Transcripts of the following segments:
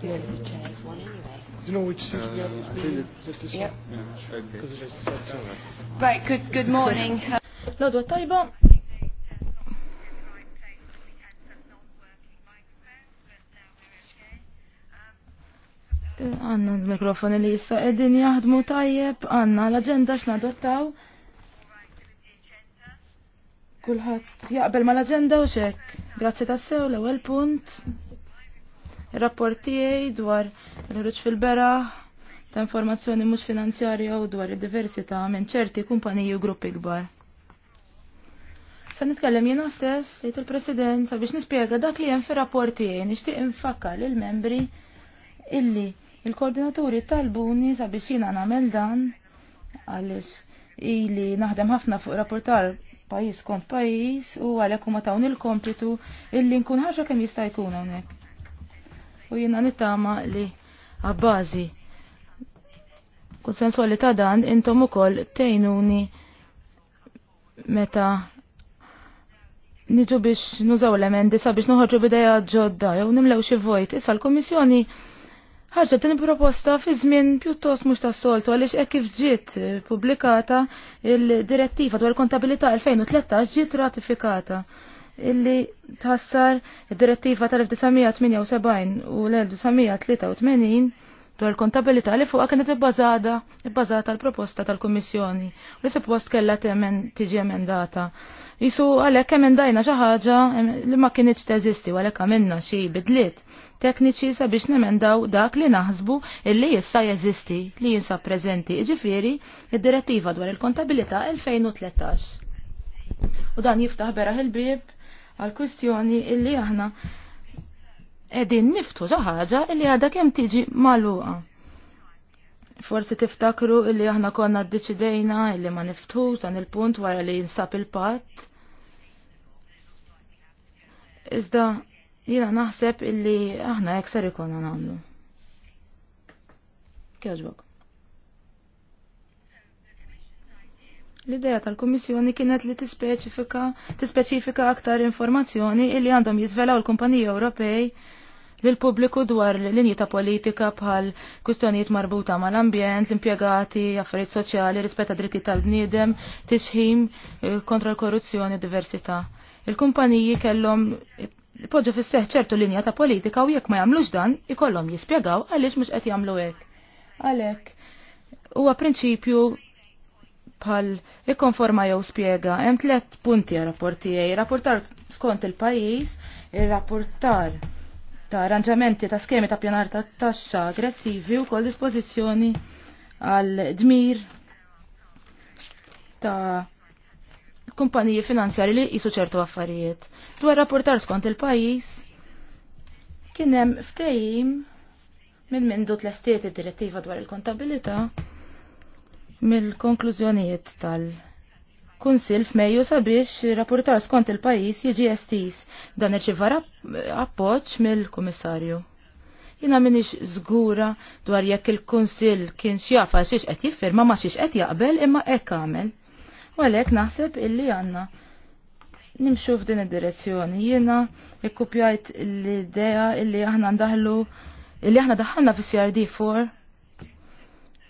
Do you know which seat uh, we have? Uh, this yep. Yeah, right. right, good, good morning. Lord what are you Għanna l-mikrofoni li jissa edin jahdmu tajjeb, għanna l-agenda x'nadottaw. Kulħadd jaqbel mal-agenda u xek. Grazzi tassew l-ewwel punt rapportijaj dwar l-ħruġ fil-bera ta' informazzjoni mhux finanzjarja u dwar id-diversità minn ċerti kumpaniji u gruppi kbar. Sa nitkellem jiena stess, jgħid il-President sabiex nispjega dak li hemm fir-rapportijaj nixtieq infakkar l membri illi il-koordinaturi sa' sabiex jena nagħmel dan għaliex ili naħdem ħafna fuq rapportar pajis kont pajis u għalek huma tawn il-kompitu illi nkun ħaġa kemm jista' jkun hawnhekk u jiena nittama li għabbażi konsensuali ta' dan intom ukoll tejnuni meta niġu biex nużaw l-emendi sabiex nuħarġu bidaja ġodda jew nimlew xi vojt. Issa l-Kummissjoni ħarġet din proposta fi żmien pjuttost mhux tas-soltu għaliex hekk kif ġiet pubblikata il-direttiva dwar kontabilità 2013 ġiet ratifikata illi tħassar id-direttiva tal-1978 u l-1983 dwar kontabilità li fuqha kienet ibbażata ibbażata l-proposta tal-Kummissjoni u li suppost kellha temen tiġi emendata. Isu għalhekk emendajna xi ħaġa li ma kienitx teżisti u għalhekk għamilna xi bidliet tekniċi sabiex nemendaw dak li naħsbu illi jissa jeżisti li jinsa preżenti iġifieri id-direttiva dwar il-kontabilità 2013. U dan jiftaħ beraħ il-bib għal kwistjoni illi aħna edin niftu ħaġa illi għadha kemm tiġi magħluqa. Forsi tiftakru illi aħna konna d-deċidejna illi ma niftu dan il-punt wara li jinsab il-patt. Iżda jiena naħseb illi aħna jek ser ikonna nagħmlu. Kjoġbok. L-ideja tal-Kummissjoni kienet li tispeċifika aktar informazzjoni li għandhom jizvelaw l-Kumpaniji Ewropej l pubbliku dwar linji ta' politika bħal kwistjonijiet marbuta mal-ambjent, l-impjegati, affarijiet soċjali, rispetta dritti tal-bniedem, tixħim eh, kontra l-korruzzjoni u diversità. Il-kumpaniji kellhom poġġu fis-seħ ċertu linja ta' politika u jekk ma jagħmlux dan, ikollhom jispjegaw għaliex mhux qed jagħmlu hekk. Għalhekk huwa prinċipju bħal ikkonforma jew spiega, hemm tliet punti rapport tiegħi, rapportar skont il-pajjiż, ir-rapportar ta' arranġamenti ta' skemi ta' pjanar ta' taxxa aggressivi u kol dispożizzjoni għal dmir ta' kumpaniji finanzjari li jisu ċertu affarijiet. Dwar rapportar skont il-pajjiż kien hemm ftehim minn mindu tl id-direttiva dwar il-kontabilità mill-konklużjonijiet tal-Kunsil f'Mejju sabiex rapportar skont il-pajis jiġi estis dan il-ċivar appoġġ mill-Kummissarju. Jina minix żgura dwar jekk il-Kunsil kien xjafa xiex qed jiffirma ma xiex qed jaqbel imma hekk għamel. U għalhekk naħseb illi għandna nimxu f'din id-direzzjoni. Jiena ikkupjajt l-idea illi aħna ndaħlu illi aħna daħħalna fi CRD4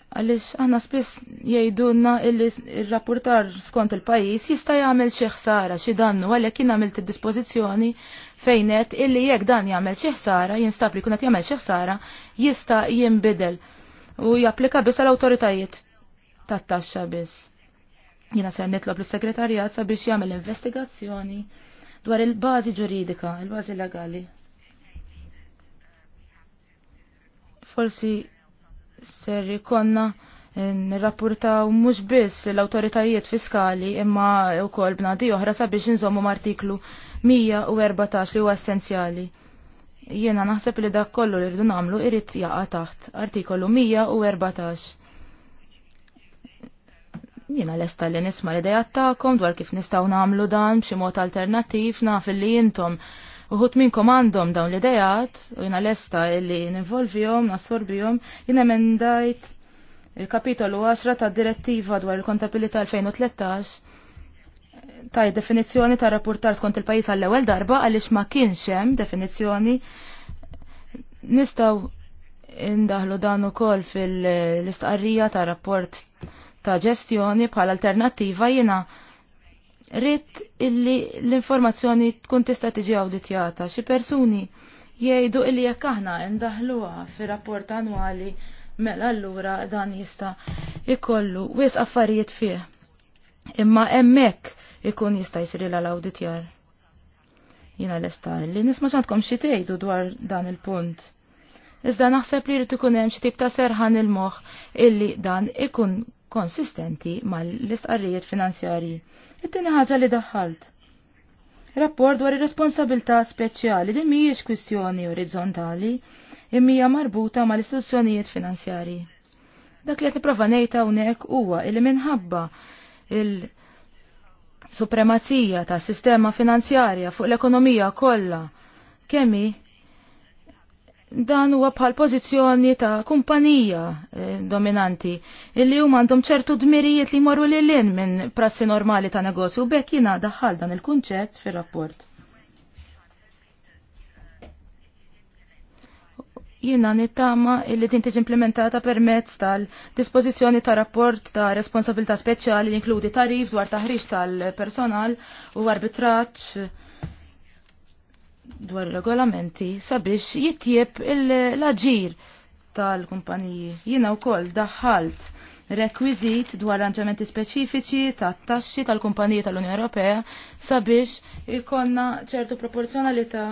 Għalix għanna spiss jgħidunna il-rapportar skont il-pajis jista' jagħmel xi ħsara xi dannu għalhekk jien għamilt id-dispożizzjoni fejnet illi jekk dan jagħmel xi ħsara jinstab li kunet jagħmel xi ħsara jista' jinbidel u japplika biss għall-awtoritajiet tat-taxxa biss. Jiena ser nitlob l-segretarjat sabiex jagħmel investigazzjoni dwar il-bażi ġuridika, il-bażi legali. Forsi ser ikonna eh, nirrapportaw mhux biss l-awtoritajiet fiskali imma wkoll b'nadi oħra sabiex inżommu artiklu 114 li huwa essenzjali. Jiena naħseb li dak kollu li rridu nagħmlu irid jaqa' taħt artikolu 114. Jiena lesta li nisma' l-idejat tagħkom dwar kif nistgħu nagħmlu dan b'xi mod alternattiv naf li intom uħut minn komandom dawn l-idejat u jina lesta illi nivolvijom, nassorbijom, jina mendajt il-kapitolu 10 ta' direttiva dwar il-kontabilità 2013 ta' definizjoni ta' rapportart kont il-pajis għall ewwel darba għaliex ma kienx hemm definizzjoni nistgħu indaħlu dan ukoll fil-istqarrija ta' rapport ta' ġestjoni bħal alternattiva jiena rrit illi l-informazzjoni tkun tista' tiġi awditjata. Xi persuni jgħidu illi jekk aħna ndaħluha fir-rapport annwali mela allura dan jista' ikollu wis affarijiet fih. Imma hemmhekk ikun jista' jsir l-awditjar. Jiena lesta li nisma' x'għandkom xi tgħidu dwar dan il-punt. Iżda naħseb li jrid ikun hemm xi tip ta' serħan il-moħħ illi dan ikun konsistenti mal-istqarrijiet finanzjarji it tini ħaġa li daħħalt. Rapport dwar ir-responsabilità speċjali din mhijiex kwistjoni orizzontali imma marbuta mal-istituzzjonijiet finanzjarji. Dak li qed nipprova ngħid hawnhekk huwa li minħabba il supremazija ta' sistema finanzjarja fuq l-ekonomija kollha kemmi dan huwa bħal pożizzjoni ta' kumpanija eh, dominanti illi huma għandhom ċertu dmirijiet li jmorru lil lin minn prassi normali ta' negozju bekk jiena daħħal dan il-kunċett fir-rapport. Jiena nittama illi din tiġi implementata permezz tal-dispożizzjoni ta' rapport ta' responsabilità speċjali li inkludi tarif dwar taħriġ tal-personal u arbitraġġ dwar regolamenti sabiex jitjieb l-aġir tal-kumpaniji. Jina wkoll daħħalt rekwizit dwar arranġamenti speċifiċi ta' taxxi tal-kumpaniji tal-Unjoni Ewropea sabiex ikonna ċertu proporzjonalità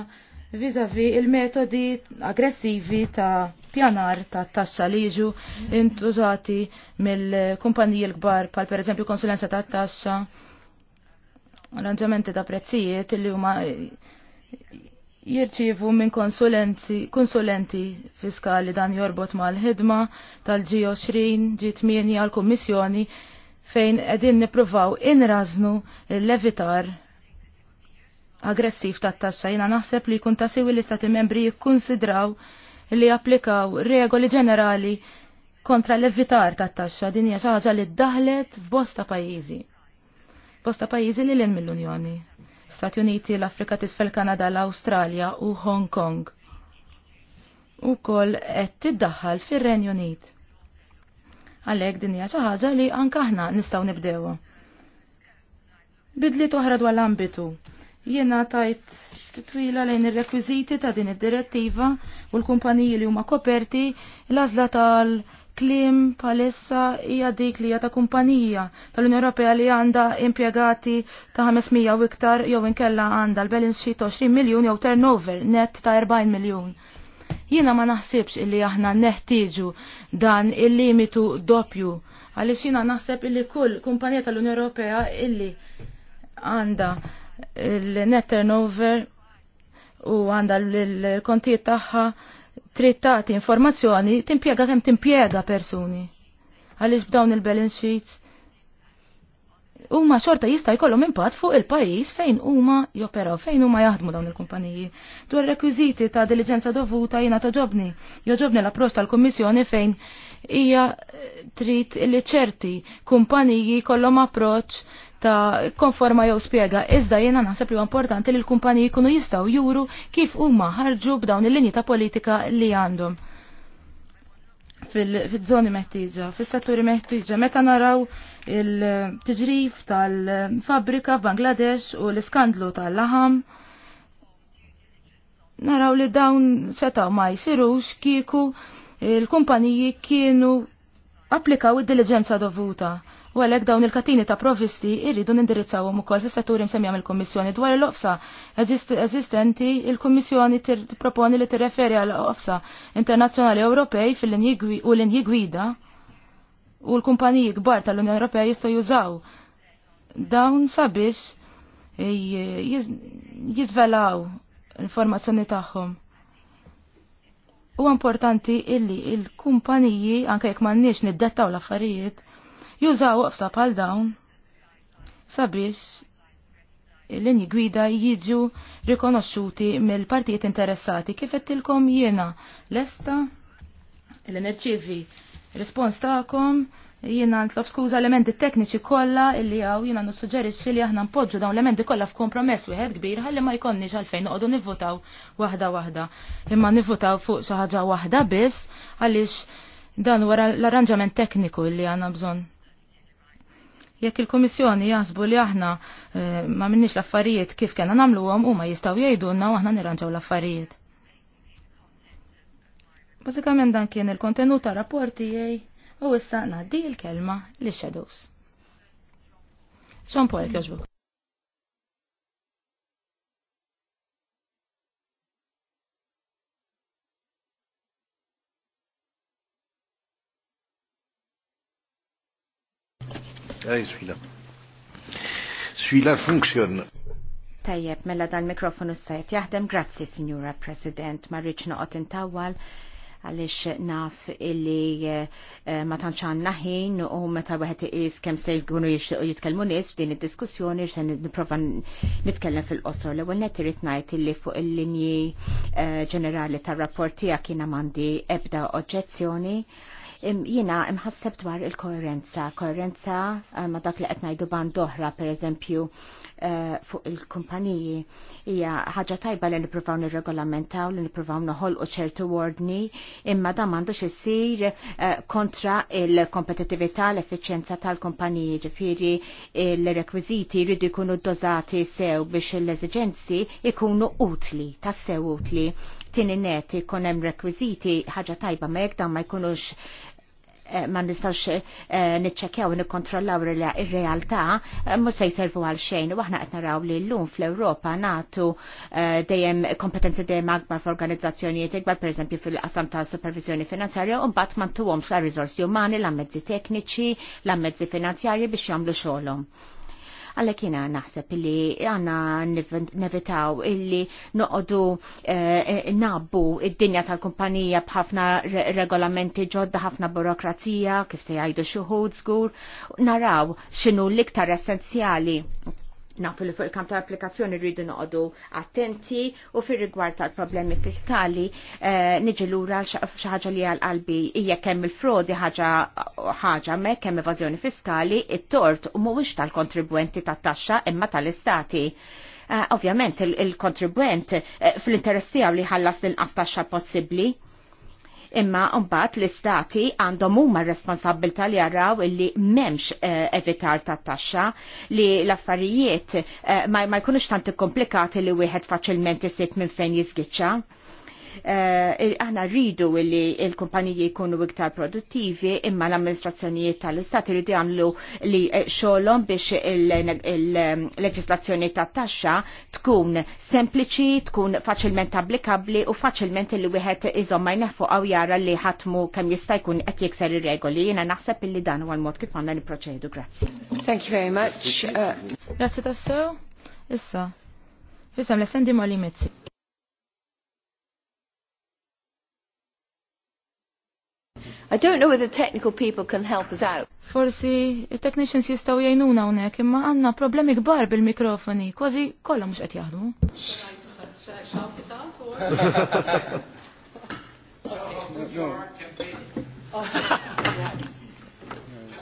vizavi il-metodi aggressivi ta' pjanar ta' taxxa li jiġu intużati mill-kumpaniji l-kbar pal per eżempju konsulenza ta' taxxa arranġamenti ta' prezzijiet li huma jirċivu minn konsulenti fiskali dan jorbot mal-ħidma tal-G20, G8 għal-Kommissjoni fejn edin nipruvaw inraznu l-levitar aggressiv tat taxxa jina naħseb li kun siwi li stati membri jikkonsidraw li applikaw regoli ġenerali kontra l-levitar tat taxxa din hija xi ħaġa li ddaħlet f'bosta pajjiżi. Bosta pajjiżi li l-in mill-Unjoni. Stati Uniti, l-Afrika tisfel Kanada, l-Australja u Hong Kong. U kol qed tiddaħħal fir-Renju Unit. Għalhekk din hija xi ħaġa li anke aħna nistgħu nibdewha. Bidliet oħra dwar l-ambitu. Jiena tajt titwila lejn ir-rekwiżiti ta' din id-direttiva u l-kumpaniji li huma koperti l-għażla tal klim palissa hija dik li hija ta' kumpanija tal-Unjoni Ewropea li għandha impjegati ta' 500 u iktar jew inkella għandha l-balance sheet 20 miljun jew turnover net ta' 40 miljun. Jiena ma naħsibx illi aħna neħtieġu dan il-limitu doppju għaliex jiena naħseb illi kull kumpanija tal-Unjoni Ewropea illi għandha il net turnover u għandha l-kontijiet tagħha trid tagħti informazzjoni timpjega kemm timpjega persuni. Għaliex b'dawn il-balance sheets huma xorta jista' jkollhom impatt fuq il-pajjiż fejn huma joperaw, fejn huma jaħdmu dawn il-kumpaniji. Dwar rekwiżiti ta' diligenza dovuta jiena toġobni. Joġobni l-approċċ tal-Kummissjoni fejn hija trid li ċerti kumpaniji kollhom approċċ ta' konforma jew spiega, iżda jiena naħseb li huwa importanti li l-kumpaniji jkunu jistgħu juru kif huma ħarġu b'dawn il-linji ta' politika li għandhom fil-żoni meħtieġa, fis-setturi meħtieġa, meta naraw il-tiġrif tal-fabrika f'Bangladesh u l-iskandlu tal-laħam, naraw li dawn setaw ma jsirux kieku il-kumpaniji kienu applikaw id-diligenza dovuta. U għalek dawn il-katini ta' provisti irridu nindirizzawhom ukoll fis-settur imsemmija mill kommissjoni dwar l-ofsa eżistenti il-Kummissjoni tipproponi li tirreferi għal ofsa internazzjonali Ewropej fil-linji u gwida u l-kumpaniji kbar tal-Unjoni Ewropea jistgħu jużaw dawn sabiex eh, jizvelaw informazzjoni tagħhom. U importanti illi il-kumpaniji, anke jekk m'għandniex niddettaw l-affarijiet, jużaw waqfsa pal dawn sabiex l inji gwida jiġu rikonoxxuti mill-partijiet interessati kif qedtilkom jiena lesta l-enerċivi rispons tagħkom jiena nitlob skuża elementi tekniċi kollha illi hawn jiena nissuġġerixxi li aħna npoġġu dawn elementi kollha f'kompromess wieħed kbir ħalli ma jkollniex għalfejn noqogħdu nivvutaw waħda waħda. Imma nivvutaw fuq xi ħaġa waħda biss għaliex dan wara l-arranġament tekniku li għandna bżonn. Jekk il-Komissjoni jasbu li aħna eh, ma minnix l-affarijiet kif kena u huma jistgħu jgħidulna u aħna nirranġaw l-affarijiet. Bażikament dan kien il-kontenut ta' rapporti jgħi u issa ngħaddi l-kelma li shadows Sean Paul, kjoġbu. Ah, celui Swila celui Tajjeb, mela dal-mikrofonu s-sajt jaħdem, grazzi, Signora President, ma rridx noqgħod intawwal għalix naf illi eh, ma tanċan naħin u meta wieħed iqis kemm se jkunu jitkellmu nies f'din id-diskussjoni se nipprova nitkellem fil-qosor. L-ewwel net irid ngħid illi fuq il-linji eh, ġenerali tar-rapport għakina mandi ebda oġġezzjoni jiena imħasseb dwar il-koerenza. Koherenza eh, ma dak li qed ngħidu band oħra pereżempju eh, fuq il-kumpaniji hija ħaġa tajba li nippruvaw nirregolamentaw li nippruvaw noħolqu ċertu ordni imma dan m'għandux isir eh, kontra il-kompetittività l-effiċjenza tal-kumpaniji ġifieri il-rekwiżiti jridu jkunu dozati sew biex l-eżiġenzi ikunu utli, tassew utli. Tini net ikun hemm rekwiżiti ħaġa tajba ma jekk dan ma jkunux Eh, ma nistax eh, niċċekjaw nikkontrollaw ir-realtà eh, mhux se jservu għal xejn u aħna qed naraw li llum fl-Ewropa nagħtu dejjem kompetenzi dejjem akbar f'organizzazzjonijiet ikbar pereżempju fil-qasam ta' supervizjoni finanzjarja u mbagħad ma ntuhomx la riżorsi umani, la mezzi tekniċi, la mezzi finanzjarji biex jagħmlu xogħolhom għalla jena naħseb li għanna nevitaw illi noqodu eh, nabbu id-dinja tal-kumpanija bħafna regolamenti ġodda, ħafna burokrazija, kif se jgħidu xuħud zgur, naraw xinu l-iktar essenzjali nafu li fuq il-kamp ta' applikazzjoni rridu noqogħdu attenti u fir rigward tal-problemi fiskali eh, niġi lura xi ħaġa li għal qalbi hija kemm il-frodi ħaġa ħaġa me kemm evażjoni fiskali it-tort u mhuwiex tal-kontribwenti tat-taxxa imma tal-istati. Eh, ovvjament il-kontribwent eh, fl interessi tiegħu li ħallas l-inqas taxxa possibbli imma mbagħad l-istati għandhom huma responsabilta li jaraw illi m'hemmx eh, evitar ta' taxxa li l-affarijiet eh, ma jkunux tant komplikati li wieħed faċilment isib minn fejn jiżgiċċa. Eh, aħna rridu li l-kumpaniji jkunu iktar produttivi imma l-amministrazzjonijiet tal-istat rridu jagħmlu li eh, xogħolhom biex il-leġislazzjoni tat-taxxa tkun sempliċi, tkun faċilment applikabbli u faċilment li wieħed iżomm ma jneħħu għaw jara li ħatmu kemm jista' jkun qed jikser ir-regoli. Jiena naħseb illi dan huwa l-mod kif għandna nipproċedu. Grazzi. Thank you very much. Uh, Grazzi tassew. Issa. Fisem l-essendi ma I don't know whether technical people can help us out. Forsi, il-technicians jistaw jajnuna unek, imma għanna problemi gbar bil-mikrofoni, kważi kolla mux qed jaħdmu. Just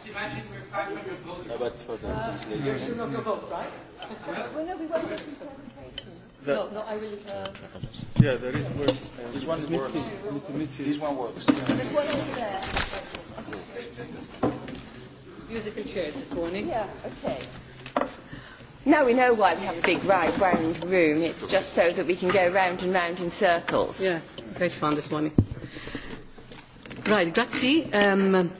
imagine we're 500 voters. No, but for the translation. You're not going to vote, right? well, no, we won't. The no, no, I will. Uh, yeah, there is work. this one Mitzi. This one works. This one over there. Uh, musical chairs this morning. Yeah, okay. Now we know why we have a big right round room. It's just so that we can go round and round in circles. Yes, great fun this morning. Right, grazie. Um,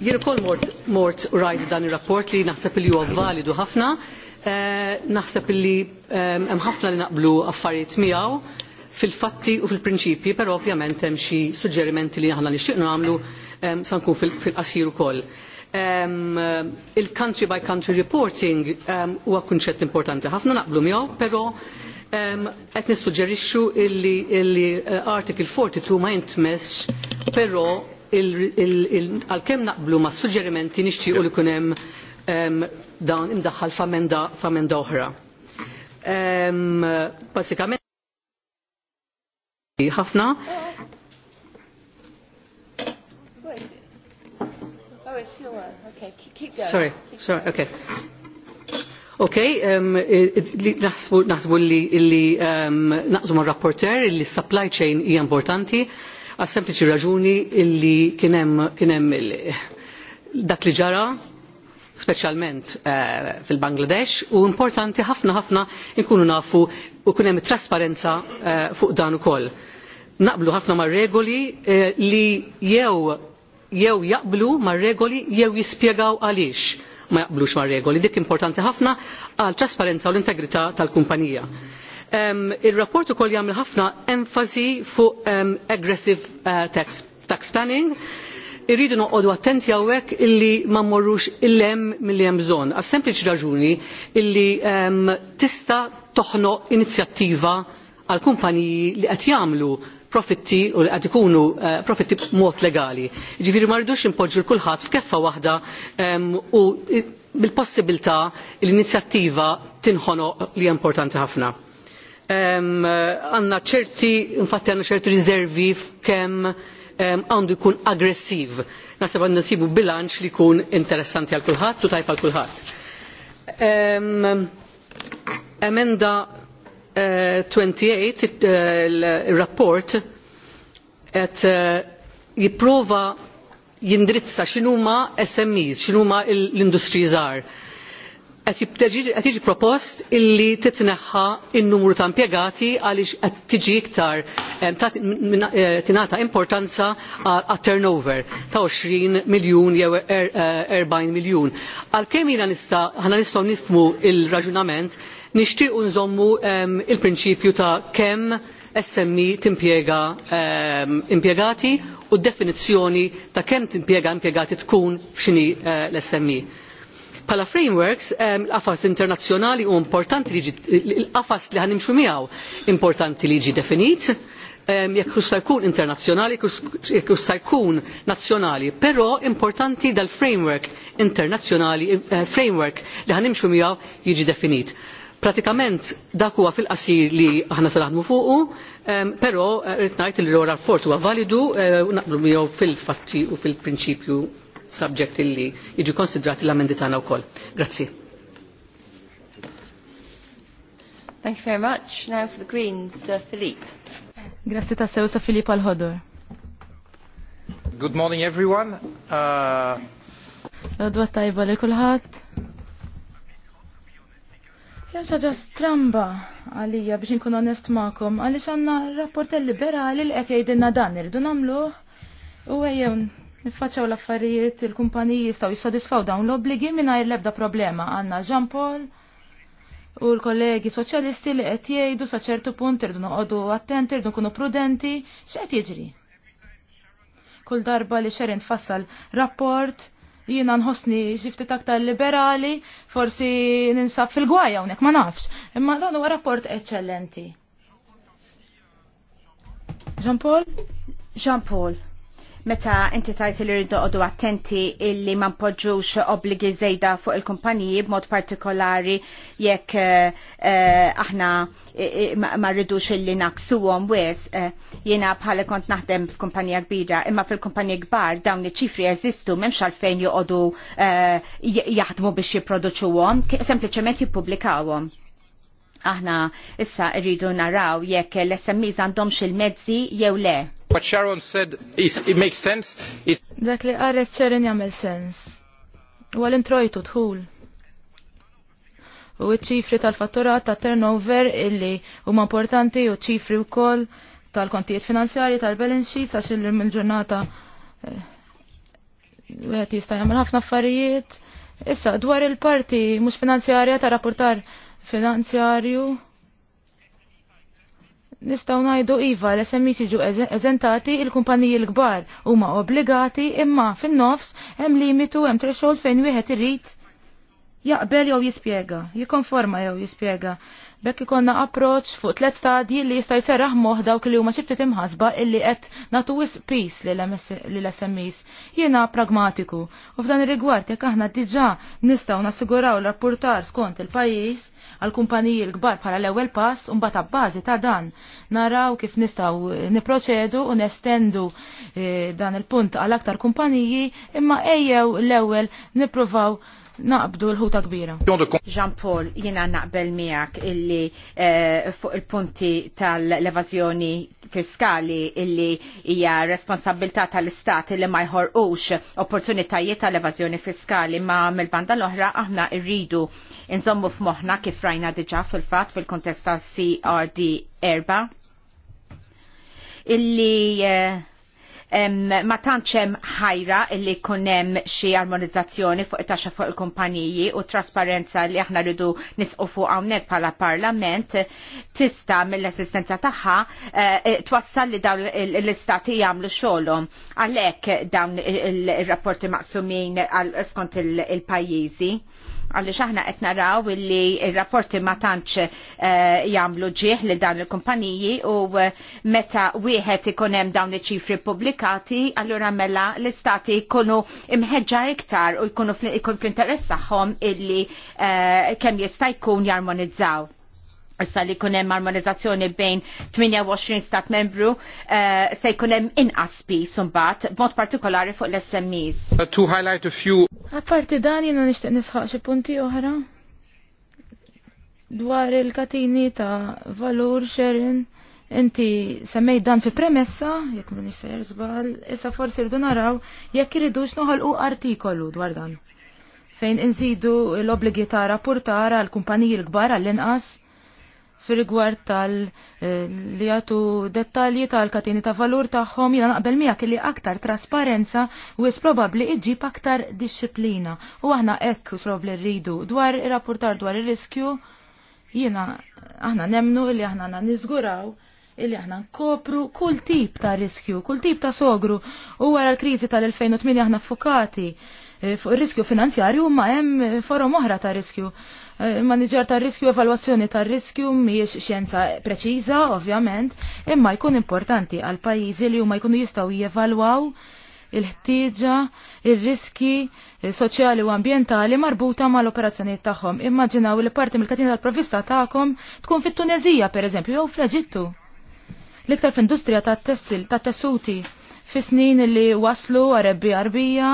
Jien ukoll mort, mort rajt dan il rapport li naħseb li huwa validu ħafna Eh, naħseb illi hemm ħafna li naqblu affarijiet miegħu fil-fatti u fil-prinċipji, però ovvjament hemm xi suġġerimenti li aħna nixtieq nagħmlu sa nkun fil-qasir ukoll. Il-country by country reporting huwa kunċett importanti ħafna naqblu miegħu, però qed nissuġġerixxu illi eh, article 42 ma jintmesx, però għalkemm naqblu mas suġġerimenti nixtiequ li kunem hemm dan imdaħħal f'amenda oħra. Basikament ħafna Sorry, sorry, okay. Okay, um, naħsbu li li um, ma rapporter li supply chain hija importanti għas sempliċi raġuni li kienem kienem dak li ġara speċjalment eh, fil-Bangladesh u importanti ħafna ħafna nkunu nafu u kunem hemm trasparenza eh, fuq dan ukoll. Naqblu ħafna mar-regoli eh, li jew jew jaqblu mar-regoli jew jispjegaw għaliex ma jaqblux mar-regoli. Dik importanti ħafna għal trasparenza u l-integrità tal-kumpanija. Um, Il-rapport ukoll jagħmel ħafna enfasi fuq um, aggressive uh, tax, tax planning irridu noqogħdu attenti hawnhekk illi ma mmorrux il-lem milli hemm bżonn għas sempliċi raġuni illi ehm, tista' toħnoq inizjattiva għal kumpaniji li qed jagħmlu profitti u li qed ikunu eh, profitti b'mod legali. Jiġifieri ma rridux impoġġu kulħadd f'keffa waħda ehm, u bil-possibilità l-inizjattiva tinħonoq li hija importanti ħafna ehm, għanna ċerti, infatti għanna ċerti riservi f'kem għandu jkun aggressiv. Nasib għandu nsibu bilanċ li jkun interessanti għal kulħadd u tajb għal kulħadd. Emenda 28, eh, eh, il-rapport, qed eh, jipprova jindrizza x'inhuma SMEs, x'inhuma l-industriji żgħar qed jiġi propost illi titneħħa n-numru ta' impjegati għaliex qed tiġi iktar eh, tingħata importanza għat turnover ta' 20 miljun jew 40 er-, eh, miljun. Għalkemm jiena nista' ħana nistgħu nifhmu il-raġunament nixtiequ nżommu il-prinċipju ta' kemm SMI e timpjega impjegati u d-definizzjoni ta' kemm timpjega impjegati tkun f'xini eh, l-SMI e. Bħala frameworks, l-qafas internazzjonali u importanti li l-qafas li ħanimxu miegħu importanti li jiġi definit, jekk sa jkun internazzjonali, jekk sa jkun nazzjonali, però importanti dal-framework internazzjonali, eh, framework li ħanimxu miegħu jiġi definit. Pratikament dak huwa fil-qasir li aħna se naħdmu fuqu, però rrid ngħid li l-ora rapport huwa validu eh, u naqblu miegħu fil-fatti u fil-prinċipju subject illi jiġu konsidrati l-amendi tagħna wkoll. Grazzi. Thank you very much. Now for the Greens, uh, Philippe. Grazie ta' sew sa' Filip Al-Hodor. Good morning everyone. Uh... L-odwa tajba li kulħadd. Ja ħaġa stramba għalija biex nkun onest ma'kom, għaliex għandna rapporter liberali li qed jgħidilna dan irdu nagħmluh u ejjew niffaċċaw l-affarijiet, il-kumpaniji jistgħu jissodisfaw dawn l-obbligi mingħajr l-ebda problema. Għanna Jean Paul u l-kollegi soċjalisti li qed jgħidu sa ċertu punt irdu noqogħdu attenti, irdu nkunu prudenti, x'qed jiġri? Kull darba li xerin tfassal rapport, jina nħosni xifti aktar liberali, forsi ninsab fil-gwajja unek, ma nafx. Imma dan huwa rapport eccellenti. Jean Paul? Jean Paul. Meta inti tajt li rridu attenti illi ma npoġġux obbligi zejda fuq il-kumpaniji b'mod partikolari jekk eh, eh, aħna eh, ma rridux illi naqsuhom wes jiena bħala kont naħdem f'kumpanija kbira imma fil-kumpanija kbar dawn iċ-ċifri jeżistu m'hemmx għalfejn joqogħdu jaħdmu biex jipproduċuhom, sempliċement jippubblikawhom. Aħna issa rridu naraw jekk l-SMEs għandhom xi mezzi jew le. What Sharon said is it makes sense. It... Dak li qaret Sharon jagħmel sens. Wal introjtu dħul. u ċifri tal-fatturat ta' turnover illi huma importanti u ċifri wkoll tal-kontijiet finanzjari tal-balance sheet, sa xil il-ġurnata eh, wieħed jista' jagħmel ħafna affarijiet. Issa dwar il-parti mhux finanzjarja ta' rapportar finanzjarju nistaw najdu iva l-SMI siġu eżentati il-kumpaniji l-kbar huma obbligati imma fin-nofs hemm limitu hemm threshold fejn wieħed irid jaqbel jew jispjega, jikkonforma jew jispjega. Bekk ikonna approċ fuq tlet stadji li jista' jserraħ moħ dawk li huma xifti imħasba illi qed natu peace lill-SMEs. Jiena pragmatiku u f'dan ir-rigward jekk aħna diġà nistgħu nassiguraw l-rapportar skont il-pajjiż għal kumpaniji l-kbar bħala l-ewwel pass u mbagħad bbażi ta' dan naraw kif nistgħu niproċedu u nestendu eh, dan il-punt għal aktar kumpaniji imma ejjew l-ewwel nippruvaw naqbdu l-ħuta kbira. Jean Paul, jina naqbel miegħek illi eh, fuq il-punti tal-evazjoni fiskali illi hija responsabilità tal-istat illi ma jħorqux opportunitajiet tal-evazjoni fiskali ma mill-banda l-oħra aħna rridu inżommu f'moħħna kif rajna diġà fil-fatt fil-kontesta CRD erba' illi eh, ma tantx hemm ħajra illi jkun hemm xi armonizzazzjoni fuq it-taxxa fuq il-kumpaniji u trasparenza li aħna rridu nisqu fuq hawnhekk bħala parlament tista' mill-assistenza tagħha eh, twassal li dawn l-istati jagħmlu xogħolhom. Għalhekk dawn ir rapporti maqsumin skont il-pajjiżi. il, il pajjiżi għalli xaħna qed naraw illi il-rapporti ma tantx eh, jagħmlu ġieħ li dan il-kumpaniji u eh, meta wieħed ikun hemm dawn iċ-ċifri pubblikati, allura mela l-istati jkunu imħeġġa iktar u jkunu fl-interess tagħhom illi eh, kemm jista' jkun jarmonizzaw. Issa li kunem armonizzazzjoni bejn 28 stat membru eh, se jkunem inqas aspi imbagħad b'mod partikolari fuq l-SMEs. Uh, to highlight a few. Apparti dan jiena nixtieq nisħaq xi punti oħra dwar il-katini ta' valur xerin. Inti semmej dan fi premessa, jekk minn jisser żball, issa forsi rridu naraw jekk iridux noħolqu artikolu dwar dan. Fejn inżidu l-obligi ta' rapportar għal kumpaniji l-kbar għall-inqas fil-rigward tal eh, li għatu dettalji tal-katini ta' valur tagħhom jiena naqbel miegħek li aktar trasparenza u probabbli iġib aktar disċiplina. U aħna hekk probabbli rridu dwar ir-rapportar dwar ir-riskju jiena aħna nemnu li aħna għandna niżguraw illi aħna nkopru kull tip ta' riskju, kull tip ta' sogru u wara l-kriżi tal-2008 aħna fukati eh, fuq ir-riskju finanzjarju ma hemm forom oħra ta' riskju il-manager eh, ta' riskju, evalwazzjoni ta' riskju miex xjenza preċiża, ovvjament, imma jkun importanti għal pajjiżi li huma jkunu jistgħu jevalwaw il-ħtieġa, ir-riski eh, soċjali u ambjentali marbuta mal-operazzjonijiet tagħhom. Immaġinaw li parti mill-katina tal-provista tagħkom tkun fit-Tunezija pereżempju jew fl-Eġittu. L-iktar fl-industrija tat-tessil, tat-tessuti, fis snin li waslu għarebbi arbija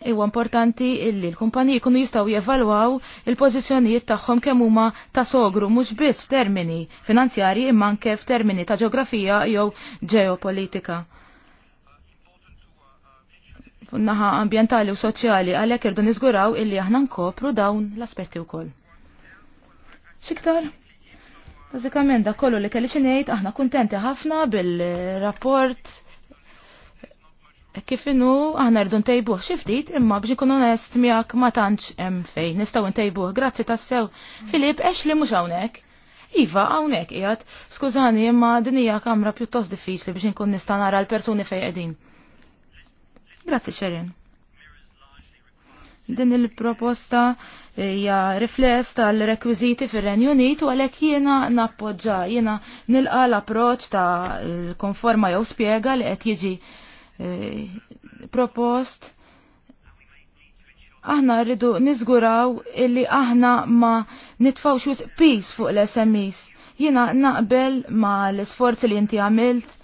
Iwa importanti illi l-kumpaniji kunu jistaw jevalwaw il-pozizjonijiet tagħhom kemm huma ta' sogru mhux biss f'termini finanzjari imma anke f'termini ta' ġeografija jew ġeopolitika. Naħa ambientali u soċjali għalhekk irdu niżguraw illi aħna nkopru dawn l-aspetti wkoll. Xiktar? Bażikament da kollu li kelli xi ngħid aħna kuntenti ħafna bil-rapport Kif innu aħna rridu ntejbuh xi ftit imma biex ikun onest miegħek ma tantx hemm fejn nistgħu ntejbuh grazzi tassew. Filip għex li mhux hawnhekk. Iva, hawnhekk qiegħed. Skużani, imma din hija kamra pjuttost diffiċli biex inkun nista' nara l-persuni fejn qegħdin. Grazzi Xerin. Din il-proposta hija rifless tal-rekwiżiti fir-Renju Unit u għalhekk jiena nappoġġa, jiena nilqa l-approċċ ta' konforma jew spjega li qed jiġi Eh, propost aħna rridu nizguraw illi aħna ma nitfawxu peace fuq l-SMEs. Jina naqbel ma l-sforzi li inti għamilt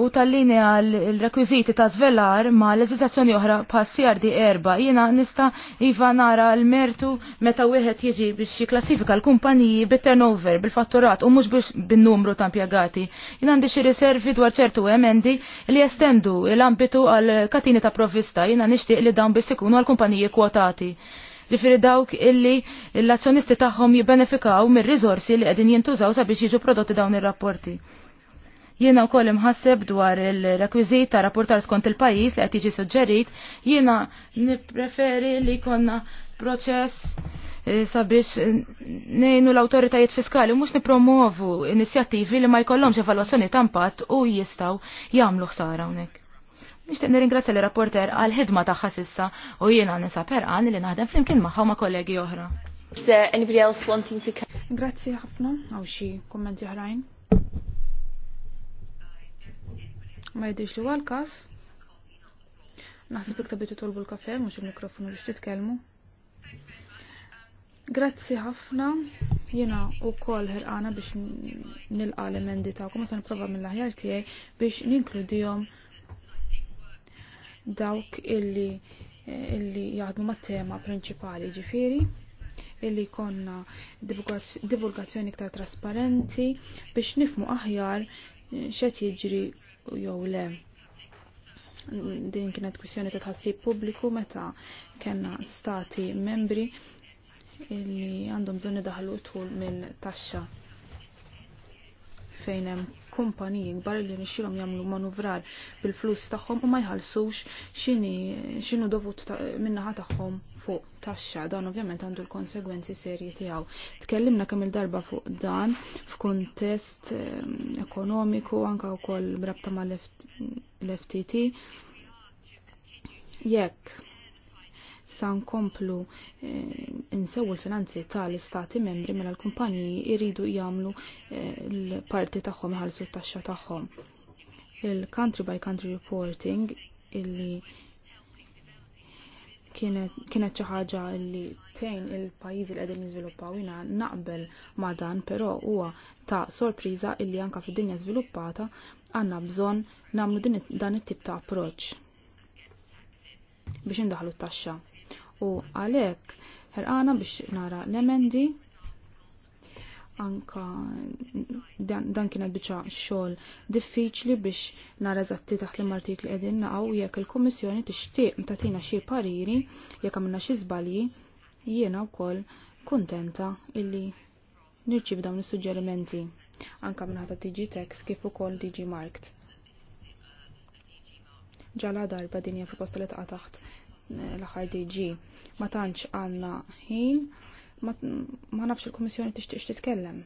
u tal-linja l-rekwiziti ta' zvelar ma' leġislazzjoni oħra pa' CRD erba jina nista' iva nara l-mertu meta wieħed jiġi biex jiklassifika l-kumpaniji bit-turnover bil-fatturat u mhux biex bin-numru ta' impjegati. Jina għandi xi riservi dwar ċertu emendi li jestendu l-ambitu għal katini ta' provvista jina nixtieq li dawn biss ikunu għal kumpaniji kwotati ġifiri dawk illi l-azzjonisti tagħhom jibbenefikaw mir-riżorsi li qegħdin jintużaw sabiex jiġu prodotti dawn ir-rapporti. Jiena wkoll imħasseb dwar il-rekwiżit ta' rapportar skont il-pajjiż li qed suġġerit, jiena nippreferi li jkollna proċess e, sabiex nejnu l-autoritajiet fiskali mhux nipromovu inizjattivi li ma jkollhomx evaluazzjoni ta' impatt u jistgħu jagħmlu ħsara hawnhekk. Nishtiq nirringrazzja li rapporter għal ħidma tagħha sissa u jiena nisa perqan li naħdem flimkien magħha ma' kollegi oħra. Grazzi ħafna għaw xi kummenti oħrajn ma jidhirx li għal-każ. Naħseb iktar bitu tolbu l-kafe, mhux il-mikrofonu biex titkellmu. Grazzi ħafna, jiena u kol ħerqana biex nilqa l-emendi kumma se prova mill-aħjar tiegħi biex ninkludihom dawk illi illi jaħdmu mat-tema prinċipali ġifiri illi konna divulgazzjoni iktar trasparenti biex nifmu aħjar xet jiġri jew le din kienet kwissjoni ta' tħassib pubbliku meta kellna stati membri illi għandhom bżonn daħlu tħul minn taxxa fejn hemm kumpaniji kbar li nixxilhom jagħmlu manuvrar bil-flus tagħhom u ma jħallsux x'inhu dovut min-naħa tagħhom fuq taxxa. Dan ovvjament għandu l-konsegwenzi serji tiegħu. Tkellimna kemm il-darba fuq dan f'kuntest ehm, ekonomiku anke wkoll brabta mal-FTT. Jekk sa nkomplu insewu eh, l-finanzi tal-istati membri mela l kumpanji iridu jagħmlu eh, l-parti tagħhom ħalsu t-taxxa tagħhom. Il-country by country reporting illi kienet xi ħaġa li il-pajjiżi li qegħdin jiżviluppaw jina naqbel ma' dan, però huwa ta' sorpriża illi anke fil dinja żviluppata għandna bżonn nagħmlu dan it-tip ta' approċċ biex indaħlu t-taxxa u għalhekk ħerqana biex nara l-emendi anka dan, kienet biċa xogħol diffiċli biex nara zatti taħt l li qegħdin naqgħu jekk il-Kummissjoni tixtieq tagħtina xi pariri jekk għamilna xi żbalji jiena wkoll kuntenta illi nirċib dawn is-suġġerimenti anka minħata tiġi Tex kif ukoll tiġi Markt. Ġala darba dinja proposta li taqa' taħt l-aħħar DG ma tantx għandna ħin ma nafx il-Kummissjoni tixtieq titkellem.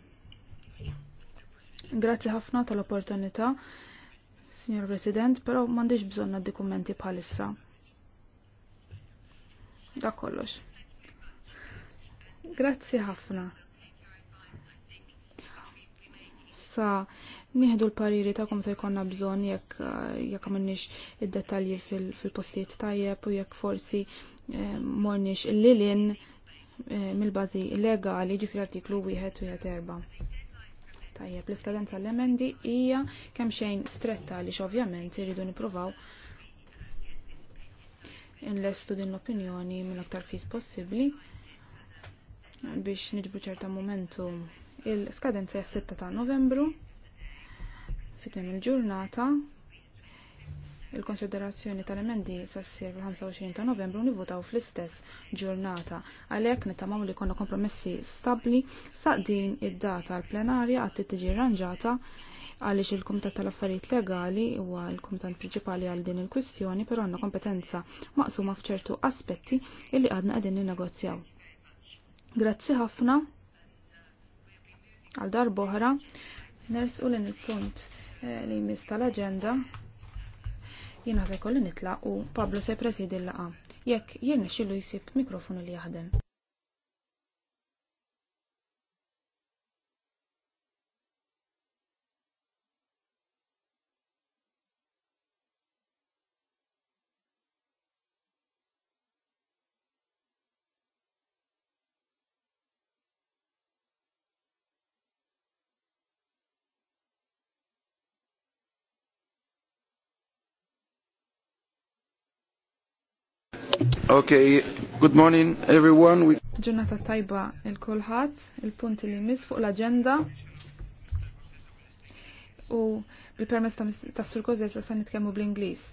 Grazzi ħafna tal-opportunità, Signor President, però m'għandix bżonna dokumenti bħalissa. Da kollox. Grazzi ħafna. Sa nieħdu l-pariri ta' kom se jkollna bżonn jekk eh, jekk m'għandniex id-dettalji fil-postijiet tajjeb u jekk forsi eh, morniex il-lilin eh, mill-bażi legali ġifri artiklu wieħed u wieħed erba. Tajjeb, l-iskadenza l-emendi hija kemm xejn stretta li ovvjament iridu nippruvaw inlestu din l-opinjoni minn aktar fis possibbli biex niġbu ċerta momentu il-skadenza 6 ta' novembru fitmim il-ġurnata il-konsiderazzjoni tal-emendi sassir fil-25 ta' novembru nivvotaw fl-istess ġurnata. Għalhekk nittamaw li konna kompromessi stabbli sa' din id-data l-plenarja għad tiġi rranġata għaliex il-Kumitat tal-Affarijiet Legali huwa l-Kumitat Prinċipali għal din il-kwistjoni però għandna kompetenza maqsuma f'ċertu aspetti illi għadna qegħdin ninnegozjaw. Grazzi ħafna għal darboħra nersqu l-punt Eh, li jmiss tal-agenda. Jien se kolli nitla' u Pablo se presidi l-laqa. Jekk jien nixxillu jsib mikrofonu li jaħdem. Okay, good morning everyone. We... Ġurnata tajba il-kulħat, il-punti li mis fuq l-agenda. U bil-permess ta' Sur Kozes sa' nitkellmu bl-Ingliż.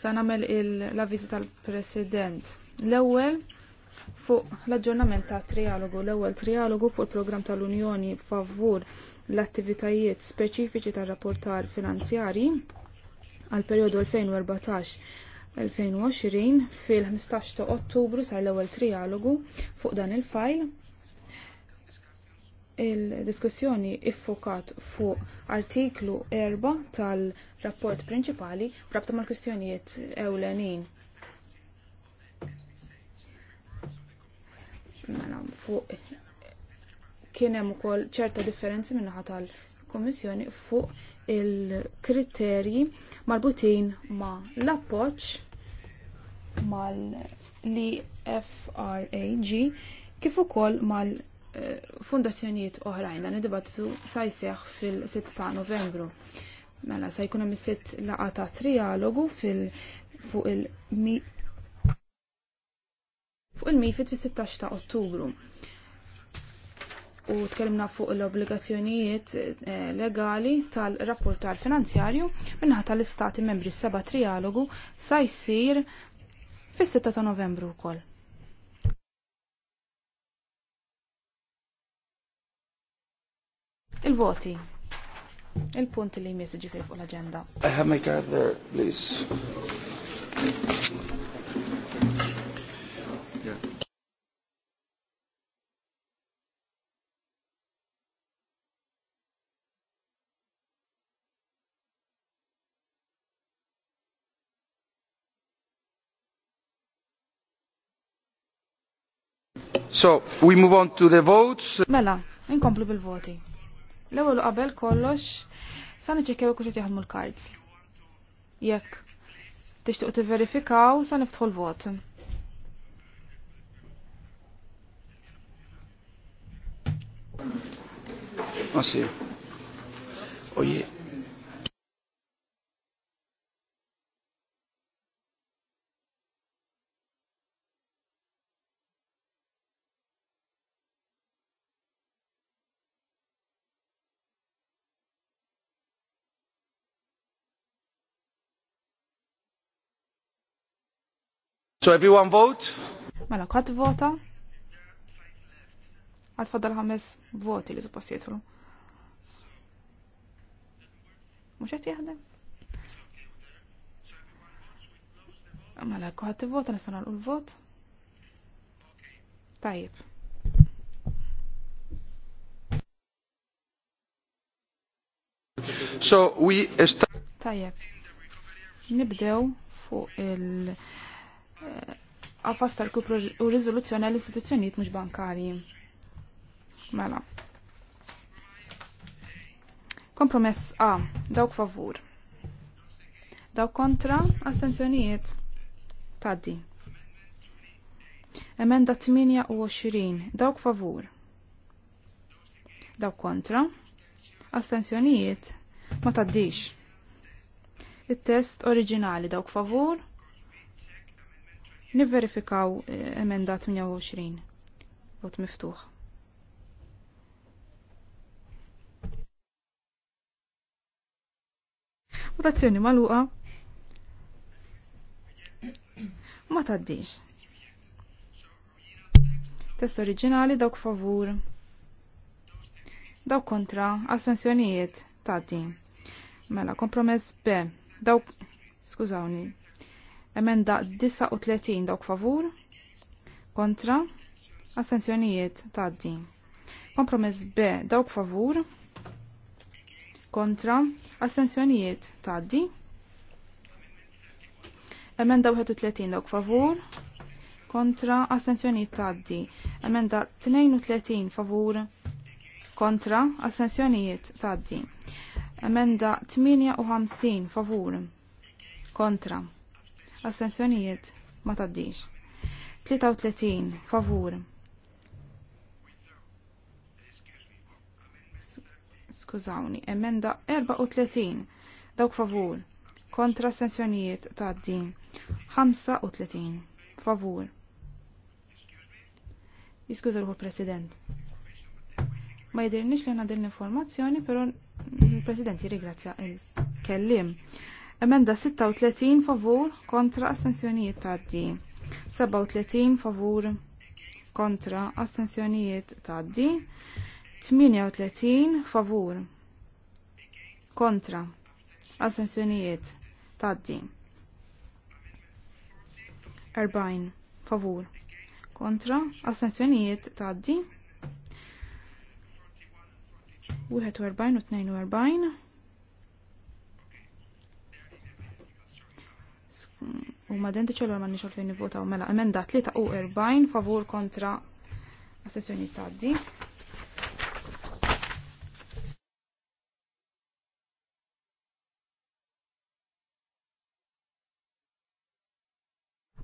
Sa' nagħmel l-avviżi tal-President. L-ewwel fuq l-aġġornament ta' trialogu. L-ewwel trialogu fuq il-programm tal-Unjoni favur l-attivitajiet speċifiċi tar-rapportar finanzjari għal periodu 2014 2020 fil-15 ta' Ottubru sar l-ewwel trialogu fuq dan il-fajl. Il-diskussjoni iffokat fuq artiklu 4 tal-rapport prinċipali rabta mal-kwistjonijiet ewlenin. Mela fuq kien hemm ukoll ċerta differenzi min-naħa tal Kummissjoni kommissjoni fuq il-kriterji marbutin ma l-appoċ mal frag kif ukoll mal fundazzjonijiet oħrajn dan id-dibattitu sa jseħħ fil-6 ta' Novembru. Mela se jkun hemm is-sitt laqgħa ta' trialogu fil fuq il- fuq il-mifid fis-16 ta' Ottubru u tkellimna fuq l-obbligazzjonijiet eh, legali tal-rapportar finanzjarju minnaħa tal-istati membri seba trialogu sa jsir fis-6 ta' Novembru wkoll. Il-voti. Il-punt li jmiss ġifir fuq l-agenda. I have my card there, please. So, we move on to the votes. Mela, inkomplu bil-voti. L-ewwel qabel kollox sa niċċekkjaw kux qed jaħdmu l-cards. Jekk tixtuq tivverifikaw sa niftħu l-vot. Ma sir. Oh, yeah. So everyone vote? Mela kat vota. Għatfaddal ħames voti li suppost jitru. Mux għet jahdem. Mela kat vota nistan għal vot Tajib. So we start. Tajjeb. Nibdew fuq il- għafas eh, tal u rizoluzzjoni għall-istituzzjonijiet mhux bankarji. Mela. Kompromess A. Dawk favur. Dawk kontra astensjonijiet. Taddi. Emenda 28. Dawk favur. Dawk kontra. Astensjonijiet. Ma taddix. Il-test oriġinali dawk favur Nivverifikaw eh, emenda 28. Vot miftuħ. Votazzjoni maluqa. Ma taddiġ. Test oriġinali dawk favur. Dawk kontra assenzjonijiet taddi. Mela kompromess B. Dawk skużawni, Emenda 39 dawk favur. Kontra. Astensjonijiet taddi. Kompromess B dawk favur. Kontra. Astensjonijiet taddi. Emenda 31 dawk favur. Kontra. Astensjonijiet taddi. Emenda 32 favur. Kontra. Astensjonijiet taddi. Emenda 58 favur. Kontra assenzjonijiet ma taddix. 33 favur. Skużawni, emenda 34 dawk favur kontra assenzjonijiet taddi. 35 favur. Iskuża l president Ma jidirnix li għandil l-informazzjoni, pero il-President jirigrazzja il-kellim. Emenda 36 favur kontra astensjonijiet D. 37 favur kontra astensjonijiet D. 38 favur kontra astensjonijiet D. 40 favur kontra astensjonijiet D. 41 u 42 u ma dentiċi l ma nixol fejn nivvotaw mela emenda 3 u 40 favur kontra sessjoni taddi.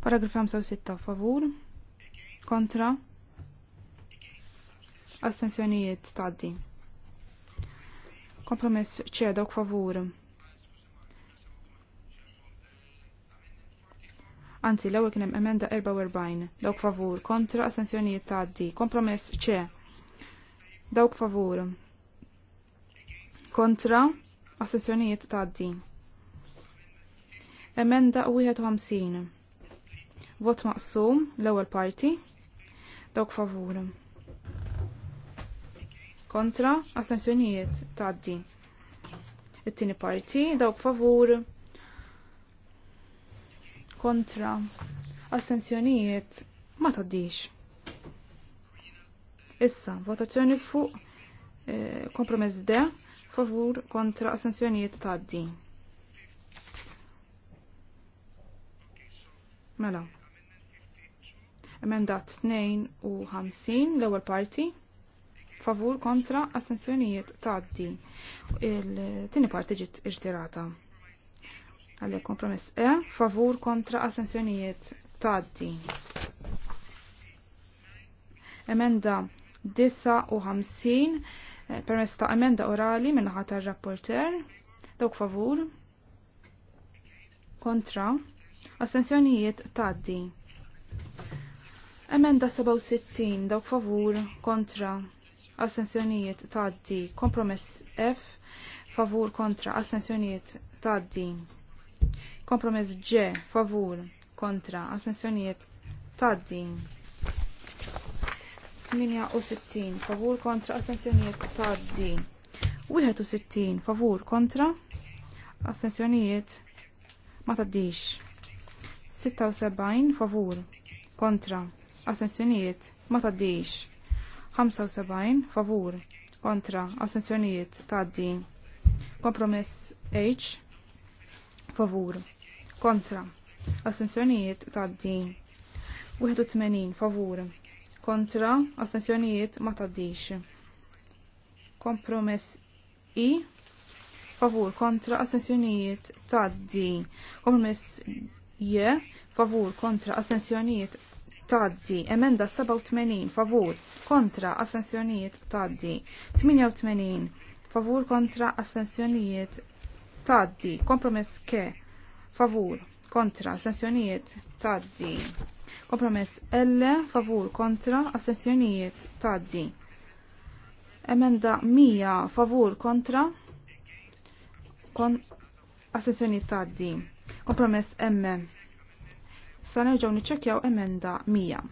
Paragraf 56 favur kontra astensjonijiet taddi. Kompromess ċedok favur Anzi, l-ewwel kien hemm emenda 44. Dawk favur kontra assenzjonijiet tgħaddi. Kompromess C. Dawk favur. Kontra assenzjonijiet tgħaddi. Emenda 51. Vot maqsum l-ewwel parti. Dawk favur. Kontra assenzjonijiet tgħaddi. It-tieni parti dawk favur kontra astensjonijiet ma taddix. Issa, votazzjoni fuq eh, kompromess D, favur kontra astensjonijiet taddi. Mela. Emendat 52 l-ewwel parti favur kontra astensjonijiet taddi. Il-tieni parti ġiet irtirata. Għalek kompromess E, favur kontra assenzjonijiet taddi. Emenda 59, eh, permess ta' emenda orali minnaħat tal-rapporter, dawk favur, kontra, assenzjonijiet taddi. Emenda 67, dawk favur, kontra, assenzjonijiet taddi. Kompromess F, favur kontra, assenzjonijiet taddi. Kompromess G, favur, kontra, astensjonijiet taddi. 68, favur, kontra, astensjonijiet taddi. 61, favur, kontra, astensjonijiet ma taddix. 76, favur, kontra, astensjonijiet ma taddix. 75, favur, kontra, astensjonijiet taddi. Kompromess H, favur kontra astensjonijiet taddi 81 favur kontra Astenzjonijiet ma taddix kompromess i favur kontra astensjonijiet taddi kompromess je favur kontra astensjonijiet taddi, emenda 87, favur, kontra, astensjonijiet, taddi, 88, favur, kontra, astensjonijiet, taddi, kompromess ke, favur, kontra, astensjonijiet, taddi. Kompromess L, favur, kontra, astensjonijiet, taddi. Emenda Mija favur, kontra, kon, astensjonijiet, taddi. Kompromess M. Sa niċekjaw emenda Mija.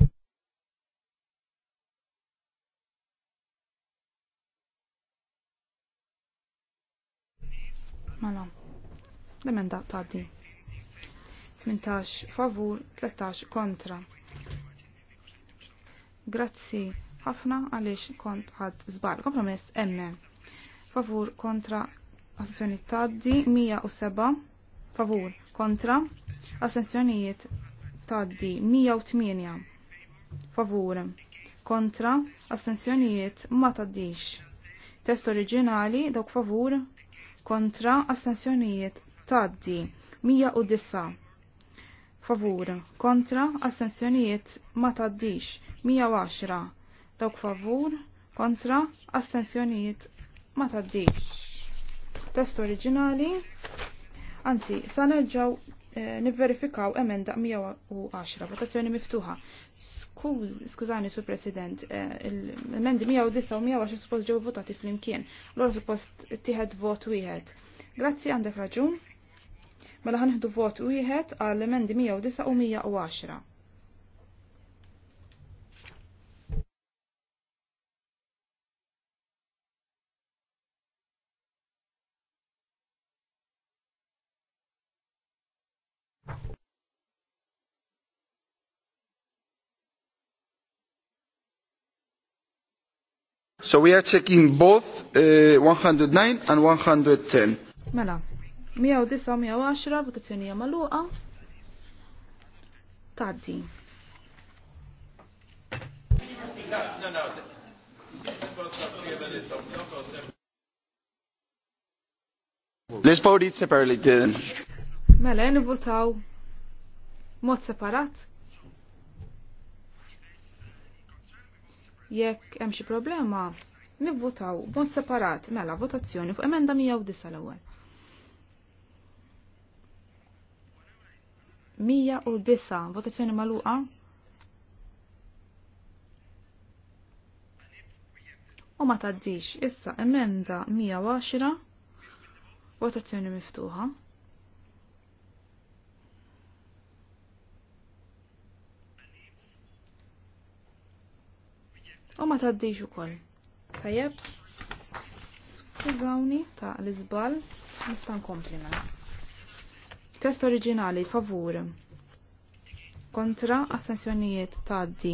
Mela, l-emenda taddi. 18 favur, 13 kontra. Grazzi ħafna għaliex kont ħadd żbar. Kompromess M. Favur kontra assenzjoni taddi 107 favur kontra assenzjonijiet taddi 108 favur kontra astensjonijiet ma taddix. Test oriġinali dawk favur kontra astensjonijiet taddi 109 favur kontra astensjonijiet ma taddix 110 dawk favur kontra astensjonijiet ma taddix test oriġinali anzi sa nerġaw eh, nivverifikaw emenda 110 votazzjoni miftuħa skużani sur President, eh, il-mendi 109 u 110 suppost ġew votati fl-imkien, l-għor suppost tiħed vot wieħed. Grazzi għandek raġun, mela ħanħdu vot wieħed għall-mendi 109 u 110. So we are checking both uh, 109 and 110. Mela, 109-110 votazzjoni maluqa. Taddi. No, Let's vote it separately then. Mela, nivvotaw mod separat Jekk hemm xi problema, nivvotaw b'mod separat mela votazzjoni fuq emenda 109 l-ewwel. 109 votazzjoni magħluqa. U ma taddix issa emenda 110 votazzjoni miftuħa. U ma u ukoll. Tajab, Skużawni ta' l izbal nista' komplina. Mela. Test oriġinali favur. Kontra astensjonijiet di.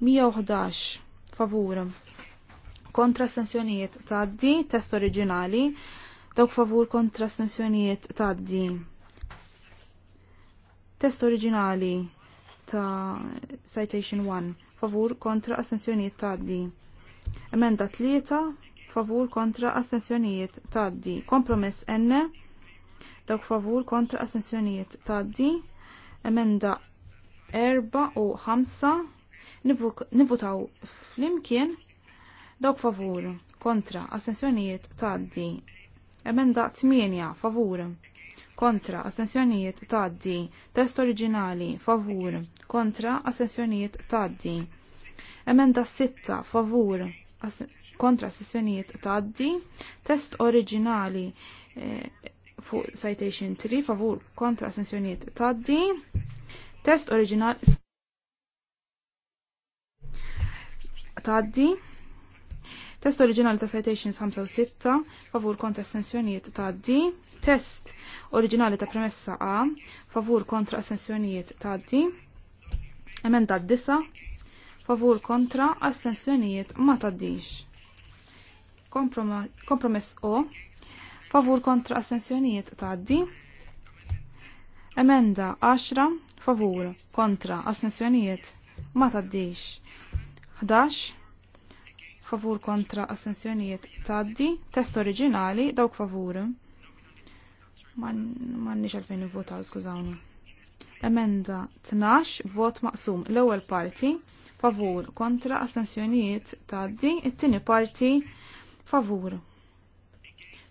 111 favur. Kontra astensjonijiet di. test oriġinali dawk favur kontra astensjonijiet di. Test oriġinali ta' Citation 1. Favur kontra astensjonijiet taddi. Emenda 3. Favur kontra astensjonijiet D. Kompromess N. Dawk favur kontra astensjonijiet D. Emenda 4 u 5. Nivutaw flimkien. Dawk favur kontra astensjonijiet D. Emenda 8. Favur kontra astensjonijiet taddi. Test oriġinali favur kontra astensjonijiet taddi. Emenda sitta, favur kontra astensjonijiet taddi. Test oriġinali eh, fuq citation 3 favur kontra astensjonijiet taddi. Test oriġinali taddi. Test oriġinali ta' citations 5 favur kontra astensjonijiet ta' D. Test oriġinali ta' premessa A, favur kontra estensjonijiet ta' D. Emenda d favur kontra astensjonijiet ma ta' Dix. Kompromess O, favur kontra astensjonijiet ta' D. Emenda 10, favur kontra astensjonijiet ma ta' Dix. 11, favur kontra assenzjonijiet taddi, test oriġinali dawk favur. nix għalfejn votaw, skużawni. Emenda 12, vot maqsum. L-ewwel parti favur kontra astensjonijiet taddi, it-tieni parti favur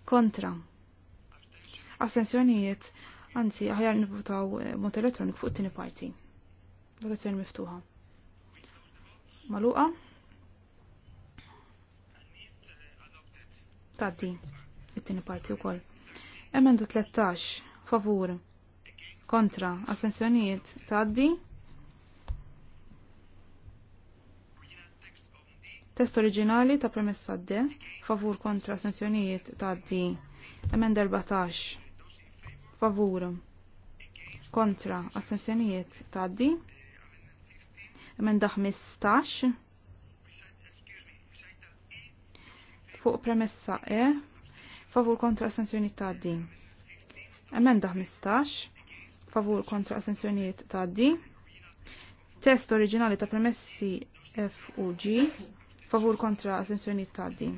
kontra Assenzjonijiet, anzi aħjar nivvotaw eh, mod elettronik fuq it-tieni parti. Votazzjoni miftuħa. Maluqa? Taddi. It-tieni parti wkoll. Emenda 13. Favur. Kontra. Astensjonijiet. Taddi. Test oriġinali ta' premessa D. Favur kontra astensjonijiet taddi. Emenda 14. Favur. Kontra astensjonijiet taddi. Emenda 15 fuq premessa E favur kontra astensjonijiet tgħaddi. Emenda 15 favur kontra ta' D. Test oriġinali ta' premessi F u G favur kontra ta' D.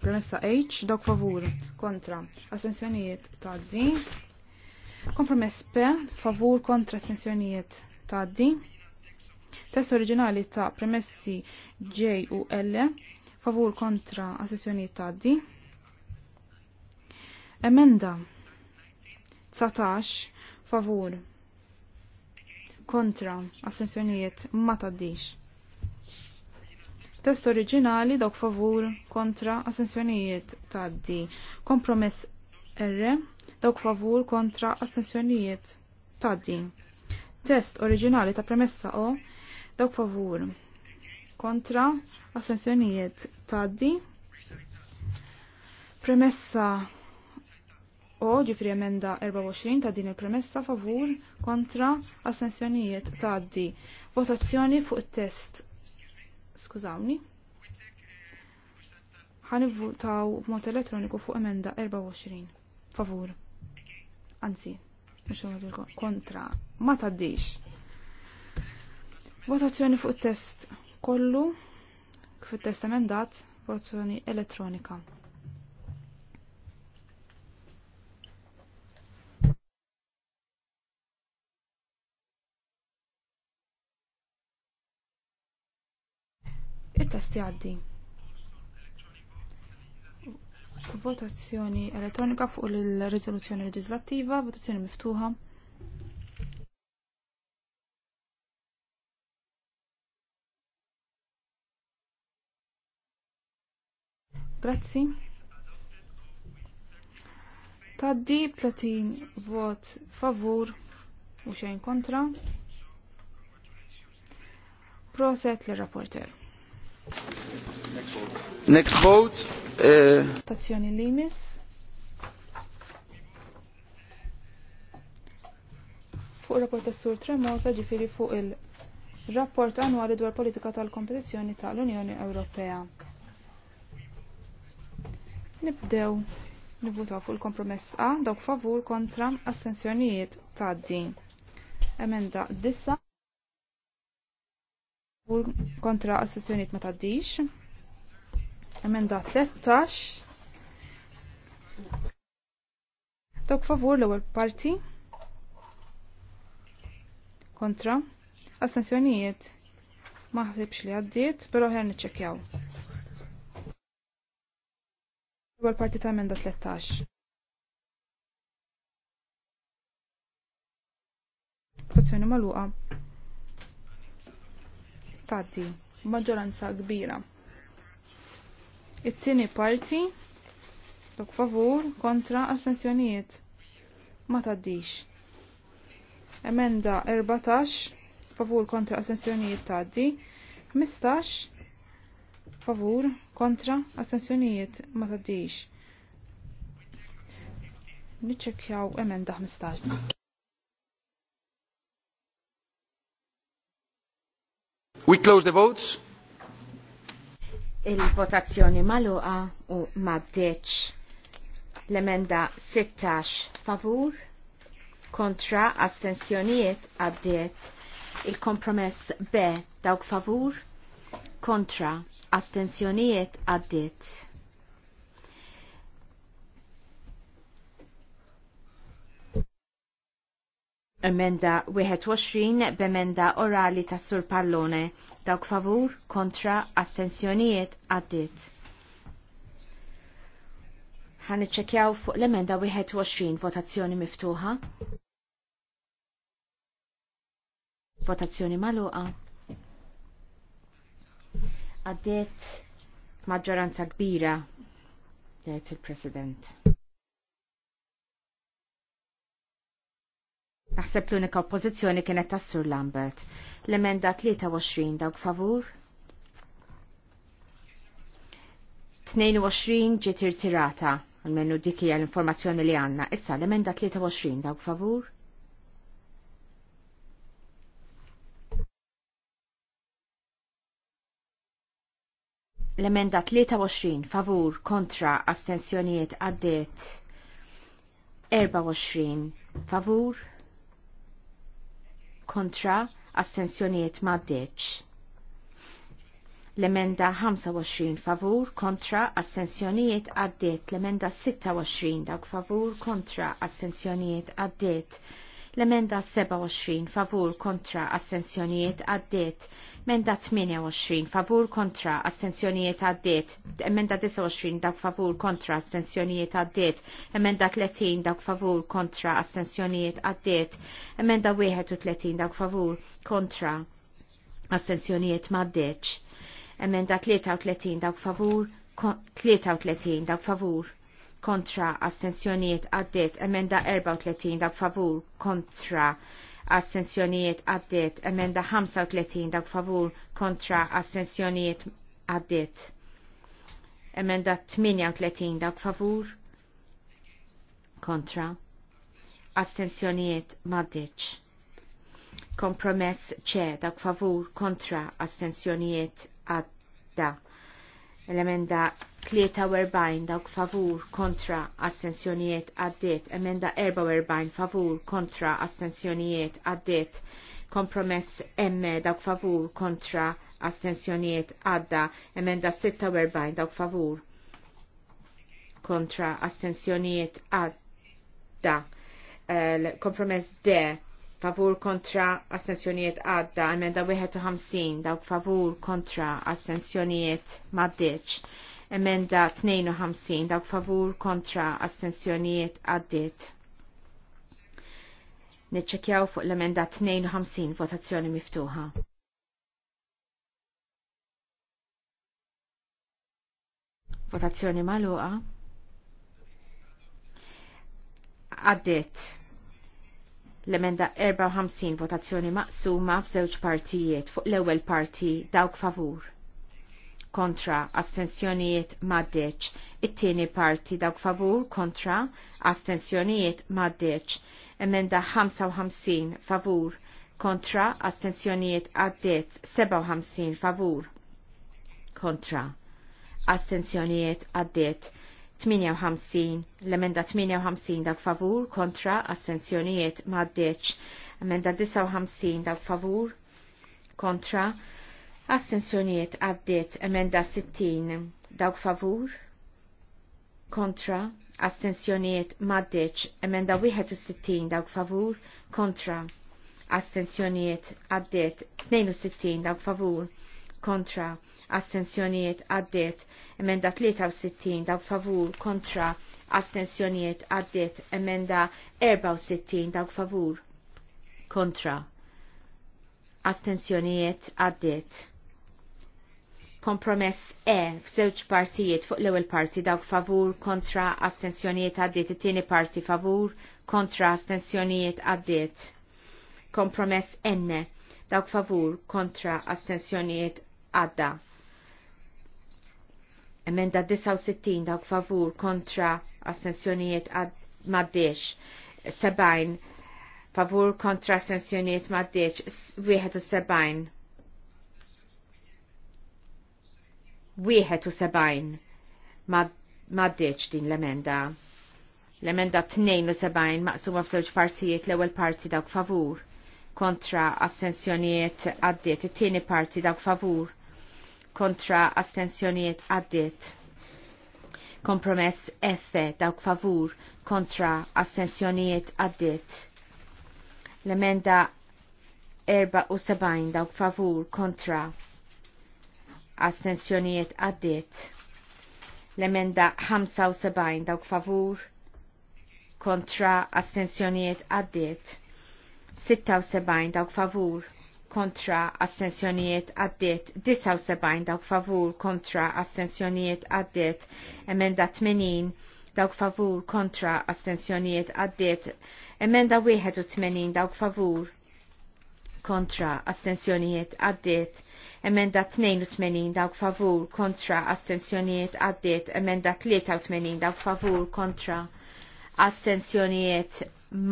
Premessa H dok favur kontra ta' D. Kompromess P favur kontra ta' tgħaddi. Test oriġinali ta' premessi J u L favur kontra assenzjonijiet taddi. Emenda 19 favur kontra assenzjonijiet ma taddix. Test oriġinali dawk favur kontra assenzjonijiet taddi. Kompromess R dawk favur kontra assenzjonijiet taddi. Test oriġinali ta' premessa O dawk favur kontra assenzjonijiet taddi. Premessa o ġifri emenda 24 ta' din il-premessa favur kontra assenzjonijiet taddi. Votazzjoni fuq il-test. Skużawni. votaw b'mod elettroniku fuq emenda 24. Favur. Anzi, kontra. Ma taddix. Votazzjoni fuq il-test kollu fit testamendat porzjoni elettronika. Il-test jgħaddi. Votazzjoni elettronika fuq il-riżoluzzjoni legislativa, votazzjoni miftuħa. Grazzi. Taddi 30 vot favur u xejn kontra. Proset l-rapporter. Next vote. Uh... Eh, limis. Fuq rapport tas-sur Tremosa ġifiri fuq il-rapport annwali dwar politika tal-kompetizzjoni tal-Unjoni Ewropea. Nibdew nivvutaw fuq il-kompromess A dawk favur kontra astensjonijiet tgħaddi. Emenda dissa kontra astensjonijiet ma dix. Emenda 13. Dawk favur l-ewwel parti. Kontra. astensjonijiet ma ħsibx li għaddiet, però ħer niċċekjaw. Għal parti ta' emenda 13. Fazzjoni maluqa. Taddi, maġġoranza kbira. It-tieni parti tok favur kontra astensjonijiet. Ma taddix. Emenda 14 favur kontra astensjonijiet taddi. 15 favur kontra astensjonijiet ma taddix. Niċċekjaw emenda 15. We close the votes. Il-votazzjoni maluqa u maddeċ. L-emenda 16 favur kontra astensjonijiet għaddiet. Il-kompromess B dawk favur kontra astensjonijiet għaddit. Emenda 21 b'emenda orali ta' Sur Pallone dawk favur kontra astensjonijiet għaddit. Għan iċċekjaw fuq l-emenda 21 votazzjoni miftuħa. Votazzjoni maluqa għaddiet maġġoranza kbira, jgħid il-President. Naħseb l-unika oppożizzjoni kienet tas-Sur Lambert. L-emenda 23 dawk favur? 22 ġiet irtirata, għal dik hija l-informazzjoni li għandna. Issa l-emenda 23 dawk favur? L-emenda 23 favur kontra astensjonijiet għaddiet 24 favur kontra astensjonijiet maddeċ. L-emenda 25 favur kontra astensjonijiet għaddiet. L-emenda 26 dak favur kontra astensjonijiet għaddiet. L-emenda 27 favur kontra assenzjonijiet għaddiet. Emenda 28 favur kontra assenzjonijiet għaddiet. Emenda 29 dak favur kontra assenzjonijiet għaddiet. Emenda 30 dak favur kontra assenzjonijiet għaddiet. Emenda 31 dak favur kontra assenzjonijiet maddeċ. Emenda 33 dak favur 33 dak favur kontra astensjonijiet għaddiet emenda 34 dak favur kontra astensjonijiet għaddiet emenda 35 dak favur kontra astensjonijiet għaddiet emenda 38 dak favur kontra astensjonijiet maddiċ kompromess ċe dak favur kontra astensjonijiet għadda l-emenda 43 dawk favur kontra astensjonijiet għaddiet, emenda 44 favur kontra astensjonijiet għaddiet, kompromess M dawk favur kontra astensjonijiet għadda, emenda 46 dawk favur kontra astensjonijiet għadda, kompromess D favur kontra astensjonijiet għadda, emenda 51 dawk favur kontra astensjonijiet maddeċ Emenda 52 dawk favur kontra astensjonijiet għaddit. Niċċekjaw fuq l-emenda 52 votazzjoni miftuħa. Votazzjoni maluqa. Għaddit l-emenda 54 votazzjoni maqsuma f'żewġ partijiet fuq l-ewwel parti dawk favur kontra astensjonijiet maddeċ. It-tieni parti dawk favur kontra astensjonijiet maddeċ. Emenda 55 favur kontra astensjonijiet għaddeċ 57 favur kontra astensjonijiet għaddeċ 58, l-emenda 58 dak favur kontra astensjonijiet maddeċ, emenda 59 dak favur kontra Assenzjoniet għaddiet emenda 60 dawk favur. Kontra. Astensjoniet maddeċ emenda 61 dawk favur. Kontra. Astensjoniet għaddiet 62 dawk favur. Kontra. Astensjoniet għaddiet emenda 63 dawk favur. Kontra. Astensjoniet għaddiet emenda 64 dawk favur. Kontra. Astensjoniet għaddiet Kompromess E f'żewġ partijiet fuq l-ewwel parti dawk favur kontra astensjonijiet għaddiet, it-tieni parti favur kontra astensjonijiet għaddiet. Kompromess N dawk favur kontra astensjonijiet għadda. Emenda 69 dawk favur kontra astensjonijiet maddiex. 70 favur kontra astensjonijiet maddiex 71 71 maddeċ din l-emenda. L-emenda 72 maqsuma f'żewġ partijiet l-ewwel parti dawk favur kontra astensjonijiet għaddiet, it-tieni parti dawk favur kontra astensjonijiet għaddiet. Kompromess F dawk favur kontra astensjonijiet għaddiet. L-emenda 74 dawk favur kontra astensjonijiet għaddiet. L-emenda 75 dawk favur kontra astensjonijiet għaddiet. 76 dawk favur kontra astensjonijiet għaddiet. 79 dawk favur kontra astensjonijiet għaddiet. Emenda 80 dawk favur kontra astensjonijiet għaddiet. Emenda 81 dawk favur kontra astensjonijiet għaddiet emenda 82 dawk favur kontra astensjonijiet għaddiet, emenda 83 dawk favur kontra astensjonijiet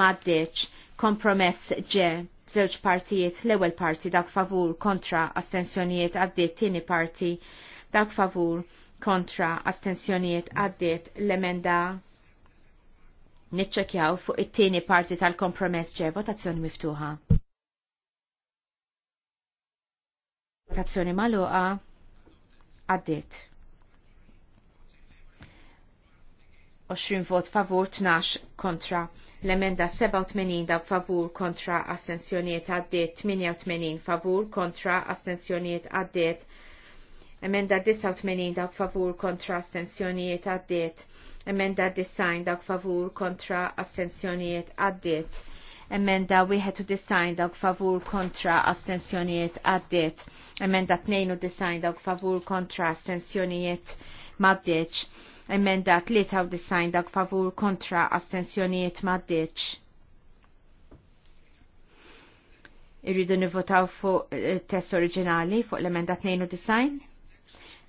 maddiċ kompromess ġe, żewġ partijiet, l-ewwel parti dawk favur kontra astensjonijiet għaddiet, tieni parti dawk favur kontra astensjonijiet għaddiet l-emenda Niċċekjaw fuq it-tieni parti tal-kompromess ġe votazzjoni miftuħa. Votazzjoni maluqa għaddit. 20 vot favur 12 kontra. L-emenda 87 dawk favur kontra astensjoniet għaddit 88 favur kontra astensjoniet għaddit Emenda 89 dawk favur kontra astensjoniet għaddit Emenda 90 dawk favur kontra astensjoniet għaddit emenda 91 dawk favur kontra astensjonijiet għaddiet, emenda 92 dawk favur kontra astensjonijiet maddiċ, emenda 93 dawk favur kontra astensjonijiet maddiċ. Irridu nivotaw fuq eh, test oriġinali fuq l-emenda 92?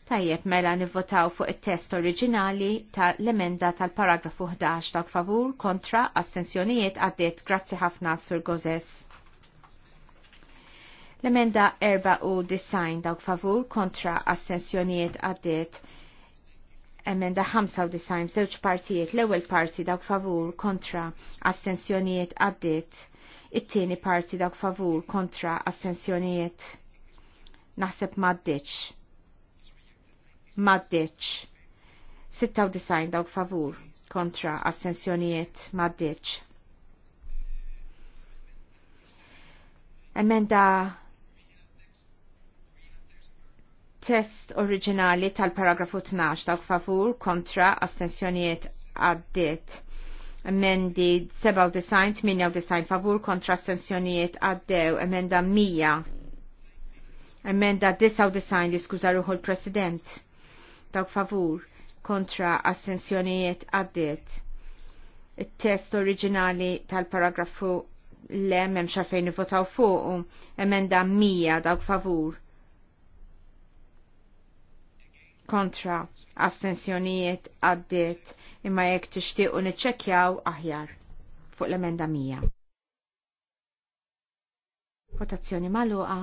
Tajjeb mela nivvotaw fuq it-test oriġinali tal-emenda tal-paragrafu 11 ta' favur kontra astensjonijiet għaddiet grazzi ħafna sur Gozes. L-emenda 4 u design dawk favur kontra astensjonijiet għaddiet emenda 95 żewġ partijiet l-ewwel parti dawk favur kontra astensjonijiet għaddiet it-tieni parti dawk favur kontra astensjonijiet naħseb maddiċ maddeċ. 96 dawk favur kontra assenzjonijiet maddeċ. Emenda test oriġinali tal-paragrafu 12 dawk favur kontra assenzjonijiet għaddit. Emendi 97, 98 favur kontra assenzjonijiet għaddew. Emenda 100. Emenda 99 li skuża ruħu l-President dawk favur kontra assenzjonijiet għaddiet. Il-test oriġinali tal-paragrafu le hemm xafejn votaw fuq, emenda mija dawk favur kontra astensjonijiet għaddiet imma jekk tixtiequ niċċekkjaw aħjar fuq l-emenda mija. Votazzjoni maluqa.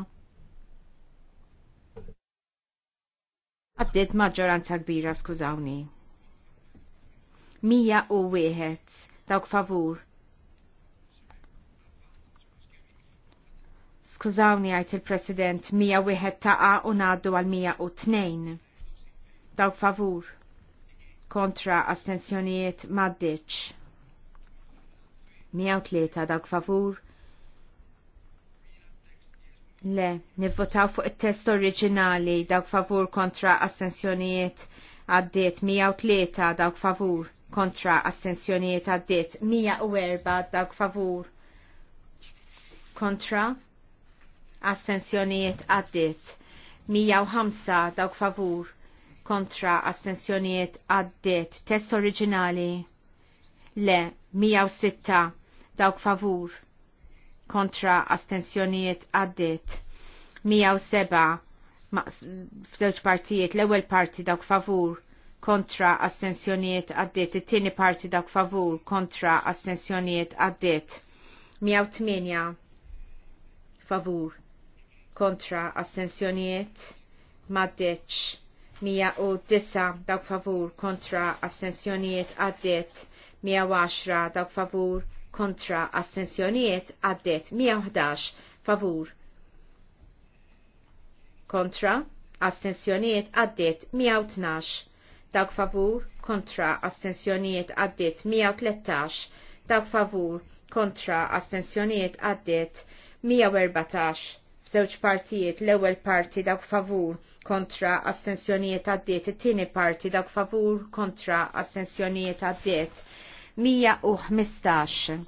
Għaddit maġġoranza kbira, skużawni. Mija u wieħed, dawk favur. Skużawni għajt il-President, mija wieħed taqa u naddu għal mija u tnejn. Dawk favur. Kontra astensjonijiet maddiċ. Mija u tlieta dawk favur Le, nivvotaw fuq il-test oriġinali dawk favur kontra assenzjonijiet għaddit 103 dawk favur kontra assenzjonijiet għaddit 104 dawk favur kontra assenzjonijiet għaddit 105 dawk favur kontra assenzjonijiet għaddit test oriġinali le 106 dawk favur kontra astensjonijiet għaddit 107 f'żewġ partijiet l-ewwel parti dawk favur kontra astensjonijiet għaddit it-tieni parti dawk favur kontra astensjonijiet għaddit 108 favur kontra astensjonijiet maddeċ 109 dawk favur kontra astensjonijiet għaddit 110 dawk favur kontra astensjonijiet għaddiet 111 favur kontra astensjonijiet għaddet 112 dawk favur kontra astensjonijiet għaddet 113 dawk favur kontra astensjonijiet għaddet 114 f'żewġ partijiet l-ewwel parti dawk favur kontra astensjonijiet għaddiet it-tieni parti dawk favur kontra astensjonijiet għaddiet 115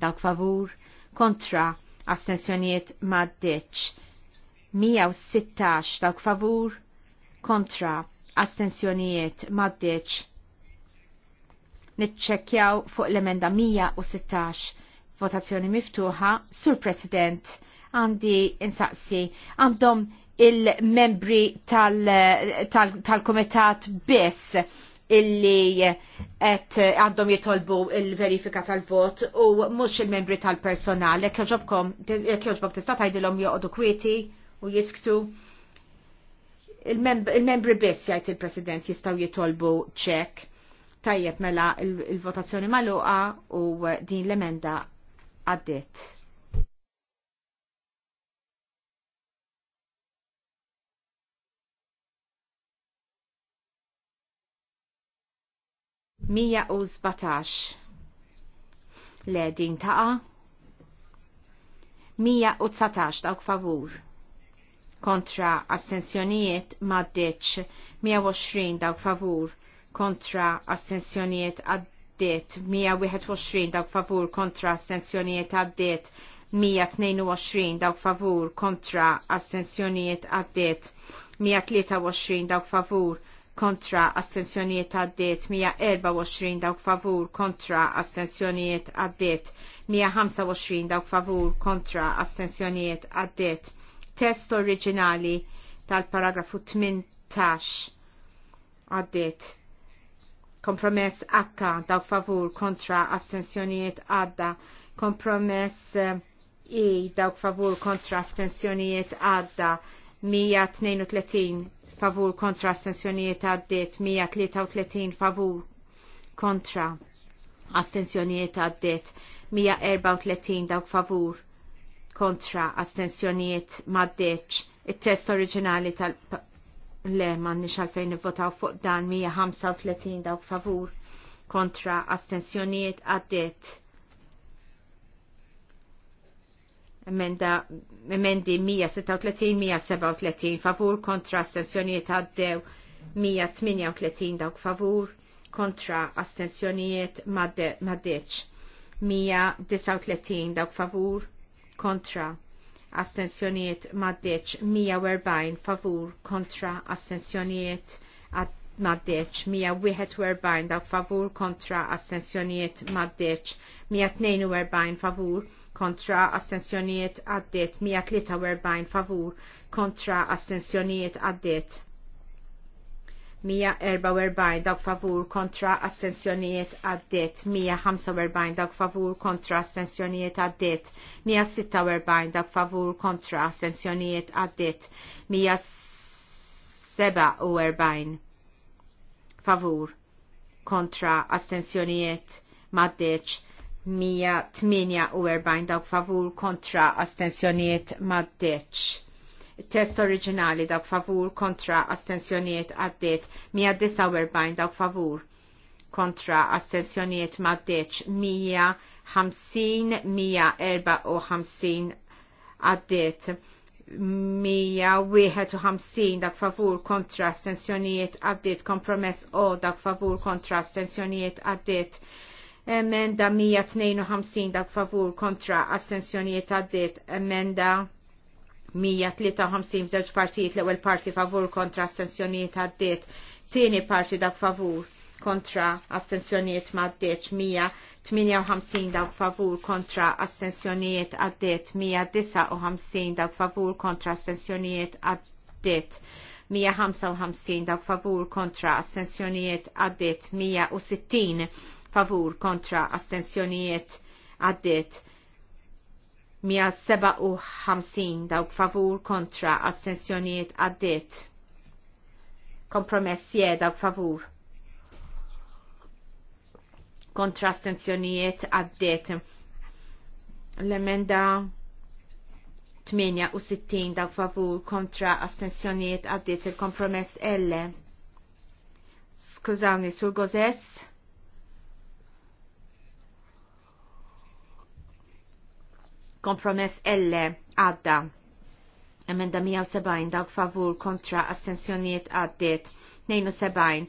dawk favur kontra astensjonijiet maddeċ 116 dawk favur kontra astensjoniet maddeċ nitċekjaw fuq l-emenda 116 votazzjoni miftuħa sur president għandi insaqsi għandhom il-membri tal-komitat tal, tal, tal biss illi et għandhom jitolbu il-verifika tal-vot u mux il-membri tal-personal. Jek joġbok tista tajdilom joqdu kwieti u jisktu. Il-membri biss jgħid il-president jistaw jitolbu ċek. Tajjeb mela il-votazzjoni maluqa u din l-emenda għaddit. 117 le din taqa 119 dawk favur kontra astensjonijiet maddeċ 120 dawk favur kontra astensjonijiet għaddiet 121 dawk favur kontra astensjonijiet għaddiet 122 dawk favur kontra astensjonijiet għaddiet 123 dawk favur kontra astensjonijiet għaddiet 124 dawk favur kontra astensjonijiet għaddiet 125 dawk favur kontra astensjonijiet għaddiet test oriġinali tal-paragrafu 18 għaddiet kompromess akka dawk favur kontra astensjonijiet għadda kompromess eh, i dawk favur kontra astensjonijiet għadda 132 favur kontra astensjonijiet għaddit 133 favur kontra astensjonijiet għaddit 134 dawk favur kontra astensjonijiet maddeċ il-test oriġinali tal- le man nix għalfejn votaw fuq dan 135 dawk favur kontra astensjonijiet għaddit emenda emendi 136-137 favur kontra astensjonijiet għaddew 138 dawk favur kontra astensjonijiet maddeċ 139 dawk favur kontra astensjonijiet maddeċ 140 favur kontra astensjonijiet maddeċ 141 dawk favur kontra astensjonijiet maddeċ 142 favur kontra astensjonijiet għaddit 143 favur kontra astensjonijiet għaddit 144 dawk favur kontra astensjoniet għaddit 145 dawk favur kontra astensjonijiet għaddit 146 dawk favur kontra astensjonijiet għaddit 147 favur kontra astensjonijiet maddeċ 148 dawk favur kontra astensjoniet maddeċ. Test oriġinali dawk favur kontra astensjoniet għaddiet 149 dawk favur kontra astensjoniet maddeċ 150-154 għaddiet 151 dak favur kontra astensjoniet għaddiet kompromess o dak favur kontra astensjoniet għaddiet emenda 152 dak favur kontra assenzjonijiet għaddit emenda 153 żewġ partijiet l-ewwel parti favur kontra assenzjonijiet għaddit tieni parti dak favur kontra assenzjonijiet ma' 158 dak favur kontra assenzjonijiet għaddit 159 dak favur kontra assenzjonijiet għaddit 155 dak favur kontra assenzjonijiet għaddit 160 favur kontra astensjonijiet għaddit 157 dawk favur kontra astensjonijiet għaddit. Kompromess je dawk favur. Kontra astensjonijiet għaddit. L-emenda 68 dawk favur kontra astensjonijiet għaddit il-kompromess L. Skużawni, sur gozess. Kompromess elle għadda. Emenda 170 dawk favur kontra assenzjoniet għaddit. 72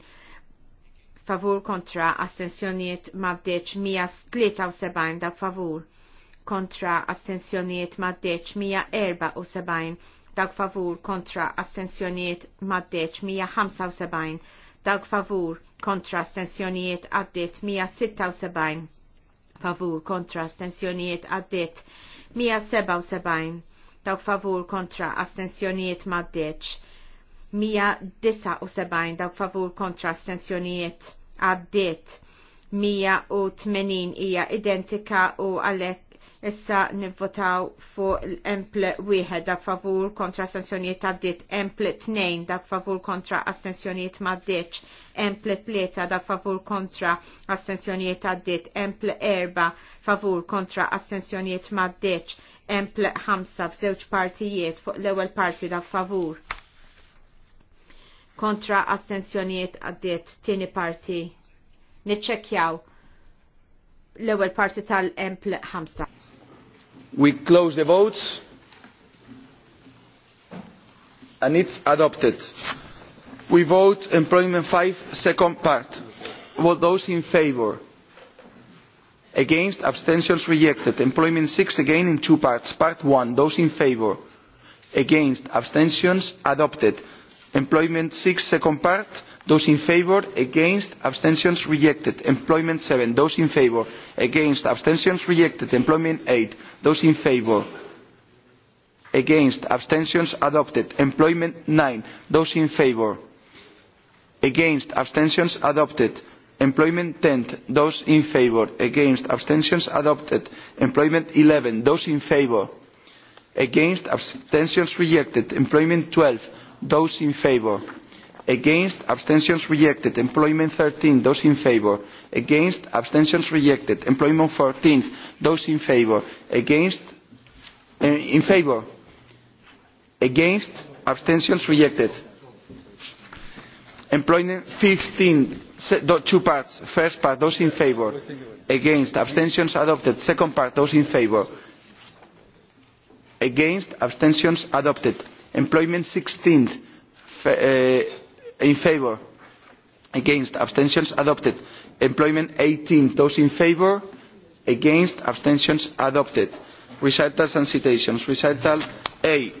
favur kontra assenzjoniet maddeċ 173 dawk favur kontra assenzjoniet maddeċ 174 dawk favur kontra assenzjoniet maddeċ 175 dawk favur kontra astensjonijiet għaddit 176 favur kontra astensjonijiet għaddit 177 dawk favur kontra astensjonijiet maddeċ. 179 dawk favur kontra astensjonijiet għaddiet. 180 hija identika u għalhekk Issa nivvotaw fuq l-emple wieħed dak favur kontra astensjonijiet għaddit, emple tnejn dak favur kontra astensjonijiet maddeċ, emple tlieta dak favur kontra astensjonijiet għaddit, emple erba favur kontra astensjonijiet maddeċ, emple ħamsa f'żewġ partijiet fuq l-ewwel parti dak favur. Kontra astensjonijiet għaddit, tieni parti. Niċċekkjaw l-ewwel parti tal-emple ħamsa. We close the votes and it's adopted. We vote employment 5, second part. All those in favour? Against, abstentions rejected. Employment 6 again in two parts. Part 1, those in favour. Against, abstentions adopted. Employment 6, second part Those in favour, against, abstentions rejected. Employment 7. Those in favour, against, abstentions rejected. Employment 8. Those in favour, against, abstentions adopted. Employment 9. Those in favour, against, abstentions adopted. Employment 10. Those in favour, against, abstentions adopted. Employment 11. Those in favour, against, abstentions rejected. Employment 12. Those in favour against abstentions rejected employment thirteen those in favour against abstentions rejected employment 14 those in favour against uh, in favor against abstentions rejected employment fifteen two parts first part those in favor against abstentions adopted second part those in favour against abstentions adopted employment sixteen uh, in favour against abstentions adopted employment eighteen those in favour against abstentions adopted recitals and citations recital a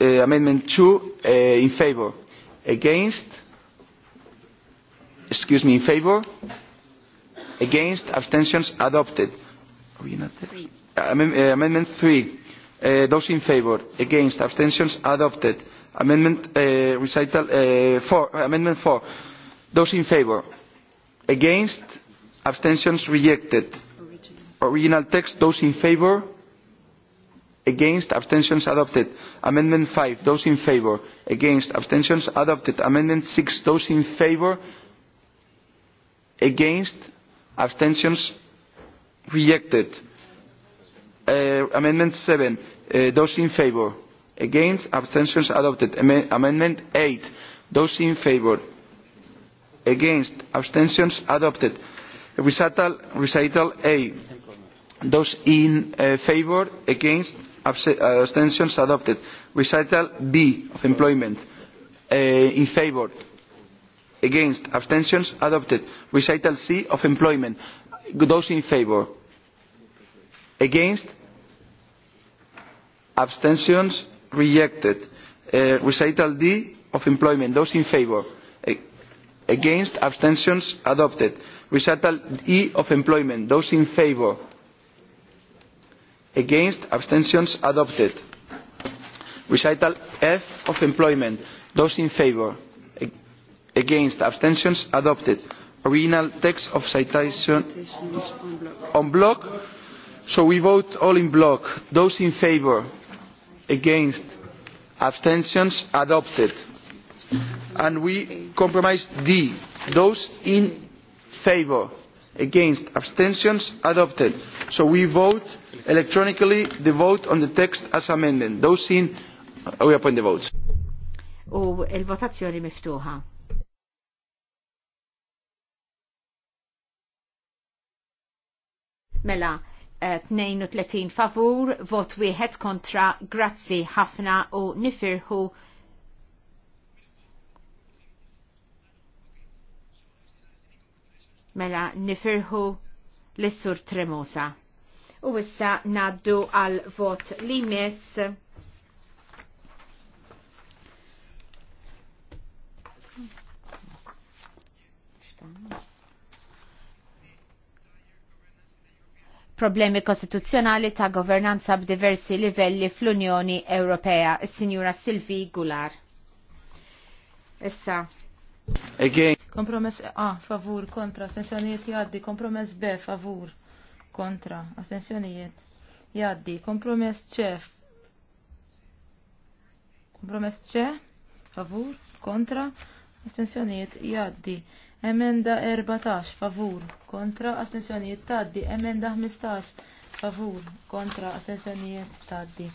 uh, amendment two uh, in favour against excuse me in favour against abstentions adopted there? uh, eh, amendment three uh, those in favour against abstentions adopted Amendment uh, recital 4. uh, amendment 4. Those in favor? Against? Abstentions rejected. Original. Original text. Those in favor? Against? Abstentions adopted. Amendment 5. Those in favor? Against? Abstentions adopted. Amendment 6. Those in favor? Against? Abstentions rejected. Uh, amendment 7. Uh, those in favor? against abstentions adopted amendment 8 those in favor against abstentions adopted recital, recital A those in uh, favor against eh, abstentions adopted recital B of employment uh, in favor against abstentions adopted recital C of employment those in favor against abstentions rejected. Uh, recital D of employment, those in favour. Against, abstentions, adopted. Recital E of employment, those in favour. Against, abstentions, adopted. Recital F of employment, those in favour. Against, abstentions, adopted. Original text of citation on block. So we vote all in block. Those in favour against abstentions adopted and we compromise D those in favour against abstentions adopted so we vote electronically the vote on the text as amended those in uh, we open the votes u il-votazzjoni miftuħa mela 32 favur, vot wieħed kontra, grazzi ħafna u nifirħu mela nifirħu l-sur Tremosa. U issa naddu għal vot li mess. you. problemi kostituzzjonali ta' governanza b'diversi livelli fl-Unjoni Ewropea, is-Sinjura Silvi Gular. Issa. Again. Kompromess A, favur, kontra, assenzjonijiet jaddi, kompromess B, favur, kontra, assenzjonijiet jaddi, kompromess C, kompromess C, favur, kontra, assenzjonijiet jaddi, Emenda 14 favur kontra astensjonijiet taddi. Emenda 15 favur kontra astensjonijiet taddi.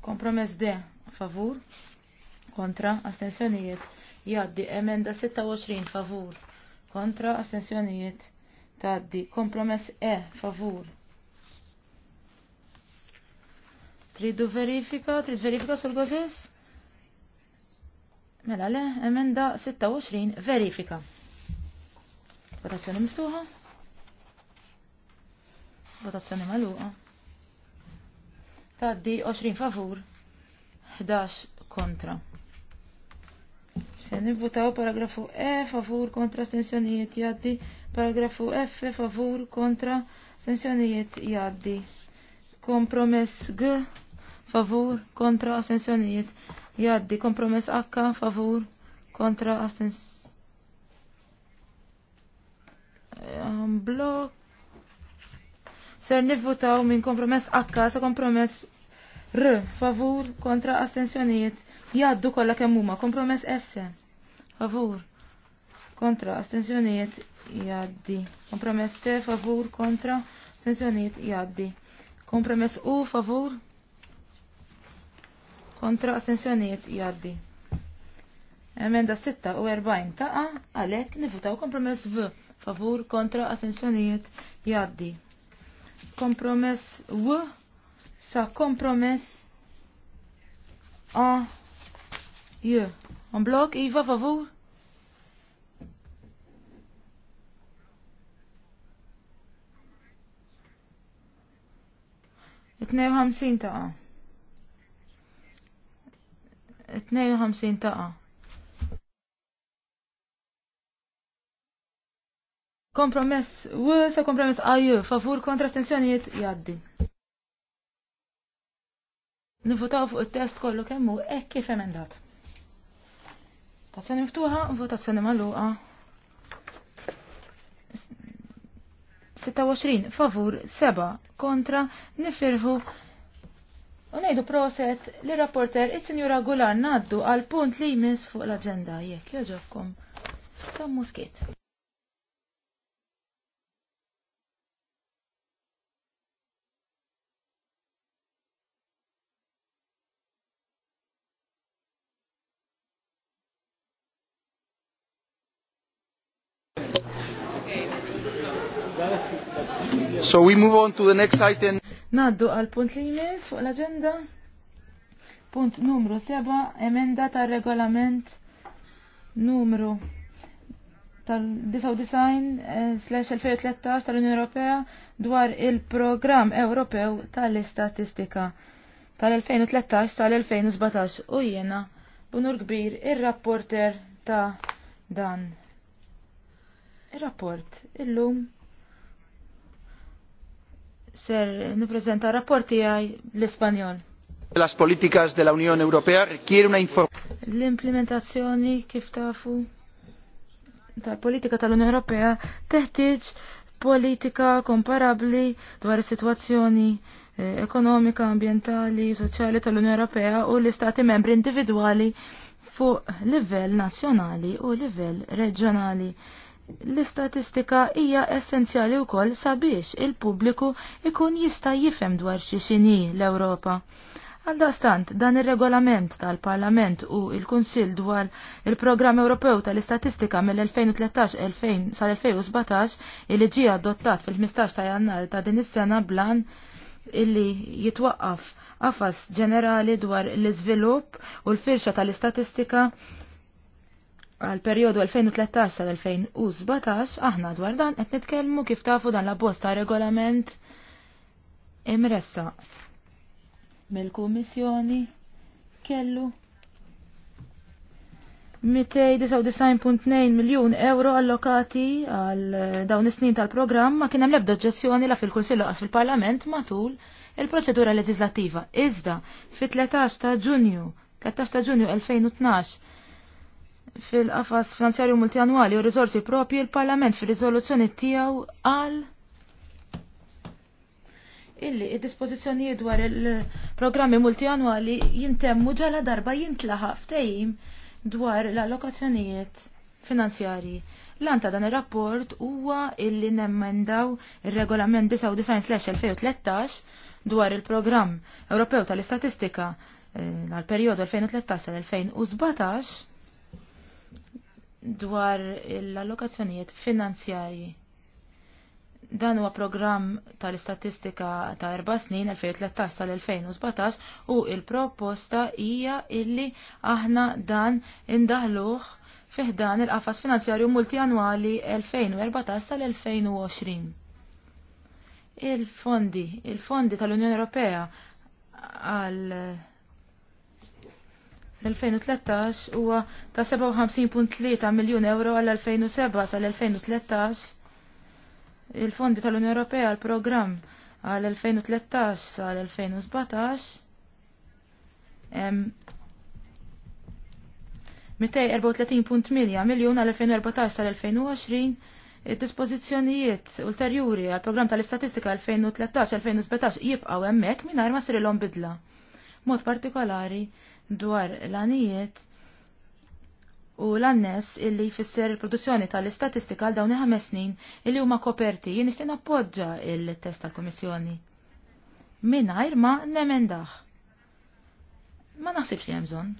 Kompromess D favur kontra astensjonijiet jaddi. Emenda 26 favur kontra astensjonijiet taddi. Kompromess E favur Tridu verifika, trid verifika sul gozis? Mela le, emenda 26 verifika. Votazzjoni miftuħa. Votazzjoni maluqa. Taddi 20 favur, 11 kontra. Se nivvutaw paragrafu E favur kontra stensjonijiet jaddi, paragrafu F favur kontra stensjonijiet jaddi. Kompromess G favur kontra stensjonijiet jaddi kompromess akka favur kontra astens ehm, blok ser nivvutaw minn kompromess akka sa kompromess r favur kontra astensjoniet jaddu kolla kemm huma kompromess s favur kontra astensjoniet jaddi kompromess t favur kontra astensjoniet jaddi kompromess u favur kontra astensjonijiet jaddi. Emenda 46 taqa għalek nifutaw kompromess V favur kontra astensjonijiet jaddi. Kompromess V sa kompromess A J. On blok Iva favur Itnew ħamsin ta'. 52 taqa. Kompromess, u kompromess għajju, favur kontra stensjonijiet jaddi. Nivvotaw fuq il-test kollu kemmu ek kif emendat. Tazzjoni miftuħa, votazzjoni maluqa. 26 favur, 7 kontra, nifirħu Unajdu proset li rapporter il-Sinjura Gular naddu għal punt li jmiss fuq l-agenda jekk joġobkom. Sam muskiet. So we move on to the next item. Naddu għal punt li jmiss fuq l-agenda. Punt numru 7, emenda tar regolament numru tal-99-2013 eh, tal-Unjoni Ewropea dwar il-Programm Ewropew tal-Istatistika tal-2013 tal-2017 u jiena bunur kbir ir-rapporter ta' dan. Ir-rapport illum ser nipprezenta rapporti għaj l-Ispanjol. Las politikas de la Unjoni Ewropea rikjer una L-implementazzjoni kif tafu tal-politika tal-Unjoni Ewropea teħtieġ politika komparabli dwar is-sitwazzjoni eh, ekonomika, ambientali, soċjali tal-Unjoni Ewropea u l-istati membri individwali fuq livell nazzjonali u livell reġjonali. L-istatistika hija essenzjali wkoll sabiex il-pubbliku ikun jista' jifhem dwar xi xini l-Ewropa. Għaldastant, dan ir-regolament tal-Parlament u il-Kunsill dwar il-Programm Ewropew tal-Istatistika mill-2013 sal-2017 il ġie adottat fil-15 ta' jannar ta' din is-sena blan illi jitwaqqaf għafas ġenerali dwar l-iżvilupp u l-firxa tal-istatistika għal periodu 2013 sal-2017 aħna dwar dan qed nitkellmu kif tafu dan l abbost ta' regolament imressa mill-Kummissjoni kellu 299.2 miljun euro allokati għal dawn is-snin tal-programm ma kien hemm l-ebda oġġezzjoni la fil-Kunsill Laqas fil-Parlament matul il-proċedura leġislattiva. Iżda fit-13 ta' Ġunju 13 ta' Ġunju 2012 fil-qafas finanzjarju multianwali u rizorsi propri il-Parlament fir-riżoluzzjoni tiegħu għal illi il dispożizzjonijiet dwar il-programmi multianwali jintemmu ġala darba jintlaħa ftehim dwar l-allokazzjonijiet finanzjarji. L-anta dan ir-rapport huwa illi nemmendaw ir-regolament 99/2013 dwar il-programm Ewropew tal-Istatistika eh, għal periodu 2013-2017 dwar l-allokazzjonijiet finanzjarji. Dan huwa programm tal-istatistika ta' erba' snin 2013 tal-2017 u il-proposta hija illi aħna dan indaħluh fiħdan il-qafas finanzjarju multianwali 2014 tal-2020. Il-fondi, il-fondi tal-Unjoni Ewropea għal l-2013 huwa ta' 57.3 miljun euro għal-2007 sal-2013 il-fondi tal-Unjoni Ewropea għal programm għal-2013 sal-2017 234.8 miljun għal-2014 sal-2020 id-dispożizzjonijiet ulterjuri għal programm tal-istatistika 2013-2017 jibqaw hemmhekk mingħajr ma sirilhom bidla. Mod partikolari dwar l-għanijiet u l-annes illi jfisser il-produzzjoni tal-istatistika għal dawni ħames snin illi huma koperti jien nixtieq appoġġa il-test tal-Kummissjoni. Mingħajr ma nemendaħ. Ma naħsibx li hemm bżonn.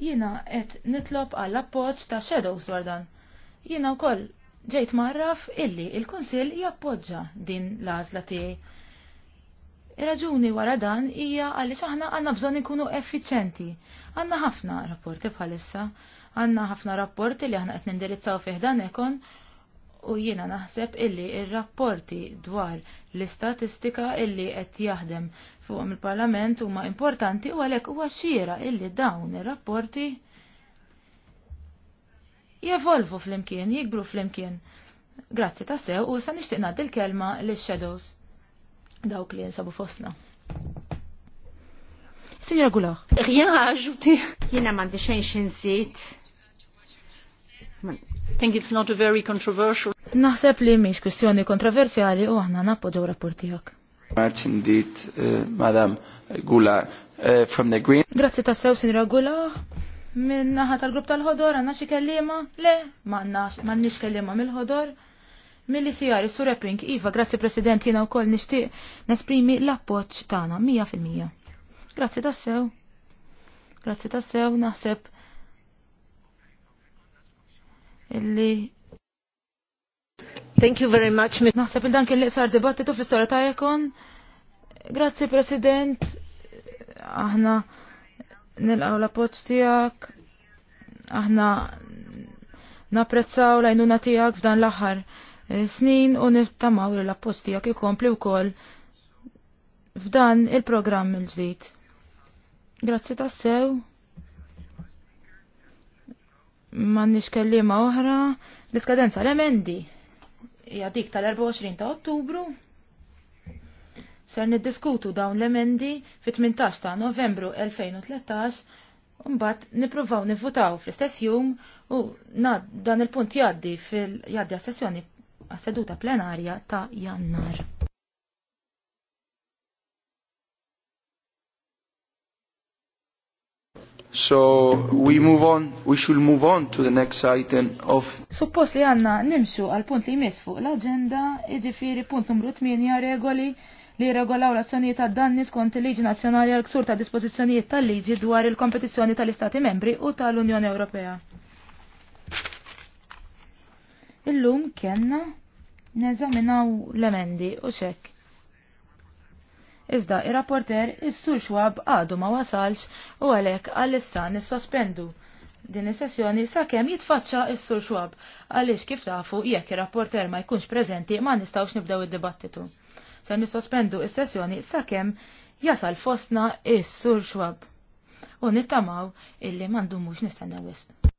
Jiena qed nitlob għall appoġġ ta' shadows dwar dan. Jiena wkoll ġejt marraf illi il-Kunsill jappoġġa din l-għażla tiegħi Ir-raġuni wara dan hija għaliex aħna għandna bżonn ikunu effiċenti. Għandna ħafna rapporti bħalissa, għandna ħafna rapporti li aħna qed nindirizzaw fih dan ekon u jiena naħseb illi ir-rapporti dwar l-istatistika illi qed jaħdem fuq il-Parlament huma importanti u għalhekk huwa xira illi dawn ir-rapporti jevolvu flimkien, jikbru flimkien. Grazzi tassew u sa nixtieq ngħaddi l-kelma lis shadows dawk li jinsabu fosna. Signor Gulaħ. Rien à Jina mandi xejn xejn I think it's not a very controversial. Naħseb li miex kwestjoni kontroversjali u aħna nappoġġaw rapportijak. Much indeed, uh, Madam Gula uh, from the Green. Grazzi tassew, Signora Gula. Minnaħa tal-grupp tal-ħodor, għanna xie kellima? Le, ma' nix kellima mill-ħodor. Milli sijar, Sur Epping, Iva, grazzi President, jina u koll nishtiq nesprimi l-appoċ tana, 100%. Grazzi tassew. Grazzi tassew, naħseb illi. Thank you very much. Naħseb il-dan kien sar dibattitu fl-istoria ta' jekon. Grazzi President, aħna nilqaw l-appoċ tijak, aħna naprezzaw lajnuna tijak f'dan l-axar snin u niftamaw li l-appostijak ikompli wkoll f'dan il-programm il-ġdid. Grazzi tassew. M'għandniex kellima oħra. L-iskadenza l-emendi hija dik tal-24 ta' Ottubru. Ser niddiskutu dawn l-emendi fit-18 ta' Novembru 2013 Umbat nipruvaw nivvutaw fl-istess jum u na, dan il-punt jaddi fil-jaddi għas-sessjoni għas-seduta plenarja ta' jannar. So we move on, we should move on to the next item of... Suppost li għanna nimxu għal punt li jmiss fuq l-agenda, iġifiri punt numru 8 regoli li regolaw l-azzjonijiet ta' danni skont il-Liġi Nazzjonali għal ksur ta' dispożizzjonijiet tal-liġi dwar il-kompetizzjoni tal-Istati membri u tal-Unjoni Ewropea. Illum kienna neżaminaw l-emendi u xek. Iżda ir-rapporter is-sur xwab għadu ma wasalx u għalek għal-issa nissospendu din is-sessjoni sakemm jitfaċċa is-sur xwab għaliex kif tafu jekk ir-rapporter ma jkunx preżenti ma nistgħux nibdew id-dibattitu. Se nissospendu is-sessjoni sakemm jasal fostna is-sur xwab u nittamaw illi mux nistennew wisq.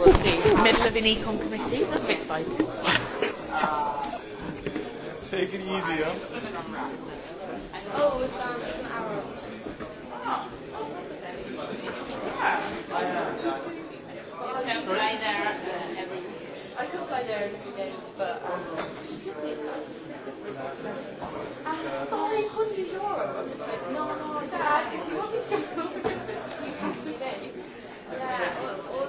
We'll Middle of an econ committee. I'm excited. Take it easy, huh? Oh, it's, um, an hour. Oh, Yeah. I fly there every I could fly there in two days, but um, euro. No, no, Dad, if you want me to go over to you have to pay. Yeah, all, all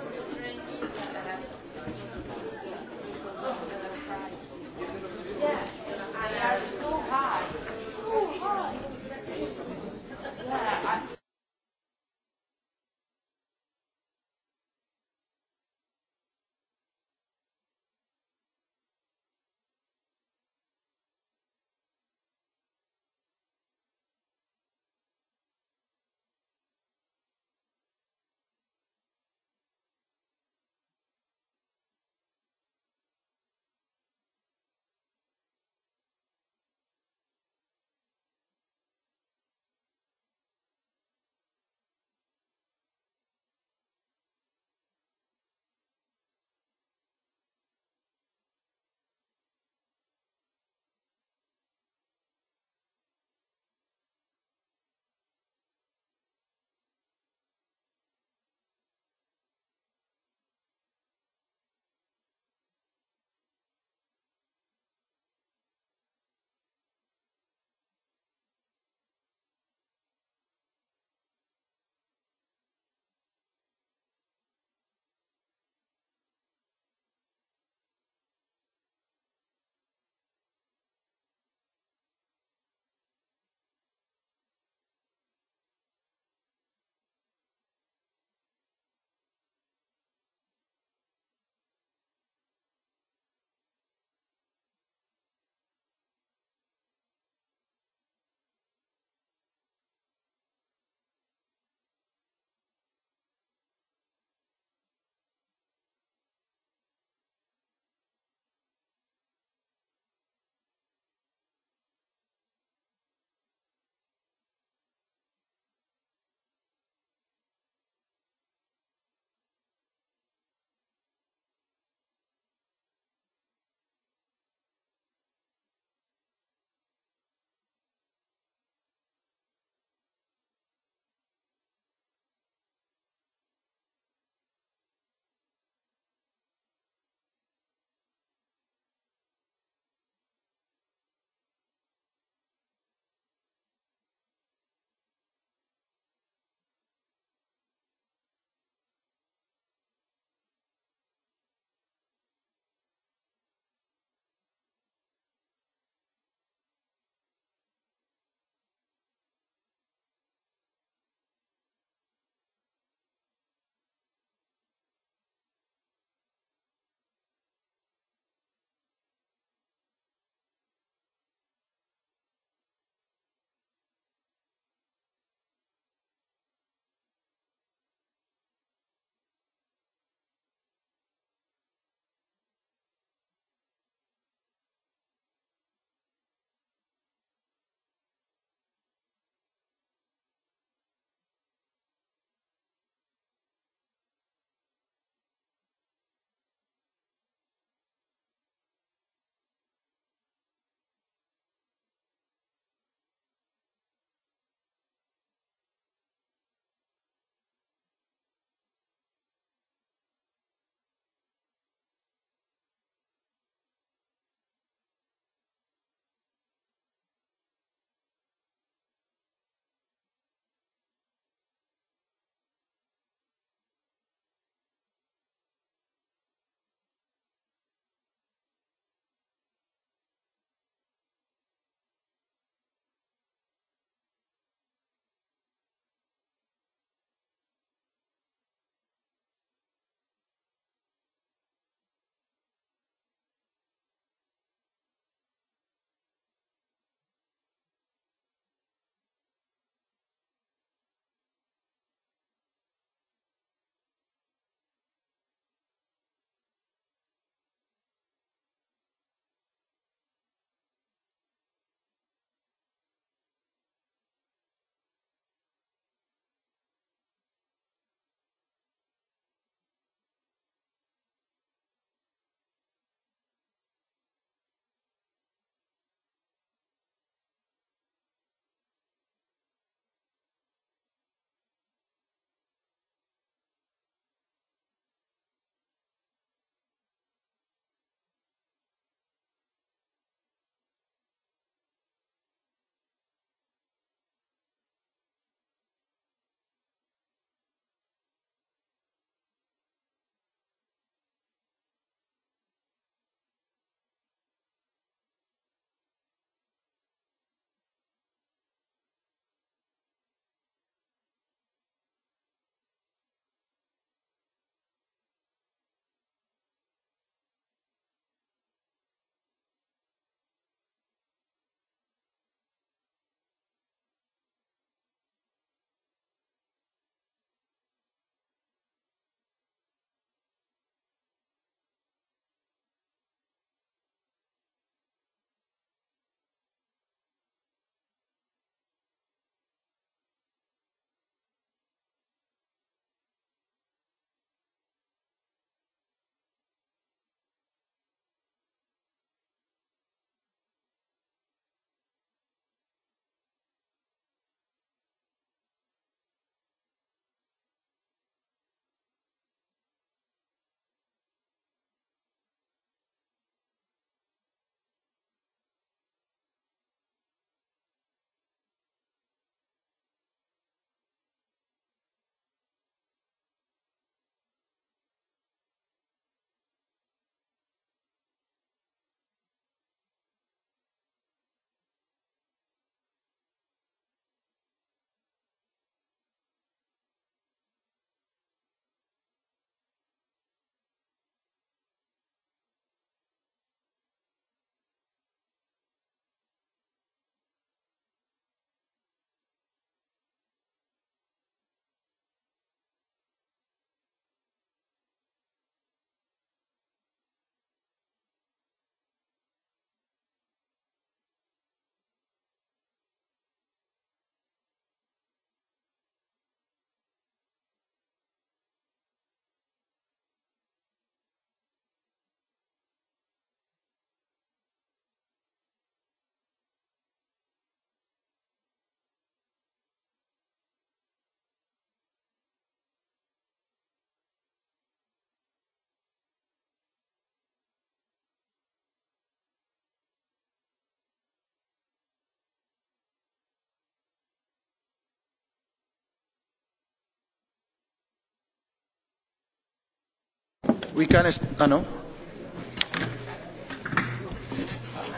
We can... Ah, no?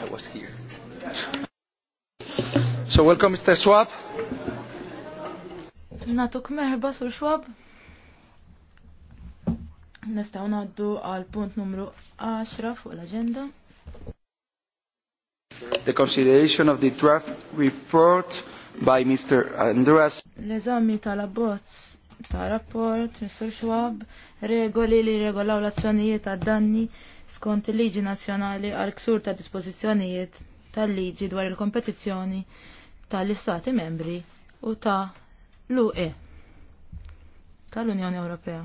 I was here. So welcome, Mr. Schwab. Natuk merħba sur Schwab. Nistaw naddu għal punt numru 10 fuq l-agenda. The consideration of the draft report by Mr. Andreas. L-eżami tal-abbozz ta' rapport, Mr. Schwab, regoli li regolaw l-azzjonijiet ta' danni skont il-liġi nazjonali għal ksur ta' dispożizzjonijiet tal-liġi dwar il-kompetizzjoni tal-istati membri u ta' l-UE tal-Unjoni Ewropea.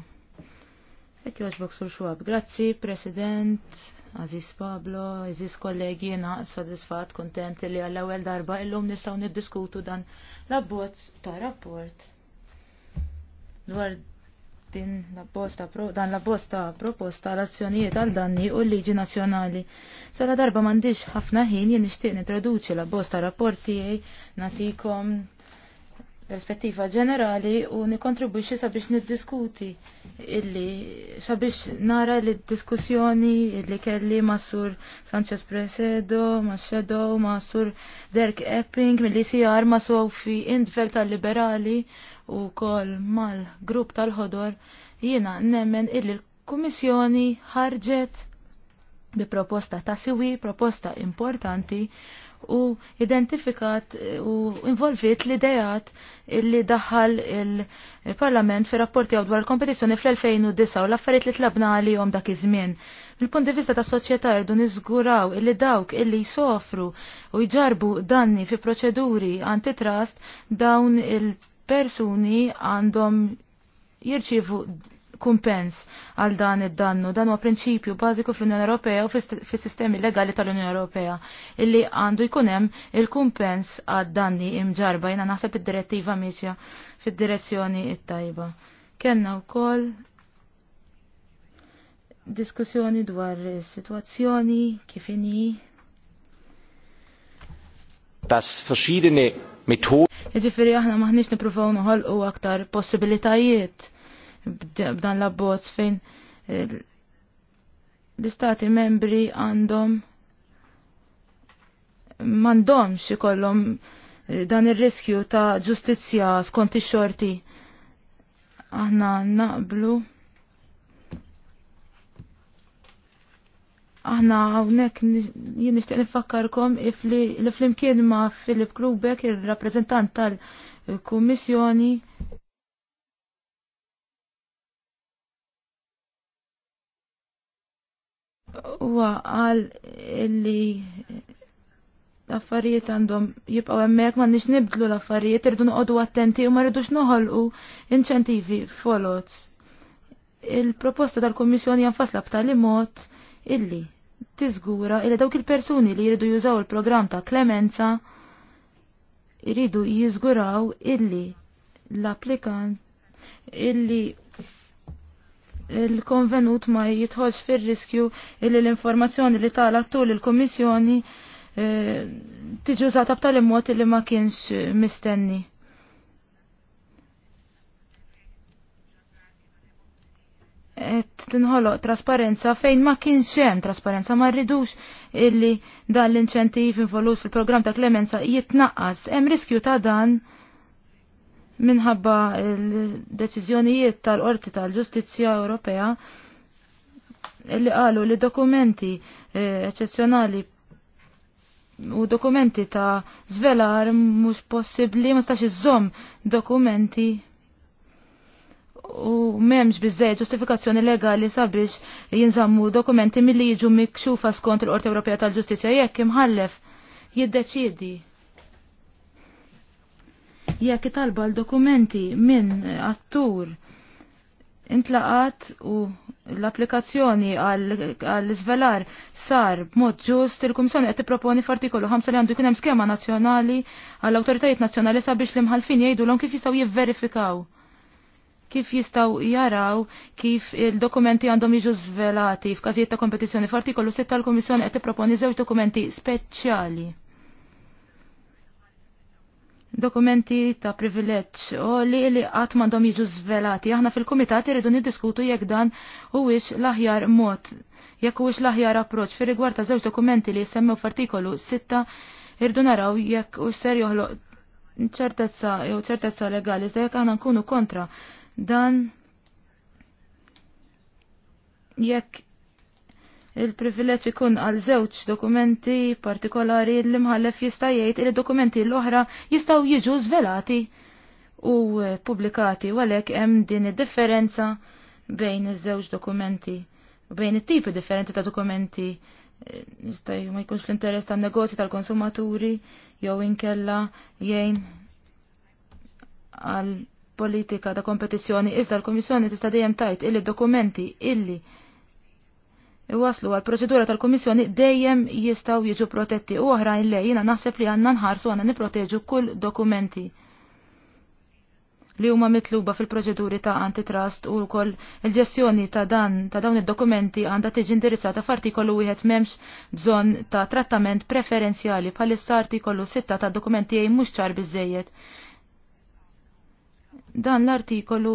Ekk joġbok sur xwab. Grazzi, President, Aziz Pablo, Aziz kollegi, jena soddisfat, kontent li għall ewwel darba illum nistaw niddiskutu dan l-abbozz ta' rapport dwar din la bosta pro, dan la bosta proposta l-azzjonijiet għal danni u l-liġi nazjonali. Ċala darba mandiġ ħafna ħin jien nixtieq nitraduċi la bosta rapporti natikom perspettiva ġenerali u nikontribwixi sabiex niddiskuti illi sabiex nara li diskussjoni illi kelli ma' sur Sanchez Presedo, ma' Shadow, ma' sur Dirk Epping, mill-ICR, ma' Sofi tal-Liberali u kol mal-grupp tal-ħodor jiena nemmen illi l-Kummissjoni ħarġet bi proposta ta' siwi, proposta importanti u identifikat u involvit l-idejat illi daħal il-Parlament fi rapporti għaw dwar kompetizjoni fl-2009 u l-affarijiet li tlabna għalihom dak iż-żmien. Mill-punt di vista ta' soċjetà irdu niżguraw illi dawk illi jsofru u jġarbu danni fi proċeduri antitrust dawn il- persuni għandhom jirċivu kumpens għal dan id-dannu. Dan huwa prinċipju bażiku fl-Unjoni Ewropea u fis-sistemi legali tal-Unjoni Ewropea illi għandu jkun hemm il-kumpens għad danni imġarba jiena naħseb id-direttiva miexja fid-direzzjoni it-tajba. Kenna wkoll diskussjoni dwar is-sitwazzjoni kif inhi. Das verschiedene Mitħu. Ġifiri aħna maħniex nipruvaw noħolqu aktar possibilitajiet b'dan l-abbozz fejn eh, l-istati membri għandhom mandomx ikollhom eh, dan ir-riskju ta' ġustizzja skont ix-xorti. Aħna naqblu. Aħna hawnhekk jien nixtieq nifakkarkom li flimkien ma' Philip Krubek, il-rappreżentant tal-Kummissjoni. Huwa qal li l-affarijiet għandhom jibqgħu hemmhekk m'għandniex nibdlu l-affarijiet, irdu noqogħdu attenti u ma rridux noħolqu inċentivi folots. Il-proposta tal-Kummissjoni janfasla b'tali mod illi tiżgura illi dawk il-persuni li jridu jużaw il-programm ta' klemenza jridu jiżguraw illi l-applikant illi il-konvenut ma jitħolx fil-riskju illi l-informazzjoni li tala tul il-Komissjoni eh, tiġi użata b'tal-immod li ma kienx mistenni. tinħoloq trasparenza fejn ma kienx hemm trasparenza ma rridux illi dan l-inċentiv involut fil-programm ta' klemenza jitnaqqas. Hemm riskju ta' dan minħabba l-deċiżjonijiet tal-Qorti tal-Ġustizzja Ewropea illi qalu li dokumenti eċċezzjonali eh, u dokumenti ta' zvelar mhux possibbli ma stax iżomm dokumenti u memx bizzej ġustifikazzjoni legali sabiex jinżammu dokumenti milli jiġu mikxufa skont l qorti Ewropea tal-Ġustizja jekk imħallef jiddeċiedi jekk italba l-dokumenti minn attur intlaqat u l-applikazzjoni għall-izvelar sar b'mod ġust il-Kummissjoni qed tipproponi f'artikolu 5 li għandu jkun hemm skema nazzjonali għall awtoritajiet nazzjonali sabiex l-imħalfin jgħidulhom kif jistgħu jivverifikaw kif jistaw jaraw kif il-dokumenti għandhom jiġu zvelati f'każijiet ta' kompetizzjoni. F'artikolu 6 tal-Kummissjoni qed tipproponi żewġ dokumenti speċjali. Dokumenti ta' privileġġ u li li qatt m'għandhom jiġu zvelati. Aħna fil-kumitat irridu niddiskutu jekk dan huwiex l-aħjar mod jekk huwiex l-aħjar approċċ fir rigward ta' żewġ dokumenti li jsemmew f'artikolu 6 irridu naraw jekk u ser joħloq ċertezza jew ċertezza legali, iżda jekk aħna nkunu kontra Dan jekk il-privileġġ ikun għal żewġ dokumenti partikolari l-Imħallef jista' jgħid il dokumenti l-oħra jistgħu jiġu żvelati u pubblikati u għalhekk hemm din id-differenza bejn iż-żewġ dokumenti bejn it-tipi differenti ta' dokumenti jista' ma jkunx l-interess tan-negozji tal-konsumaturi jew inkella jgħin għal politika ta' kompetizzjoni iżda l-Komissjoni tista' dejjem tajt illi dokumenti illi waslu għal proċedura tal-Komissjoni dejjem jistaw jiġu protetti u oħrajn le jiena naħseb li għandna nħarsu għanna nipproteġu kull dokumenti li huma mitluba fil-proċeduri ta' antitrust u wkoll il-ġestjoni ta' dan ta' dawn id-dokumenti għandha tiġi indirizzata f'artikolu wieħed m'hemmx bżonn ta' trattament preferenzjali bħalissa artikolu 6 ta' dokumenti jgħin mhux ċar biżejjed Dan l-artikolu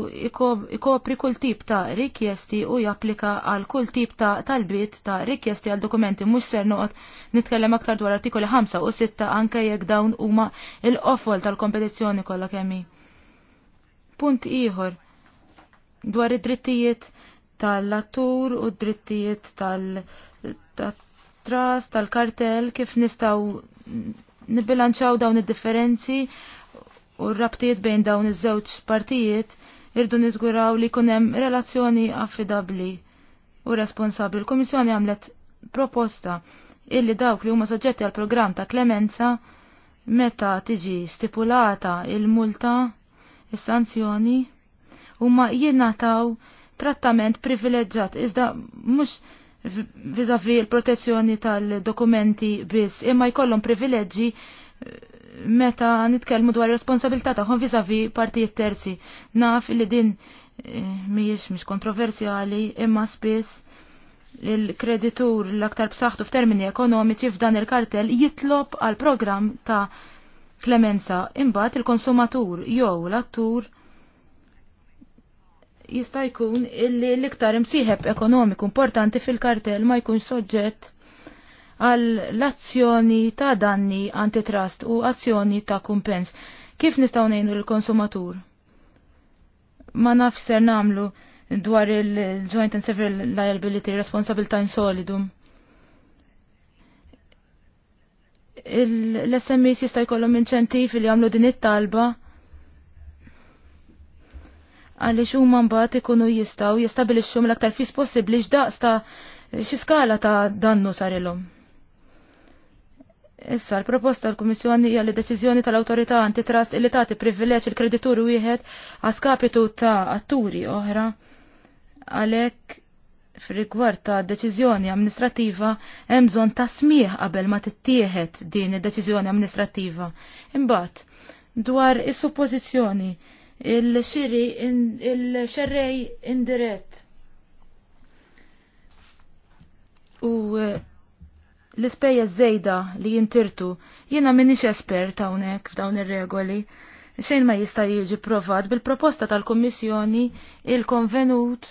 ikopri kull tip ta' rikjesti u japplika għal kull tip ta' talbit ta' rikjesti għal dokumenti mhux ser noqot nitkellem aktar dwar artikoli 5 u 6 anke jekk dawn huma l-qofol tal-kompetizzjoni kollha kemm Punt ieħor dwar id-drittijiet tal-attur u d-drittijiet tal-tras, tal-kartel, kif nistaw nibilanċaw dawn id-differenzi u r-rabtiet bejn dawn iż-żewġ partijiet irdu niżguraw li jkun hemm relazzjoni affidabbli u responsabbli. Il-Kummissjoni għamlet proposta illi dawk li huma soġġetti għal programm ta' klemenza meta tiġi stipulata il-multa, is-sanzjoni, huma jingħataw trattament privileġġat iżda mhux vizavi l-protezzjoni tal-dokumenti biss, imma jkollhom privileġġi meta nitkellmu dwar responsabilità tagħhom viżavi partijiet terzi. Naf li din eh, mhijiex mhix kontroversjali imma spiss il-kreditur l-aktar b'saħħtu f'termini ekonomiċi f'dan il-kartell jitlob għal programm ta' klemenza imbagħad il-konsumatur jew l-attur jista' jkun illi l-iktar imsieħeb ekonomiku importanti fil-kartell ma jkunx soġġett għal l-azzjoni ta' danni antitrust u azzjoni ta' kumpens. Kif nistaw nejnu l-konsumatur? Ma nafser namlu dwar il-Joint and Several Liability Responsibility Insolidum. L-SMEs jista' jkollhom inċentiv li jagħmlu din it-talba għaliex huma mbagħad ikunu jistgħu jistabilixxu mill-aktar fis possibbli x'daqs ta' xi skala ta' dannu sarilhom. Issa l-proposta l-Kummissjoni hija li deċiżjoni tal-Awtorità Antitrust illi tagħti privileġġ il-kreditur wieħed kapitu ta' atturi oħra għalhekk f'rigward ta' deċiżjoni amministrativa hemm bżonn ta' smieħ qabel ma tittieħed din id-deċiżjoni amministrativa. Imbagħad dwar is-suppożizzjoni il-xiri il-xerrej indirett u l-ispejja żejda li jintirtu, jiena minix espert hawnhekk f'dawn ir-regoli. Xejn ma jista' jiġi provat bil-proposta tal-Kummissjoni il-konvenut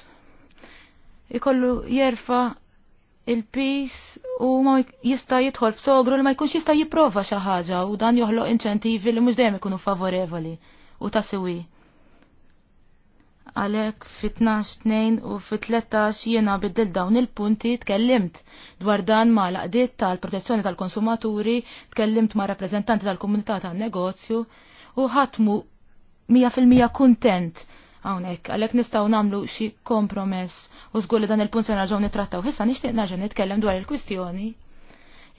ikollu jerfa il-pis u ma jista' jidħol f'sogru li ma jkunx jista' jipprova xi ħaġa u dan joħloq inċentivi li mhux dejjem ikunu favorevoli u ta' sewi. Għalek fit-12-2 u fit-13 jiena biddil dawn il-punti tkellimt dwar dan ma laqdiet tal-protezzjoni tal-konsumaturi, tkellimt ma' rappresentanti tal-komunità tan-negozju u ħatmu 100% kuntent għawnek, għalek nistaw namlu xi kompromess u zgulli dan il-punt se nerġgħu nittrattaw. Hissa nixtieq naġen nitkellem dwar il-kwistjoni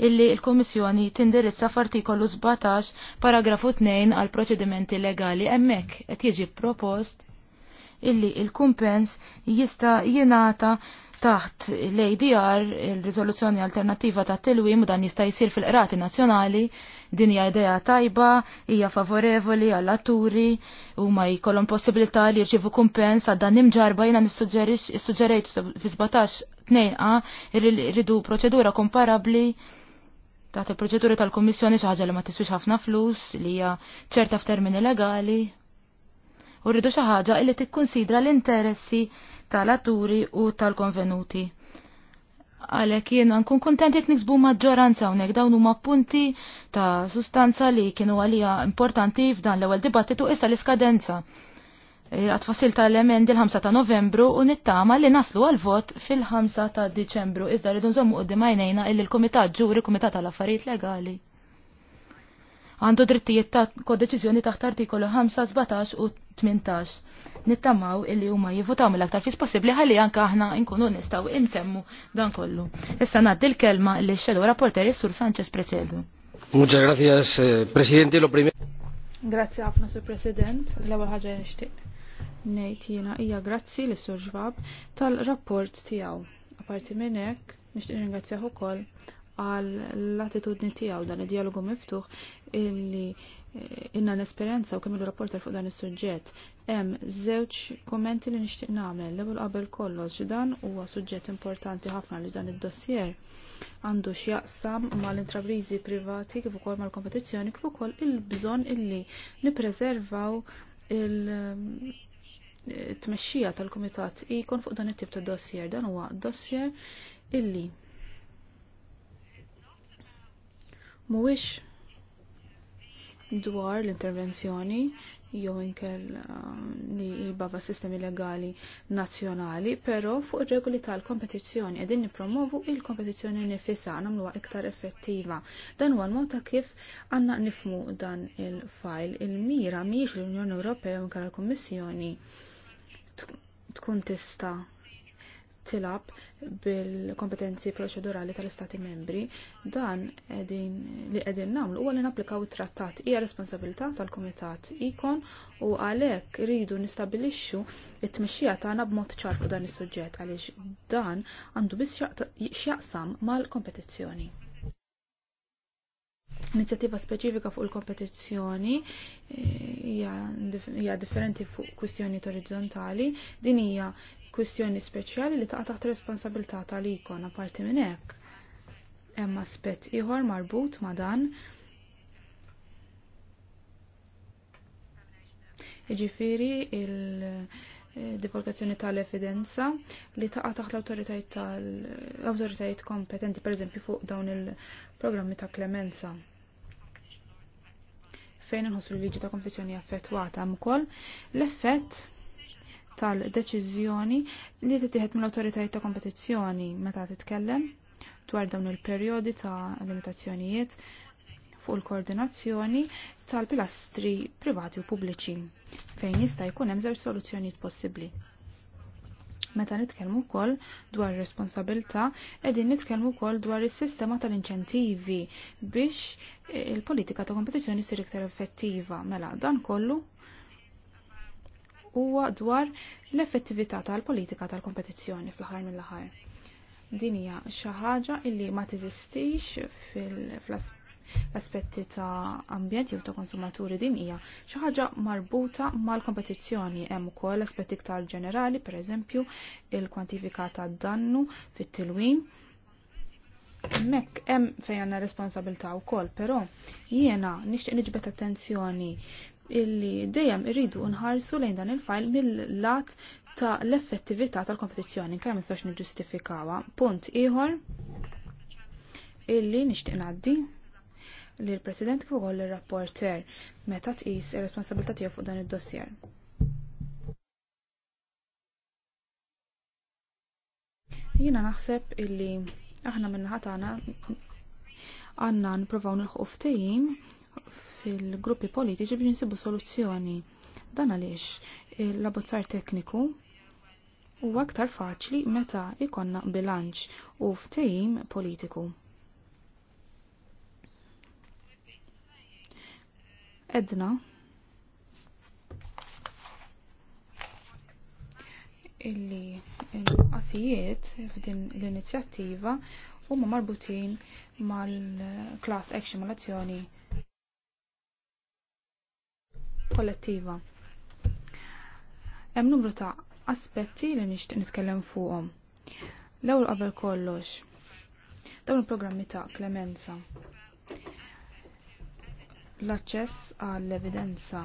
illi il-Komissjoni tindirizza f'artikolu 17 paragrafu 2 għal proċedimenti legali hemmhekk qed jiġi propost illi il-kumpens jista jenata taħt l-ADR, il-rizoluzzjoni alternativa ta' tilwim, u dan jista' jisir fil-qrati nazzjonali, din hija idea tajba, hija favorevoli għall-atturi, u ma jkollhom possibilità li jirċivu kumpens għad dan imġarba jiena nissuġġerejt fi 17 a irridu proċedura komparabbli taħt il-proċeduri tal-Kummissjoni xi ħaġa li ma tiswix ħafna flus li hija ċerta f'termini legali u rridu xi ħaġa li tikkunsidra l-interessi tal-atturi u tal-konvenuti. Għalhekk jiena nkun kuntent jekk niksbu maġġoranza hawnhekk dawn huma punti ta' sustanza li kienu għalija importanti f'dan l-ewwel dibattitu issa l-iskadenza. E, Għatfasil tal-emendi l-5 ta' novembru u nittama li naslu għal-vot fil-5 ta' deċembru. Iżda rridu nżommu għoddim għajnejna il-Komitat Ġuri, Komitat tal-Affarijiet Legali għandu drittijiet ta' kodeċiżjoni taħt artikolu 5, 17 u 18. Nittamaw illi huma jivutaw mill-aktar fis possibbli ħalli anke aħna nkunu nistgħu intemmu dan kollu. Issa ngħaddi l-kelma li x-xedu rapporter Sur Sanchez Presedu. Muchas gracias, eh, Presidente. Lo primero. Grazzi ħafna, Sur President. L-ewwel ħaġa nixtieq ngħid jiena hija grazzi lis Sur tal-rapport tiegħu. Aparti minn hekk nixtieq ringrazzjah ukoll għal l-attitudni tiegħu dan id-dialogu miftuħ illi eh, inna n-esperienza u kemm rapporter fuq dan is-suġġett. Hemm żewġ kummenti li nixtieq nagħmel l-ewwel qabel kollox dan huwa suġġett importanti ħafna li dan id-dossier għandu x'jaqsam mal intraprizi privati kif ukoll mal-kompetizzjoni kif ukoll il-bżonn illi nippreservaw il- eh, tmexxija tal-Kumitat ikun fuq dan it-tip ta' dossier dan huwa dossier illi mhuwiex dwar l-intervenzjoni jew inkel um, li jibaba sistemi legali nazzjonali, però fuq ir-regoli tal-kompetizzjoni qegħdin nippromovu il-kompetizzjoni nifisa nagħmluha iktar effettiva. Dan huwa l-mod ta' kif għandna nifmu dan il-fajl. Il-mira mhijiex l-Unjoni Ewropea jew l-Kummissjoni tkun tista' tilab bil-kompetenzi proċedurali tal-Istati membri, dan edin, li qegħdin nagħmlu huwa li napplikaw it-trattat hija responsabilità tal-Kumitat ikon u għalhekk rridu nistabilixxu it-tmexxija tagħna b'mod ċar fuq dan is-suġġett għaliex dan għandu biss x'jaqsam mal-kompetizzjoni. Inizjattiva speċifika fuq il-kompetizzjoni eh, hija differenti fuq kwistjoni orizzontali, din hija kwistjoni speċjali li taqta' taħt responsabilità tal-ikon apparti minn hekk. Hemm aspett ieħor marbut ma' dan Iġifiri il-divulgazzjoni tal-evidenza li taqa' taħt l-awtoritajiet tal-awtoritajiet kompetenti pereżempju fuq dawn il-programmi ta' klemenza fejn inħossu l-liġi ta' kompetizzjoni affettwata mkoll l-effett tal-deċiżjoni li titieħed mill-awtoritajiet ta' kompetizzjoni meta titkellem dwar dawn il-perjodi ta' limitazzjonijiet fuq il-koordinazzjoni tal-pilastri privati u pubbliċi fejn jista' jkun hemm żewġ soluzzjonijiet possibbli. Meta nitkellmu wkoll dwar responsabilità qegħdin nitkellmu wkoll dwar is-sistema tal-inċentivi biex il-politika ta' kompetizzjoni sir iktar effettiva mela dan kollu huwa dwar l-effettività tal-politika tal-kompetizzjoni fl-aħħar mill-aħħar. Din hija xi ħaġa illi ma tiżistix fl-aspetti ta' ambjent jew ta' konsumaturi din hija xi ħaġa marbuta mal-kompetizzjoni hemm ukoll aspetti iktar ġenerali, pereżempju il-kwantifika tad-dannu fit-tilwim Mekk hemm fejn għandna responsabilta wkoll, però jiena nixtieq niġbed attenzjoni illi dejjem irridu nħarsu lejn dan il-fajl mill-lat ta' l-effettività tal-kompetizzjoni kemm nistax niġġustifikawha. Punt ieħor illi nixtieq ngħaddi li l-President kif ukoll ir-rapporter meta tqis ir-responsabilità tiegħu fuq dan id-dossier. Jiena naħseb illi aħna minn tagħna għandna nprovaw nilħu ftehim fil-gruppi politiċi biex nsibu soluzzjoni. Dan għaliex l-abbozzar tekniku u aktar faċli meta ikonna bilanċ u ftejim politiku. Edna illi l-qasijiet f'din l-inizjattiva huma marbutin mal-class action mal-azzjoni kollettiva. Hemm numru ta' aspetti li nixtieq nitkellem fuqhom. L-ewwel qabel kollox. Dawn il-programmi ta' klemenza. L-aċċess għall-evidenza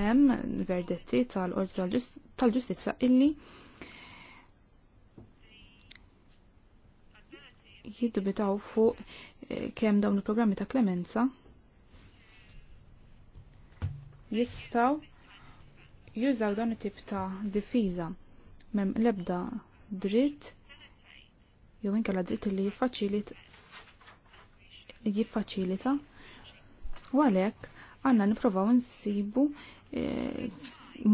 hemm verdetti tal-Qorti tal ġustizza illi jiddubitaw fuq eh, kemm dawn il-programmi ta' klemenza jistaw jużaw dan it-tip ta' difiża mem lebda dritt jew inkella dritt li jiffaċilit jiffaċilita u għalhekk għandna nipprovaw nsibu e,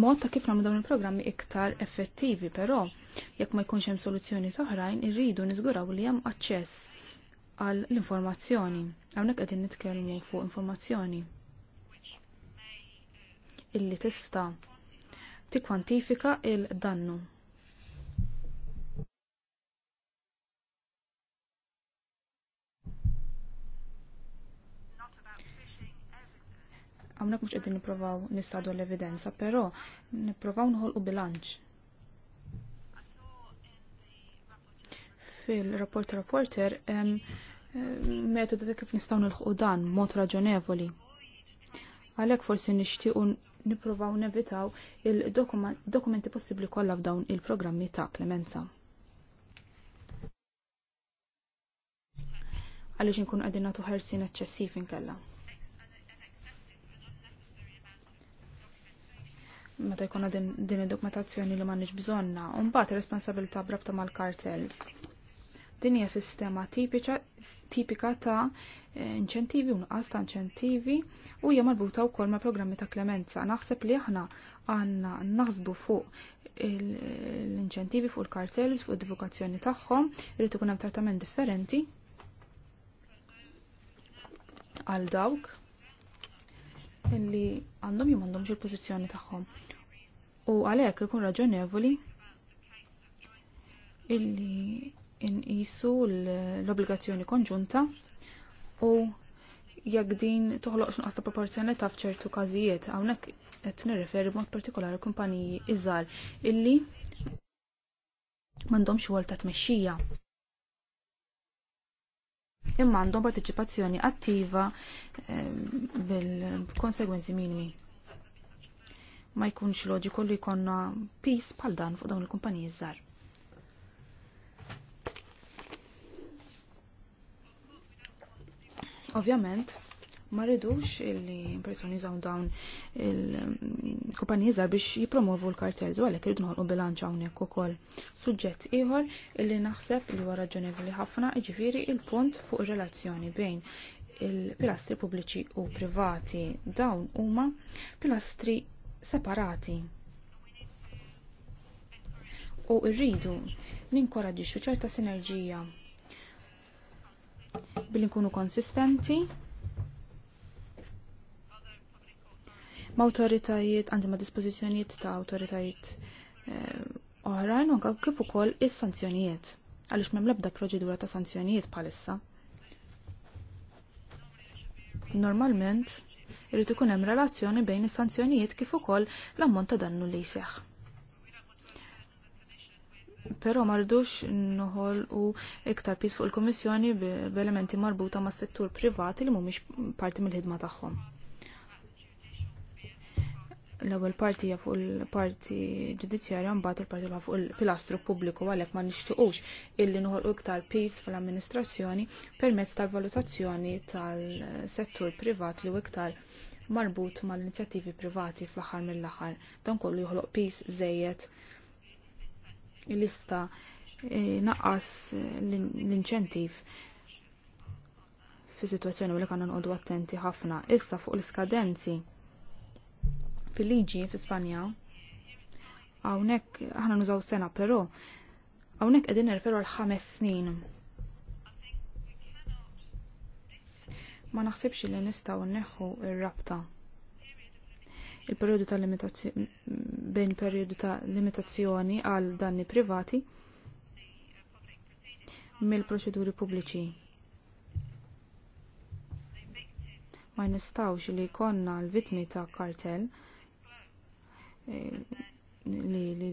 mod ta' kif nagħmlu dawn il-programmi iktar effettivi, però jekk ma jkunx hemm soluzzjoni toħrajn irridu niżguraw li hemm aċċess għall informazzjoni Hawnhekk qegħdin nitkellmu fuq informazzjoni illi tista' tikkwantifika il-dannu. Għamnek mux għedin niprovaw nistadu l-evidenza, pero niprovaw nħolqu bilanċ. Fil-rapport rapporter, metodu kif nistaw nilħu dan, mod raġonevoli. Għalek forsi un nippruvaw nevitaw il-dokumenti possibbli kollha f'dawn il-programmi ta' klemenza. Għaliex inkunu qegħdin nagħtu ħersin eċċessiv inkella. Meta jkun din id-dokumentazzjoni li m'għandniex bżonna, u mbagħad responsabilta responsabilità brabta mal-kartels Din hija sistema tipika ta' inċentivi u nqas ta' inċentivi u hija marbuta wkoll ma' programmi ta' klemenza. Naħseb li aħna għandna naħsbu fuq l-inċentivi fuq il-kartels fuq id-divokazzjoni tagħhom, irid ikun hemm trattament differenti għal dawk illi għandhom jew m'għandhomx il pożizzjoni tagħhom. U għalhekk ikun raġonevoli illi inqisu l-obbligazzjoni konġunta u jekk din toħloq x'nuqqas ta' proporzjonalità f'ċertu każijiet hawnhekk qed nirreferi b'mod partikolari kumpaniji iżgħar illi m'għandhomx xogħol ta' tmexxija. Imma għandhom parteċipazzjoni attiva ehm, bil-konsegwenzi minimi. Ma jkunx loġiku li jkollna pis bħal dan fuq dawn il-kumpaniji iżgħar. Ovvjament, ma rridux illi personi zawn dawn il-kumpanijiza biex jipromovu l-kartels u għalek rridu nħolqu bilanċ hawnhekk ukoll. Suġġett ieħor illi naħseb li huwa raġonevoli ħafna iġifiri il-punt fuq ir-relazzjoni bejn il-pilastri pubbliċi u privati dawn huma pilastri separati. U rridu ninkoraġixxu ċerta sinerġija billi nkunu konsistenti ma' autoritajiet, għandi ma' dispozizjonijiet ta' autoritajiet eh, oħrajn u kif ukoll is-sanzjonijiet għaliex m'hemm l-ebda proċedura ta' sanzjonijiet bħalissa. Normalment, irid ikun hemm relazzjoni bejn is-sanzjonijiet kif ukoll l-ammont ta' dannu li jseħħ. Pero mardux nħol u iktar pis fuq il-Komissjoni b'elementi marbuta ma' settur privati li mhumiex parti mill-ħidma tagħhom. L-ewwel parti hija fuq il-parti ġudizzjarja mbagħad il-parti l fuq il-pilastru pubbliku għalhekk ma nixtiequx illi noħolqu iktar pis fl-amministrazzjoni permezz tal-valutazzjoni tal-settur privat li u iktar marbut mal-inizjattivi privati fl-aħħar mill-aħħar. Dan kollu joħloq pis żejjed il-lista eh, naqqas l-inċentiv fi situazzjoni u li kanna nqodu attenti ħafna. Issa fuq l-skadenzi fil-liġi fi Spanja hawnhekk aħna nużaw sena però hawnhekk qegħdin nirferu għal ħames snin. Ma naħsibx li nistgħu nneħħu ir-rabta il-periodu ta' limitazzjoni bejn periodu ta' limitazzjoni għal danni privati mill-proċeduri pubbliċi. Ma nistawx li konna l-vitmi ta' kartell eh, li li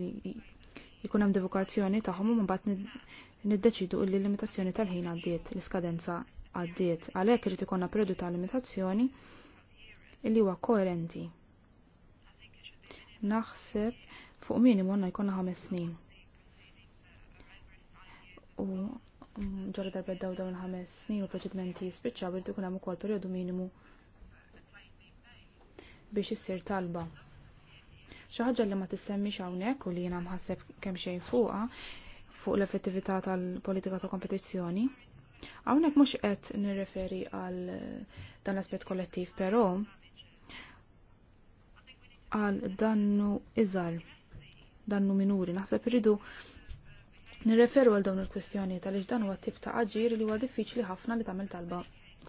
jkun hemm devokazzjoni tagħhom u mbagħad niddeċidu li l-limitazzjoni tal-ħin għaddiet, l-iskadenza għaddiet. Għalhekk irid ikollna periodu ta' limitazzjoni illi huwa koerenti naħseb fuq minimu għanna jkunna ħames snin. U ġorri darba daw dawn ħames snin u proċedimenti spiċċaw irdu kun hemm ukoll perjodu minimu biex issir talba. Xi ħaġa li ma tissemmix hawnhekk u li jiena mħasseb kemm xejn fuqha fuq l-effettività tal-politika ta' kompetizzjoni. Hawnhekk mhux qed nirreferi għal dan l-aspett kollettiv, però għal dannu iżar, dannu minuri. Naħseb irridu nirreferu għal dawn il-kwestjoni tal dan huwa tip ta' aġir li huwa diffiċli ħafna li tagħmel talba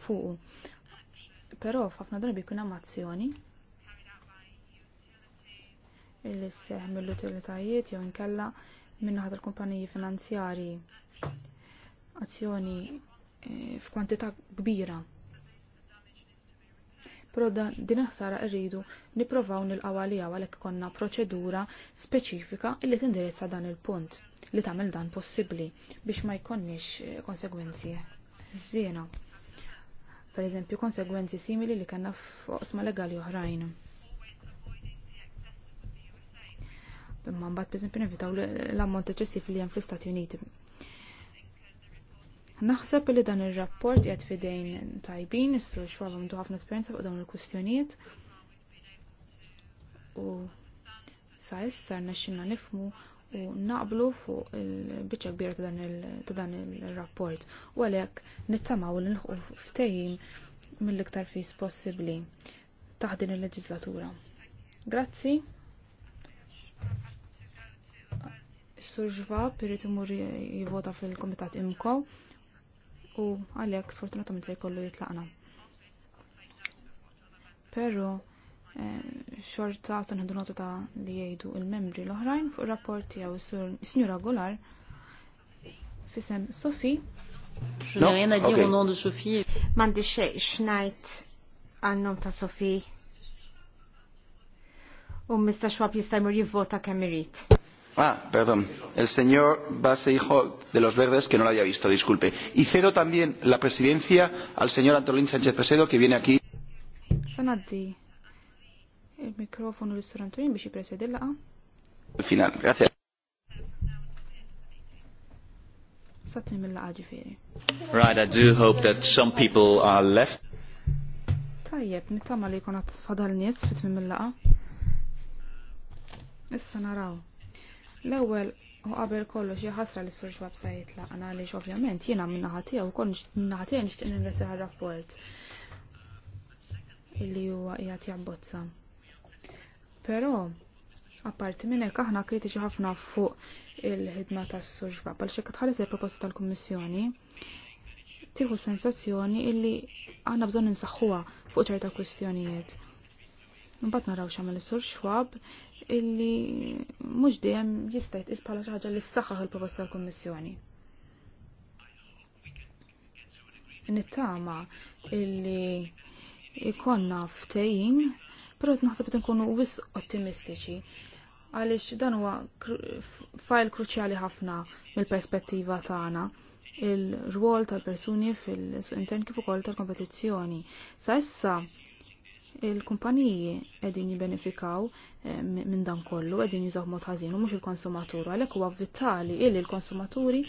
fuqu. Però f'ħafna drabi kien hemm azzjoni illi seħ mill-utilitajiet jew inkella minnaħat il-kumpaniji finanzjari azzjoni eh, f'kwantità kbira pero din ħsara rridu niprovaw nilqaw għalija għalhekk konna proċedura speċifika li tindirizza dan il-punt li tagħmel dan possibbli biex ma jkonniex eh, konsegwenzi żiena. Per eżempju, konsegwenzi simili li kellna f'oqsma legali oħrajn. Imma mbagħad pereżempju nevitaw l-ammont eċċessiv li hemm fl-Istati Uniti Naħseb li dan ir-rapport qed fidejn tajbin, istru xogħol għandu ħafna esperjenza fuq dawn il-kwistjonijiet. U sa issa rnexxinna nifmu u naqblu fuq il-biċċa kbira ta' dan il-rapport. U għalhekk nittamaw li nħu ftehim mill-iktar fis possibbli taħt din il-leġislatura. Grazzi. Sur ġvab irrid imur jivota fil-Komitat Imko u għalhekk sfortunatament se jkollu jitlaqna. Però eh, xorta se nħedu nota ta' li jgħidu il-membri l-oħrajn fuq rapport tiegħu is-Sinjura Golar fisem Sofi. di jena ġimu nondu Sofi. Mandi xej xnajt għannom ta' Sofi. U mistaxwab jistajmur jivvota kemm Ah, perdón. El señor Basseijo de los Verdes, que no lo había visto, disculpe. Y cedo también la presidencia al señor Antolín Sánchez Presedo, que viene aquí. Sanaddi, el micrófono del señor Antolín, biex jipresedi l-laqa. Al final, gracias. Right, I do hope that some people are left. Tajjeb, nittama li konat fadal nies fit mimilla. Issa naraw. L-ewwel u qabel kollox xi ħasra li s-sur xwab se jitlaq għaliex ovvjament jiena minn naħa tiegħu wkoll naħa tiegħi nixtieq ningrassjaha rapport illi huwa qiegħed jabbozza. Però apparti minn hekk aħna kritiċi ħafna fuq il-ħidma tas-sur għal xi tħares il-proposta tal-Kummissjoni tieħu sensazzjoni illi aħna bżonn ninsaħħuha fuq ċerta kwistjonijiet Mbagħad naraw x'għamel is-sur xwab illi mhux dejjem jista' jitqis bħala xi ħaġa li il-proposta tal-Kummissjoni. Nittama illi ikonna ftehim, però naħseb t nkunu wis ottimistiċi għaliex dan huwa fajl kruċjali ħafna mill-perspettiva tagħna il-rwol tal-persuni fil-suq intern kif ukoll tal-kompetizzjoni. Sa issa il-kumpaniji edin jibenefikaw eh, minn dan kollu, edin jizaw mod ħażin, u mhux il-konsumatur, għalhekk huwa vitali illi l-konsumaturi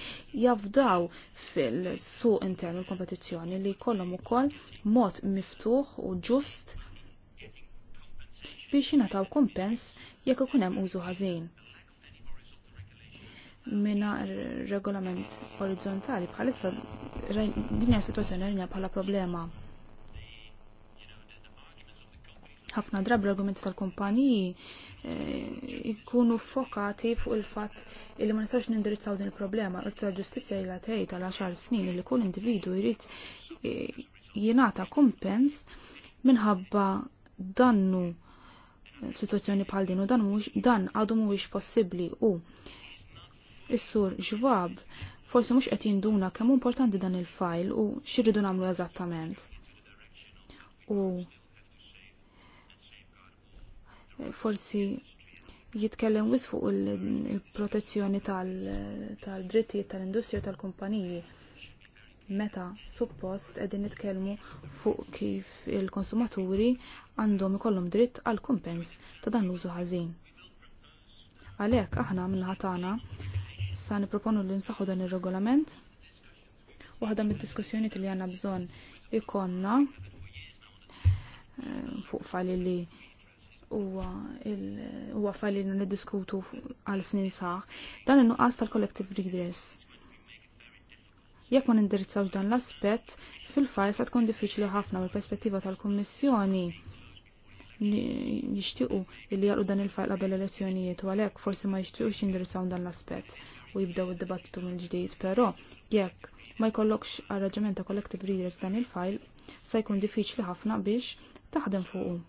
jafdaw fil-suq intern u l-kompetizzjoni li jkollhom ukoll mod miftuħ u ġust biex jingħataw kompens jekk ikun hemm użu ħażin. Mina regolament orizzontali bħalissa din hija situazzjoni bħala problema ħafna drabi l-argumenti tal-kumpaniji jkunu eh, fokati fuq il-fatt li ma nistgħux nindirizzaw din il-problema. Qorti ġustizja ġustizzja ilha tgħid għal għaxar snin li kull individu jrid eh, jingħata kumpens minħabba dannu eh, situazzjoni bħal din u dan mhux dan għadu mhuwiex possibbli u is-sur ġwab forsi mhux qed jinduna kemm importanti dan il-fajl u x'irridu nagħmlu eżattament. U forsi jitkellem wis fuq il-protezzjoni tal-drittijiet tal-industrija tal-kumpaniji meta suppost qegħdin nitkellmu fuq kif il-konsumaturi għandhom ikollhom dritt għal kumpens ta' dan l-użu ħażin. Għalhekk aħna minnaħa tagħna sa nipproponu li nsaħħu dan ir-regolament waħda mid-diskussjonijiet li għandna bżonn ikonna eh, fuq fali li huwa huwa fajli niddiskutu għal snin saħ, dan in-nuqqas tal-collective redress. Jekk ma nindirizzawx dan l-aspett, fil-fajs se tkun diffiċli ħafna mill perspettiva tal-Kummissjoni jixtiequ li jaqlu dan il-fajl qabel elezzjonijiet u għalhekk forsi ma jixtiequx jindirizzaw dan l-aspett u jibdew id-dibattitu mill-ġdid, però jekk ma jkollokx arraġament ta' collective readers dan il-fajl se jkun diffiċli ħafna biex taħdem fuqu.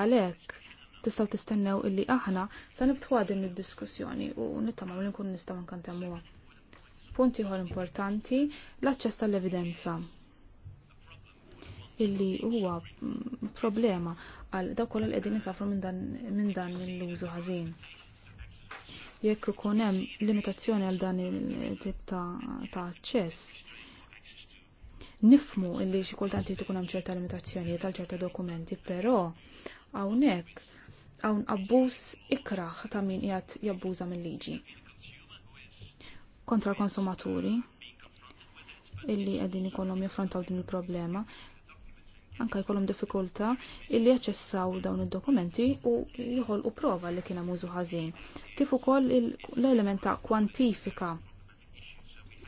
Għalhekk tistaw tistennew illi aħna sa niftħu din id-diskussjoni u nittamaw li nkun nistgħu nkantemmuha. Punt ieħor importanti l-aċċess tal-evidenza illi huwa problema għal daw kollha l qegħdin nisafru minn dan l użu ħażin jekk ikun hemm limitazzjoni għal dan il-tip ta' aċċess nifmu illi xi kultant jrid hemm ċerta limitazzjonijiet għal ċerta dokumenti, però hawnhekk hawn abbuż ikraħ ta' min qiegħed jabbuża mill-liġi kontra l-konsumaturi illi qegħdin ikollhom jaffrontaw din il-problema anka jkollhom diffikultà illi jaċċessaw dawn id-dokumenti u jħolqu prova li kien hemm użu ħażin. Kif ukoll l-element ta' kwantifika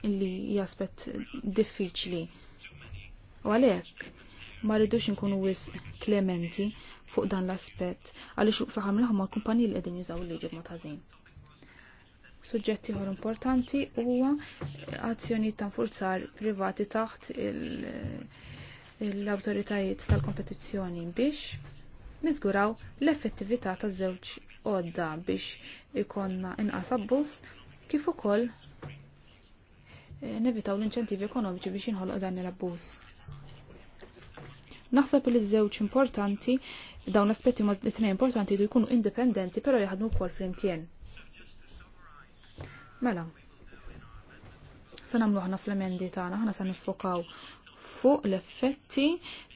illi jaspet diffiċli. U għalhekk ma rridux inkunu wis klementi fuq dan l-aspett għaliex faħam l-ħom kumpaniji li qegħdin jużaw il-liġi b'mod Suġġetti ħor importanti huwa azzjoni ta' nfurzar privati taħt l-awtoritajiet tal-kompetizzjoni biex niżguraw l-effettività taż-żewġ għodda biex ikonna inqas abbus kif ukoll eh, nevitaw l-inċentivi ekonomiċi biex jinħolqu dan l-abbuż. Naħseb li ż-żewġ importanti Dawn l-aspetti ma tnejn importanti jdu jkunu indipendenti pero jaħdmu kol flimkien. Mela, Se nagħmlu ħana fl-emendi tagħna, ħana sa nifokaw fuq l-effetti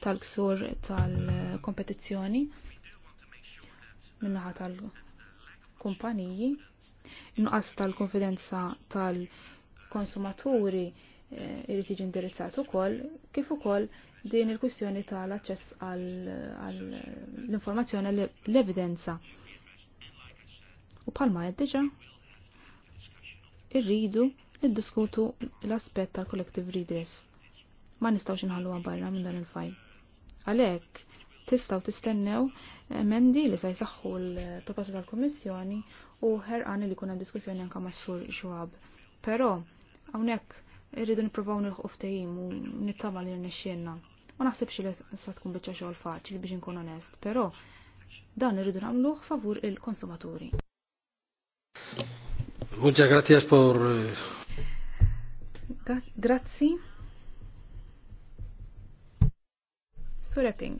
tal-ksur tal-kompetizzjoni minnaħa tal-kumpaniji, inqas tal-konfidenza tal-konsumaturi eh, irrid jiġi indirizzat ukoll kif ukoll din il-kwistjoni tal-aċċess għall-informazzjoni l-evidenza. U palma diġa irridu niddiskutu l-aspett tal-collective redress. Ma nistawx inħallu barra minn dan il fajn Għalhekk tistaw tistennew emendi li se jsaħħu l-proposta tal-Kummissjoni u ħerqan li kuna diskussjoni anka mas-sur xwab. Però hawnhekk irridu nippruvaw nilħu ħuftajim u nittama li n-nexxienna. Ma naħsibx li sa tkun biċċa xogħol faċli biex inkun onest, però dan irridu nagħmluh favur il-konsumaturi. Muchas gracias por eh, Grazzi. Surreping.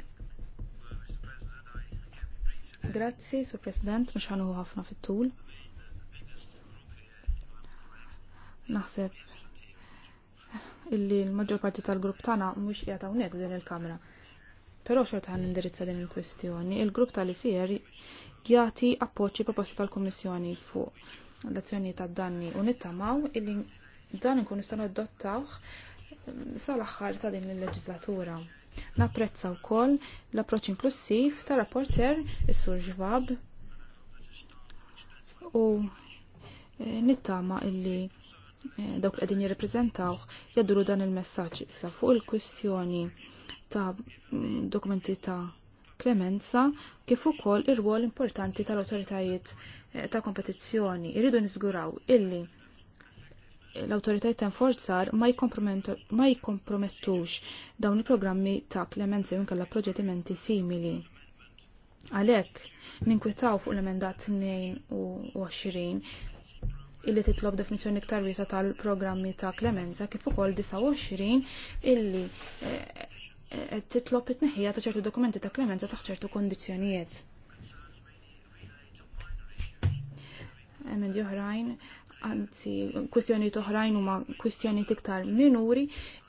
Grazzi, Sur President, mux ħanu ħafna fit-tul. Naħseb illi l-maġġor parti tal-grupp tagħna mhux qiegħed hawnhekk din il-kamra. Però xorta ħan indirizza din il-kwestjoni. Il-grupp tal isir jagħti appoġġi proposti tal-Kummissjoni fuq l-azzjoni tad-danni u nittamaw illi dan nkun nistgħu adottawh sal-aħħar ta' din il-leġislatura. Napprezza wkoll l-approċċ inklusiv ta' rapporter is-Sur Ġvab u eh, nittama illi dawk li qegħdin jirrepreżentaw jaduru dan il-messaġġ issa fuq il-kwistjoni ta' mm, dokumenti ta' klemenza kif ukoll ir-rwol importanti tal-awtoritajiet eh, ta' kompetizzjoni. Irridu niżguraw illi l-awtoritajiet ta' forzar ma jkompromettux dawn il-programmi ta' klemenza jew inkella proġedimenti simili. Għalhekk ninkwitaw fuq l-emendat 22 illi titlob definizjoni iktar wiesa tal-programmi ta' klemenza kif ukoll 29 illi eh, eh, eh, titlob it-neħija ta' ċertu dokumenti ta' klemenza taħt ċertu kondizzjonijiet. Emendi oħrajn, anzi kwistjoni oħrajn huma kwistjoni iktar minuri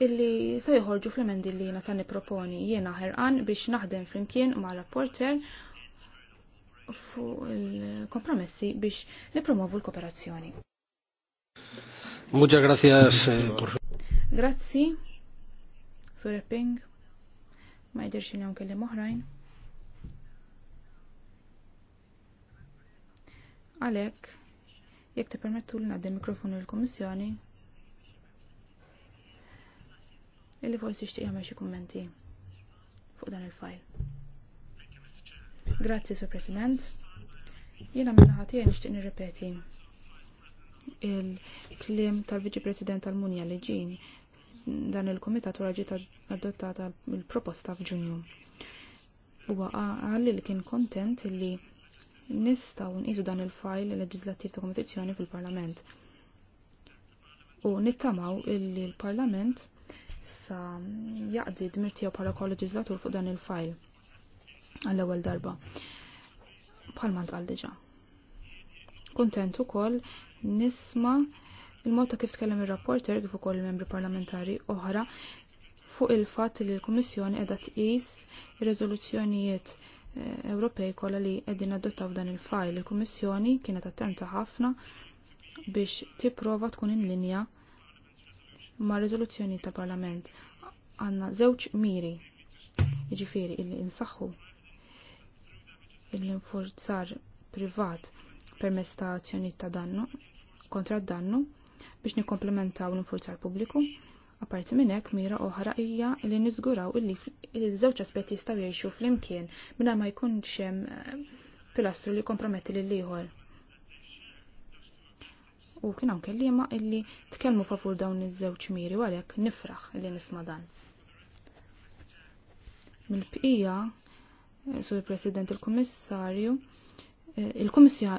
illi se joħorġu fl-emendi li jiena sa' niproponi jiena ħerqan biex naħdem flimkien ma' rapporter fuq il-kompromessi biex nipromovu l-kooperazzjoni. Muchas gracias. Eh, por... Grazzi. Sore Ping. Ma jidirx li kelli moħrajn. Alek, jek ti permettu li nadde mikrofonu l-Komissjoni, illi forsi xtiqja meċi kummenti fuq dan il-fajl. Grazzi, Sur President. Jena minna ħati għen nishtiq nirrepeti il-klim tal-Viċi President tal-Munja li ġin dan il-Komitat u raġiet adottata il-proposta f'Ġunju. U għalli li kien kontent li nistaw nqisu dan il-fajl leġislattiv ta' kompetizzjoni fil-Parlament. U nittamaw li l-Parlament sa jaqdi dmirtijaw bħala kol fuq dan il-fajl għall-ewwel darba. Bħalma ntqal diġà. Kuntent ukoll nisma' il-mod ta' kif tkellem ir-rapporter kif ukoll membri parlamentari oħra fuq il-fatt li l-Kummissjoni qiegħda tqis ir-riżoluzzjonijiet eh, Ewropej kollha li qegħdin adottaw dan il-fajl. Il-Kummissjoni kienet attenta ħafna biex tipprova tkun in linja ma' riżoluzzjoni ta' Parlament. Għandna żewġ miri, jiġifieri illi insaħħu il-infurzar privat permess ta' azzjonijiet ta' dannu kontra d-dannu biex nikkomplementaw l-infurzar pubbliku. Apparti minn hekk mira oħra hija li niżguraw illi żewġ aspetti jistgħu jgħixu flimkien mingħajr ma jkunx hemm eh, pilastru li jkomprometti lil ieħor. U kien hawn kelliema illi tkellmu favur dawn iż-żewġ miri u għalhekk nifraħ li nisma' dan. Mill-bqija Sur President il-Kummissarju. Eh,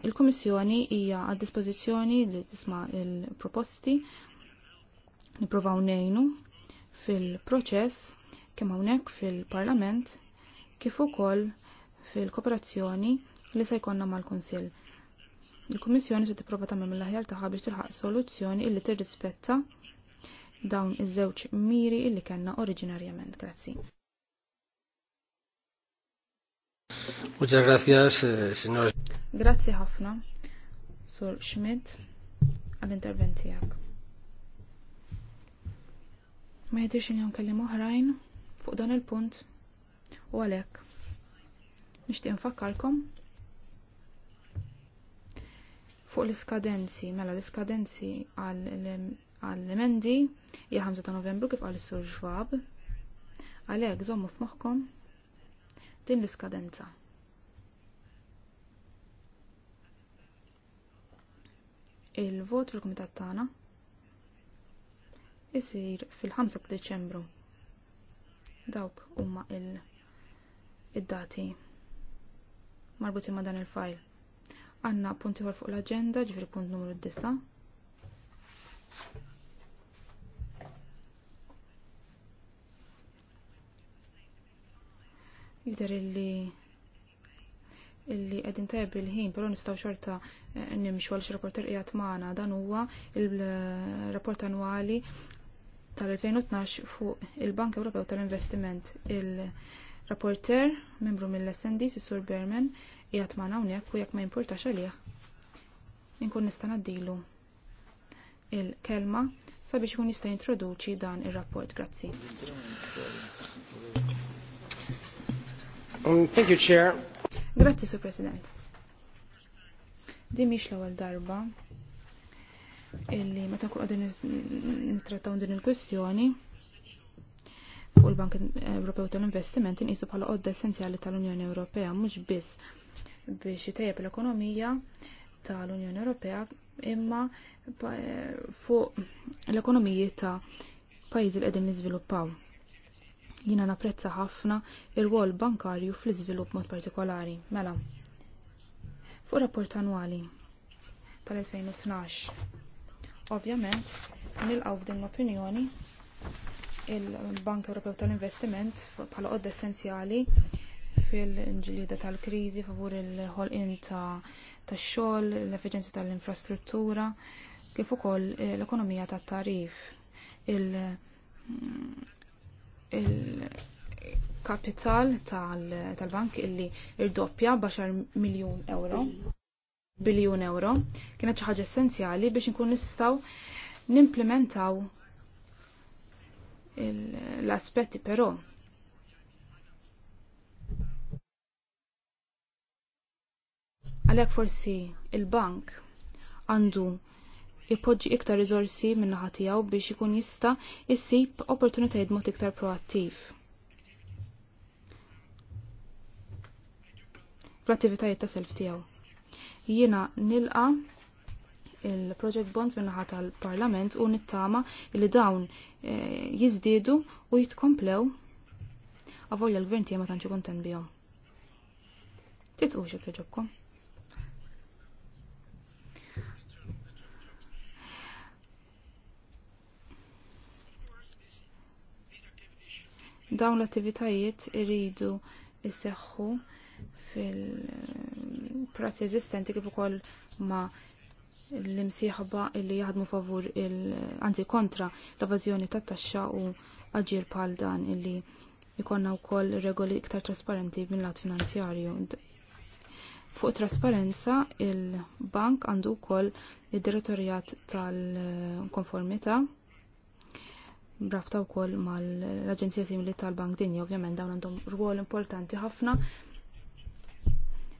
Il-Kummissjoni hija għad dispożizzjoni li tisma' il-proposti nipprovaw nejnu fil-proċess kemm hawnhekk fil-Parlament kif ukoll fil-kooperazzjoni li se jkollna mal-Kunsill. Il-Kummissjoni se tipprova tagħmel mill-aħjar tagħha biex tilħaq soluzzjoni illi tirrispetta dawn iż-żewġ miri illi kellna oriġinarjament. Grazzi. Muchas gracias, eh, signor. Grazie ħafna, Sur Schmidt, għall-interventijak. Ma jidirx li nkellim oħrajn fuq dan il-punt u għalhekk. Nixtieq nfakkarkom fuq l-iskadenzi, mela l-iskadenzi għall-emendi hija 5 ta' Novembru kif qal is-Sur Schwab. Għalhekk żommu f'moħħkom din l-iskadenza. Il-vot fil-Kumitat tagħna isir fil-5 Deċembru. Dawk huma il-dati marbuti ma' dan il-fajl. Għanna punti fuq l-agenda ġifri punt numru 9. Jider illi illi għedin tajb il-ħin, pero nistaw xorta eh, nimxu għal x-rapporter ijat maħna, dan huwa il-rapport annuali tal-2012 fuq il-Bank Ewropew tal-Investiment. Il-rapporter, membru mill-SND, Sissur Berman, ijat maħna unjek u jek ma jimpurtax għalih. Inkun nista' ngħaddilu il-kelma sabiex kun jista' jintroduċi dan ir-rapport. Grazzi. Thank you, Chair. Grazzi, Sur President. Din mhix l-ewwel darba illi meta kull qegħdin nittrattaw din il kwestjoni u l-Bank Ewropew tal-Investiment inqisu bħala qodda essenzjali tal-Unjoni Ewropea mhux biss biex jitejjeb l-ekonomija tal-Unjoni Ewropea imma fuq l-ekonomiji ta' pajjiżi li qegħdin niżviluppaw. Jina napprezza ħafna ir-wol bankarju fl-iżvilupp mod partikolari. Mela, fuq rapport annwali tal-2012. Ovvjament, nilqaw f'din l-opinjoni il-Bank Ewropew tal-Investiment bħala qod essenzjali fil ġlieda tal-kriżi favur il-ħolqien tax-xogħol, l-effiċenza tal-infrastruttura, kif ukoll l-ekonomija tat-tarif il-kapital tal-bank illi irdoppja baxar miljun euro, biljun euro, kienet xi ħaġa essenzjali biex nkun nistgħu nimplementaw l-aspetti però għalhekk forsi il-bank għandu jipoġġi iktar riżorsi min-naħa tiegħu biex ikun jista' jsib opportunitajiet mod iktar proattiv. Fl-attivitajiet ta' self tiegħu. Jiena nilqa il-Project Bonds naħa tal-Parlament u nittama li dawn eh, jiżdiedu u jitkomplew għavolja l-gvern tiegħi ma tantx kontent bihom. Titqu xi Dawn l-attivitajiet iridu jseħħu fil-prassi eżistenti kif ukoll ma' l-imsieħba illi jaħdmu favur il anzi kontra l-evażjoni tat taxxa u aġir bħal dan illi ikonna wkoll regoli iktar trasparenti minn lat finanzjarju. Fuq trasparenza il-bank għandu wkoll id-direttorjat tal-konformità brafta u koll mal-Aġenzija Simili tal-Bank Dinja, ovvjament dawn għandhom rwol importanti ħafna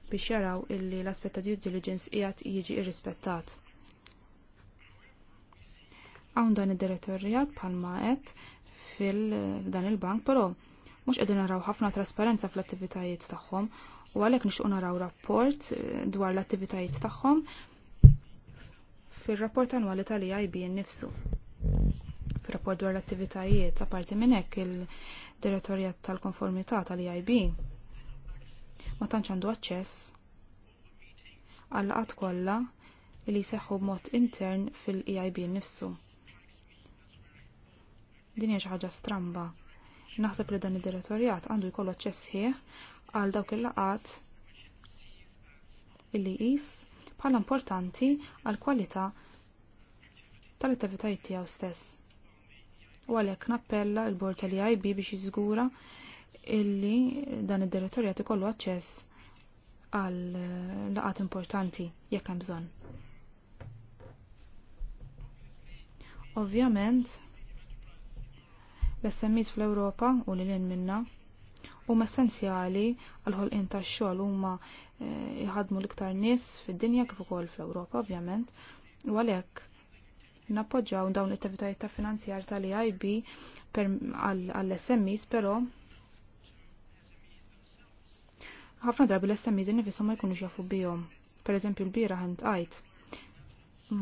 biex jaraw illi l-aspetta due diligence qiegħed jiġi irrispettat. Hawn dan id-direttorjat bħalma qed fil-dan il-bank, però mhux qegħdin naraw ħafna trasparenza fl-attivitajiet tagħhom u għalhekk nixtieq naraw rapport dwar l-attivitajiet tagħhom fir-rapport annwali tal-EIB innifsu. nifsu rapport dwar l-attivitajiet, apparti minn hekk il-Direttorjat tal-Konformità tal-EIB ma tantx għandu aċċess għal qatt kollha li jseħħu b'mod intern fil-EIB nifsu. Din hija xi ħaġa stramba. Naħseb li dan id-direttorjat għandu jkollu aċċess ħieħ għal dawk il-laqat illi qis bħala importanti għal kwalità tal-attivitajiet tiegħu stess. U għalhekk nappella l-bord tal-IB biex jiżgura illi dan id-direttorjat ikollu aċċess għal laqat importanti jekk hemm bżonn. Ovvjament, l-SMEs fl-Ewropa u li l-in minna huma essenzjali għal ħolqien tax-xogħol huma jħadmu eh, l-iktar nies fid-dinja kif ukoll fl-Ewropa ovvjament u għalhekk nappoġġaw dawn l-attivitajiet ta' finanzjar tal-EIB għall-SMEs, però ħafna drabi l-SMEs nifisom ma jkunux jafu bihom. Per eżempju, l-bira ħant għajt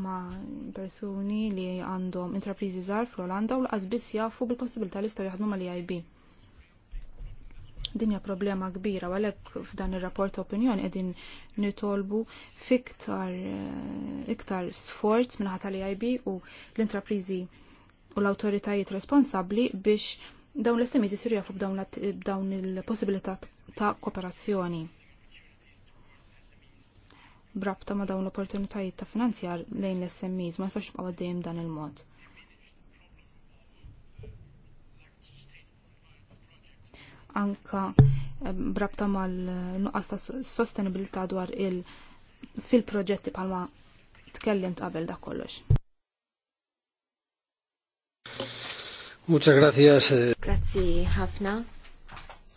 ma' persuni li għandhom intrapriżi żgħar fl-Olanda u l biss jafu bil-possibilità li jistgħu jaħdmu mal-EIB. Dinja problema kbira, u għalhekk f'dan ir-rapport opinjoni qegħdin nitolbu fiktar eh, iktar sforz minn ħata l-IB u l-intraprizi u l-awtoritajiet responsabbli biex dawn l-SMEs jisiru jafu b'dawn il-possibilità ta' kooperazzjoni. Brabta ma dawn l-opportunitajiet ta' finanzjar lejn l-SMEs ma jistax tibqa' dejjem dan il-mod. anka eh, brabta mal-nuqqas eh, ta' sostenibilità dwar il- fil-proġetti palma tkellimt qabel da' kollox. Muchas gracias. Eh. Grazzi ħafna,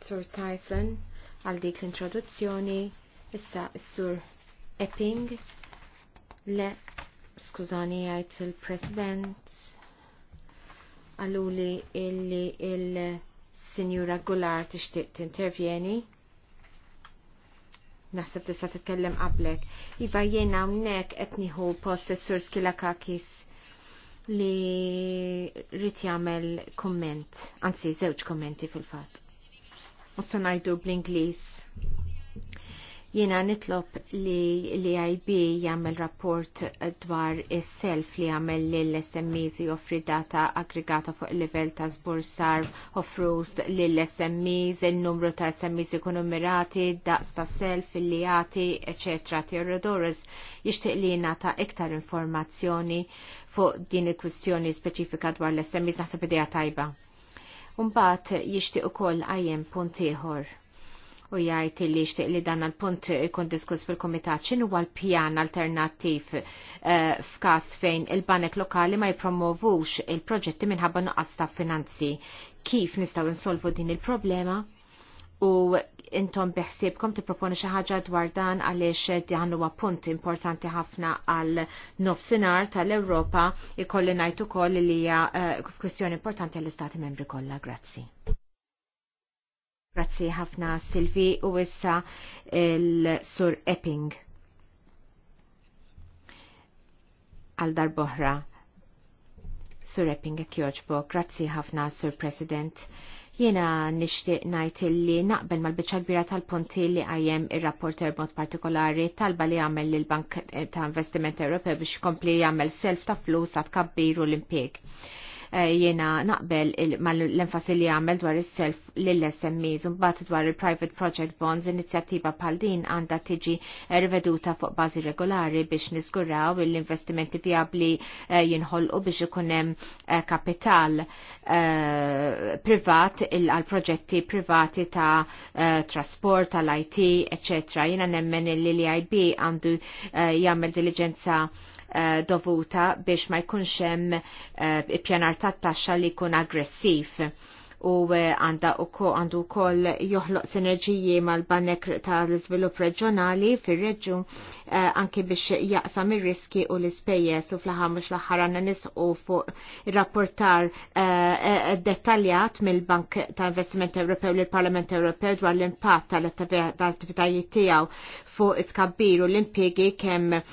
Sur Tyson, għal dik l-introduzzjoni. Issa, Sur Epping, le, skużani għajt il-President, għalluli illi il-, -il Sinjura Gular tixtieq intervjeni Naħseb tista' titkellem qablek. Iva jiena hawnhekk qed nieħu possessur kakis li rrid jagħmel kumment, anzi żewġ kummenti fil-fatt. Mussa ngħidu bl-Ingliż. Jiena nitlob li l-IB jagħmel rapport dwar is-self li jagħmel lill smes joffri data aggregata fuq il-livell ta' żbur sarf offrus lill smes il-numru ta' SMEs ikunu mirati, daqs ta' self li jati, eċetera. Teorodorus jixtieq li jingħata iktar informazzjoni fuq din il-kwistjoni speċifika dwar l-SMEs naħseb idea tajba. Umbat jixtieq ukoll għajjem punt ieħor u jgħid li xtieq li dan għal punt ikun diskuss fil-Kumitat x'inhu l-pjan alternattiv eh, f'każ fejn il-banek lokali ma jippromovux il-proġetti minħabba nuqqas ta' finanzi. Kif nistgħu insolvu din il-problema? U intom biħsibkom tipproponi xi ħaġa dwar dan għaliex diħannu punt importanti ħafna għal nofsinhar tal-Ewropa ikolli ngħid ukoll li hija eh, kwestjoni importanti għall istati membri kollha. Grazzi. Grazzi ħafna Silvi u issa il-Sur Epping. Għal darboħra. Sur Epping Kjoġbo, grazzi ħafna Sur President. Jena nishtiq najt li naqbel mal-bicċa kbira tal-punti li għajem il-rapporter mod partikolari talba li għamel l-Bank ta' Investiment Ewropew biex kompli għamel self ta' flus għat kabbiru l-impieg. Eh, jena naqbel l-enfasi li għamel dwar il-self l-SMEs un bat dwar il-private project bonds inizjattiva pal din għanda tiġi eh, riveduta fuq bazi regolari biex nizguraw l-investimenti viabli eh, jinħolqu biex ikunem kapital privat għal proġetti privati ta' trasport, tal-IT, eccetera. Jena nemmen l-LIB għandu jagħmel diligenza Eh, dovuta biex ma jkunx hemm eh, ippjanar tat-taxxa li jkun aggressiv u eh, għanda u ko għandu kol joħloq sinerġiji mal-banek tal-izvilup reġjonali fir-reġjun eh, anki biex jaqsam ir-riski u l-ispejjeż u fl ħam mhux l-aħħar għandna nisqu fuq rapportar eh, dettaljat mill-Bank ta' Investiment Ewropew l parlament Ewropew dwar l-impatt tal-attivitajiet tiegħu fuq it-kabbir u l-impiegi kemm eh,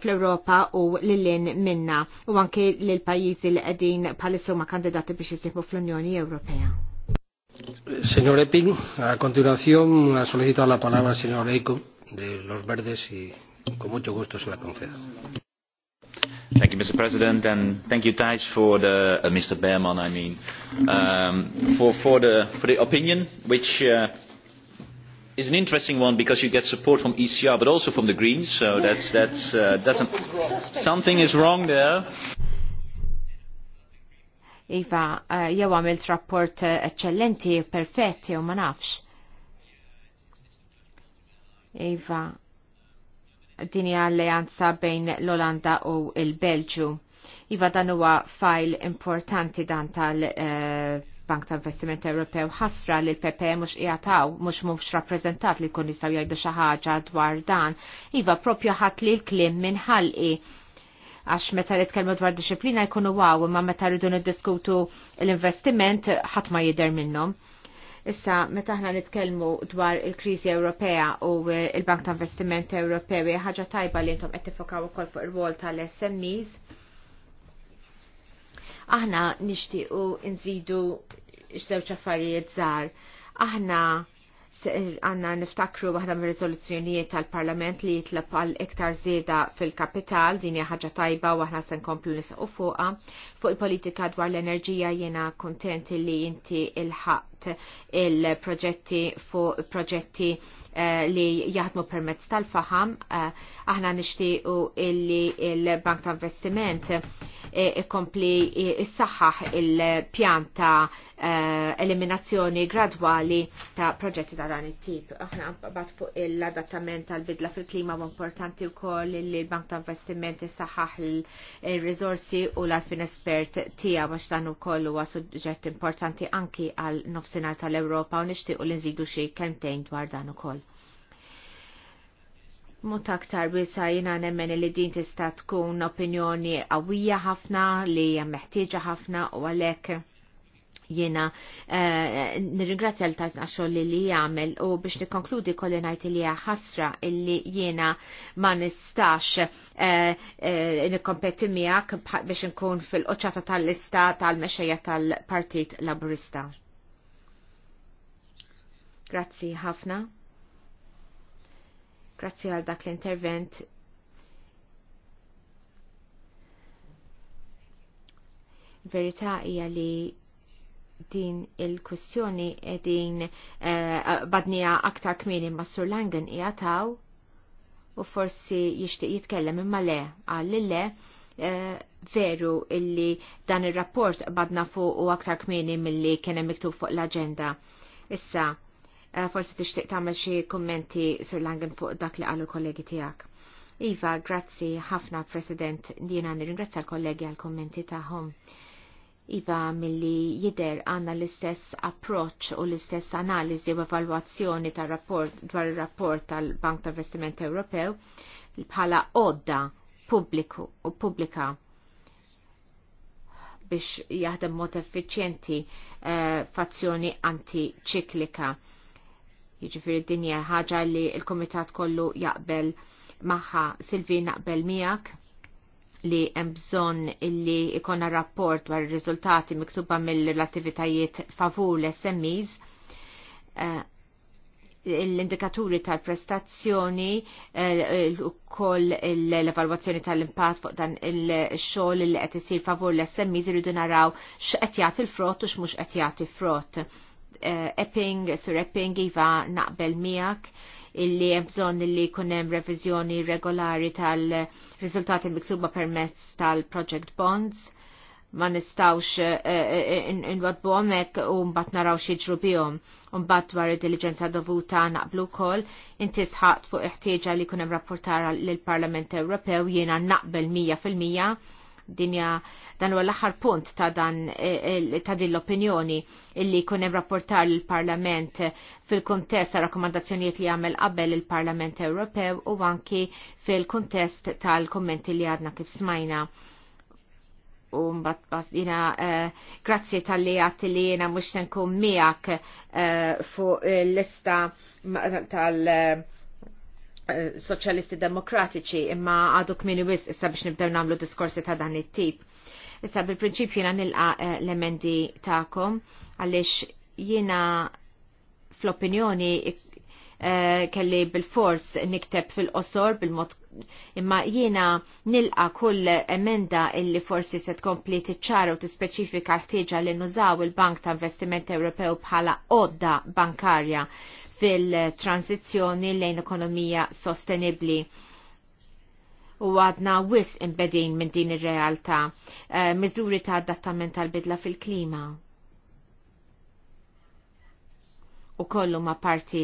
fl-Europa u l-lin minna u anke l-pajizi li qegħdin bħalissuma kandidati biex jisibu fl-Unjoni Ewropea. Señor Epping, a continuación ha solicitado la palabra el señor Eiko de Los Verdes y con mucho gusto se la concedo. Thank you, Mr. President, and thank you, Thijs, for the uh, Mr. Behrman, I mean, um, for for the for the opinion which uh, is an interesting one because you get support from ECR but also from the Greens, so that's, that's uh, doesn't, something is wrong there. Iva, uh, jew għamilt rapport uh, eccellenti, perfett, jew ma nafx. Iva, din hija alleanza bejn l-Olanda u l-Belġu. Iva dan huwa fajl importanti dan tal uh, bank ta' Investiment Ewropew ħasra li l-PP mux jgħataw, mux mux rappresentat li kun jistaw jgħidu xaħġa dwar dan, iva propju ħat li l-klim minħalqi għax meta li tkellmu dwar disciplina jkunu waw, imma meta rridu niddiskutu l-investiment ħadd ma jidher minnhom. Issa, meta aħna nitkellmu dwar il-kriżi Ewropea u il-Bank ta' Investiment Ewropew ħaġa tajba li intom qed tifokaw ukoll fuq ir-wol tal-SMEs. Aħna nixtiequ nżidu x'żewġ affarijiet żgħar. Aħna għanna niftakru waħda mir rizoluzzjonijiet tal-Parlament li jitlab għal iktar zeda fil-kapital, din hija ħaġa tajba u aħna se nkomplu nisqu fuqha. Fuq il-politika dwar l-enerġija jiena kuntenti li inti il-ħaq rigward il-proġetti fu proġetti eh, li jaħdmu permezz tal-faham. Eh, aħna nixtiequ illi il-Bank ta' Investiment eh, ikompli uh, issaħħaħ il-pjan ta' eliminazzjoni gradwali ta' proġetti ta' dan it-tip. Aħna bat fuq l-adattament tal-bidla fil-klima u importanti wkoll li l-Bank ta' Investiment issaħħaħ il rizorsi u l-arfin espert tiegħu għax dan ukoll huwa suġġett importanti anki għal nofs nofsinhar tal-Ewropa u nixtiequ li nżidu xi kemtejn dwar dan ukoll. Mut aktar bisa jina nemmen li din tista tkun opinjoni qawwija ħafna li hija meħtieġa ħafna u għalhekk jiena eh, nirringrazzja l tazna xogħol li jagħmel u biex nikkonkludi kolli ngħid li hija ħasra illi jiena ma nistax uh, nikkompeti miegħek biex inkun fil qoċata tal-lista tal-mexxejja tal-Partit Laburista. Grazzi ħafna. Grazzi għal dak l-intervent. Verità hija li din il-kwestjoni edin uh, badnija aktar kmini ma' Sur Langen jgħataw u forsi jishtiq jitkellem imma le għalli le uh, veru illi dan il-rapport badna fuq u aktar kmini mill-li kienem miktub fuq l-agenda. Issa, Eh, forsi tixtieq tagħmel xi kummenti sur Langen fuq dak li qalu l-kollegi tiegħek. Iva, grazzi ħafna President, jiena nirringrazzja l-kollegi għall kummenti tagħhom. Iva milli jider għanna l-istess approċċ u l-istess analizi u evalwazzjoni tal rapport dwar il-rapport tal-Bank tal Investiment Ewropew bħala odda pubbliku u pubblika biex jaħdem mod effiċjenti eh, fazzjoni antiċiklika Jiġifieri din hija ħaġa li l-Kumitat kollu jaqbel magħha Silvi naqbel miegħek li hemm bżonn illi ikona rapport dwar ir-riżultati miksuba mill-attivitajiet favur l-SMEs eh, l-indikaturi tal-prestazzjoni eh, u koll l-evalwazzjoni tal-impat fuq dan il-xol li qed isir favur l-SMI ziridu naraw x'qed jagħti l-frott u x'mhux qed jagħti frott. Eh, epping, Sur Epping, Iva naqbel miegħek illi hemm bżonn illi jkun hemm reviżjoni regolari tal-riżultati miksuba permezz tal-project bonds ma nistawx eh, eh, inwadbu għomek u mbat naraw xieġru bihom. Mbat dwar il-diligenza dovuta naqblu kol, inti sħat fuq iħtieġa li kunem rapportara l-Parlament Ewropew jiena naqbel 100% Dinja dan huwa l-aħħar punt ta' dan e, e, ta' din l-opinjoni illi jkun hemm rapportar lill parlament fil-kuntest ta' rakkomandazzjonijiet li għamel qabel il-Parlament Ewropew u anki fil-kuntest tal-kummenti li għadna kif smajna u mbagħad jina e, grazzi tal-li għatti li jina mhux se nkun miegħek fuq l-lista tal- soċjalisti demokratiċi imma għadu kmini wis issa biex nibdew namlu diskorsi ta' dan it-tip. Issa bil-prinċipju jiena nilqa eh, l-emendi ta'kom għalix jiena fl-opinjoni eh, kelli bil-fors nikteb fil-qosor bil-mod imma jiena nilqa kull emenda illi forsi se tkompli tiċċara u tispeċifika ħtieġa li nużaw il-Bank ta' Investiment Ewropew bħala odda bankarja fil-tranzizjoni lejn ekonomija sostenibli u għadna wis imbedin minn din ir-realtà eh, miżuri ta' adattament tal-bidla fil-klima. U kollu ma' parti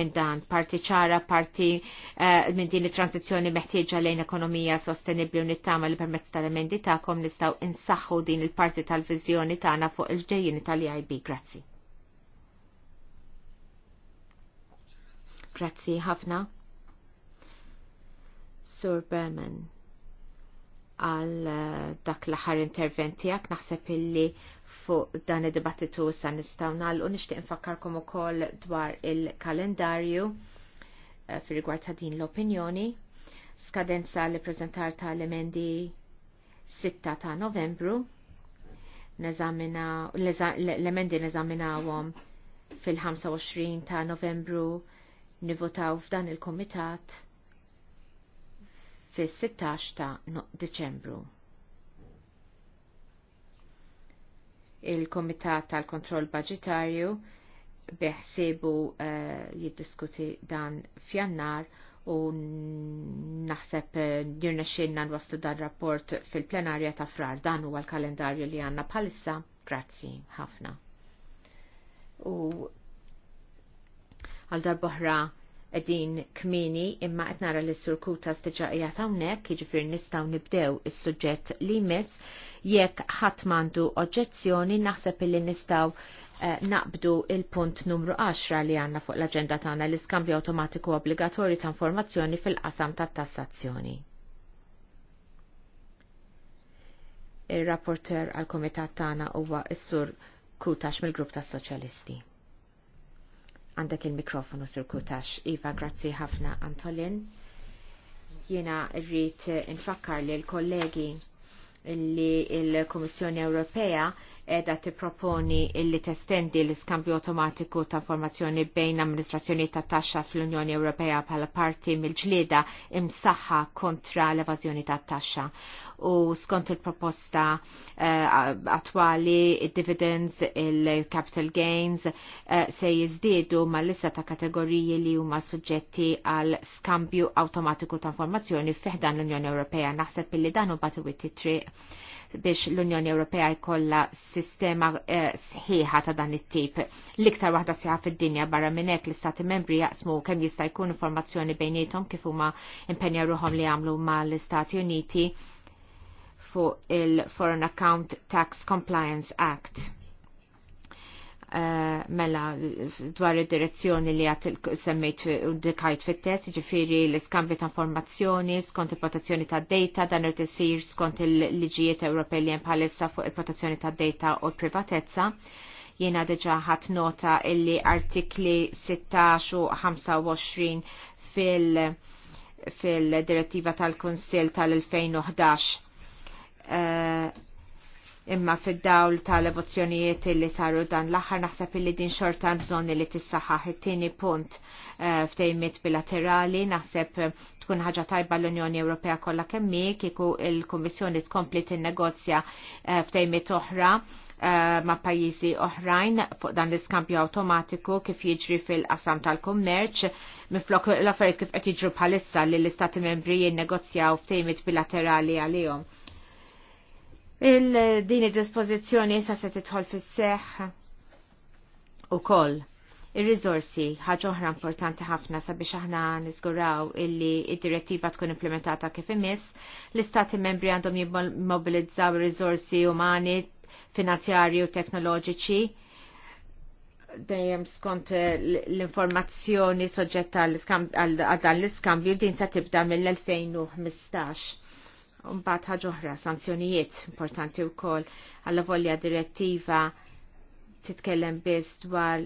minn dan, parti ċara, parti uh, minn din it transizjoni meħtieġa lejn ekonomija sostenibli u nittama li permezz tal-emendi ta'kom nistaw insaħħu din il-parti tal-vizjoni tagħna fuq il-ġejjin tal-IB. Grazzi. Grazzi ħafna. Sur Berman għal eh, dak l-aħħar intervent tiegħek naħseb illi fuq dan id-dibattitu sa nistgħu nagħlqu nixtieq infakkarkom ukoll dwar il-kalendarju eh, fir-rigward ta' din l-opinjoni. Skadenza li ta' l emendi 6 ta' Novembru. L-emendi għom fil-25 ta' Novembru nivotaw f'dan il-komitat fis-16 ta' Deċembru. Il-Komitat tal-Kontroll Budgetarju beħsibu uh, jiddiskuti dan f'jannar u naħseb jirna eh, xinna nwaslu dan rapport fil-plenarja ta' frar dan huwa l-kalendarju li għanna bħalissa. Grazzi, ħafna. U għal darboħra edin kmini imma qed nara li s-sur kuta ta' hawnhekk jiġifier nistgħu nibdew is-suġġett li jmiss jekk ħadd m'għandu oġġezzjoni naħseb illi nistgħu eh, naqbdu il-punt numru 10 li għanna fuq l-agenda tagħna l-iskambju automatiku obbligatorju ta' informazzjoni fil-qasam ta' tassazzjoni. Ir-rapporter għal-komitat tagħna huwa s-sur Kutax mill-grupp tas-Soċjalisti. Għandek il-mikrofonu sur kutax. Iva, grazzi ħafna, Antolin. Jena rrit infakkar li l-kollegi li l-Komissjoni Ewropea edha tipproponi illi testendi l-iskambju automatiku ta' informazzjoni bejn amministrazzjoni ta' taxxa fl-Unjoni Ewropea bħala parti mill-ġlieda imsaħħa kontra l-evażjoni ta' taxxa. U skont il-proposta uh, attwali, il-dividends, il-capital gains uh, se jizdiedu ma' lissa ta' kategoriji li huma suġġetti għal skambju automatiku ta' informazzjoni fiħdan l-Unjoni Ewropea. Naħseb illi dan u batu triq biex l-Unjoni Ewropea jkollha sistema eh, sħiħa ta' dan it-tip. L-iktar waħda sħiħa fid-dinja barra minn hekk l-Istati membri jaqsmu kemm jista' jkun informazzjoni bejnietom kif huma impenja ruhom li jagħmlu mal-Istati Uniti fuq il-Foreign Account Tax Compliance Act Eh, mela dwar id-direzzjoni li għat semmejt u dikajt fit-test, ġifiri l-iskambju ta' informazzjoni, skont il-protezzjoni ta' data, dan irid isir skont il-liġijiet Ewropej li jempalissa fuq il-protezzjoni ta' data u l-privatezza. Jiena diġa ħadd nota illi artikli 16 u 25 fil- direttiva tal-Konsil tal-2011 eh, imma fid-dawl tal evozzjonijiet li saru dan l-aħħar naħseb illi din xorta bżonni li tissaħħaħ it-tieni punt eh, f'tejmiet bilaterali naħseb eh, tkun ħaġa tajba l-Unjoni Ewropea kollha kemm kieku il-Kummissjoni tkompli tinnegozja eh, f'tejmiet oħra ma' pajjiżi oħrajn fuq dan l iskampju awtomatiku kif jiġri fil-qasam tal-kummerċ miflok l-affarijiet kif qed jiġru bħalissa li l-Istati Membri jinnegozjaw f'tejmiet bilaterali għalihom Il-din id-dispożizzjoni sa se tidħol fis-seħħ koll. ir-rizorsi ħaġa oħra importanti ħafna sabiex aħna niżguraw illi id-direttiva tkun implementata kif imiss, l-istati membri għandhom jimmobilizzaw ir-rizorsi umani, finanzjarji u teknoloġiċi dejjem skont l-informazzjoni soġġetta għal dan l-iskambju din se tibda mill-2015 Mbagħad ħaġa oħra, sanzjonijiet importanti wkoll għal volja direttiva titkellem biss dwar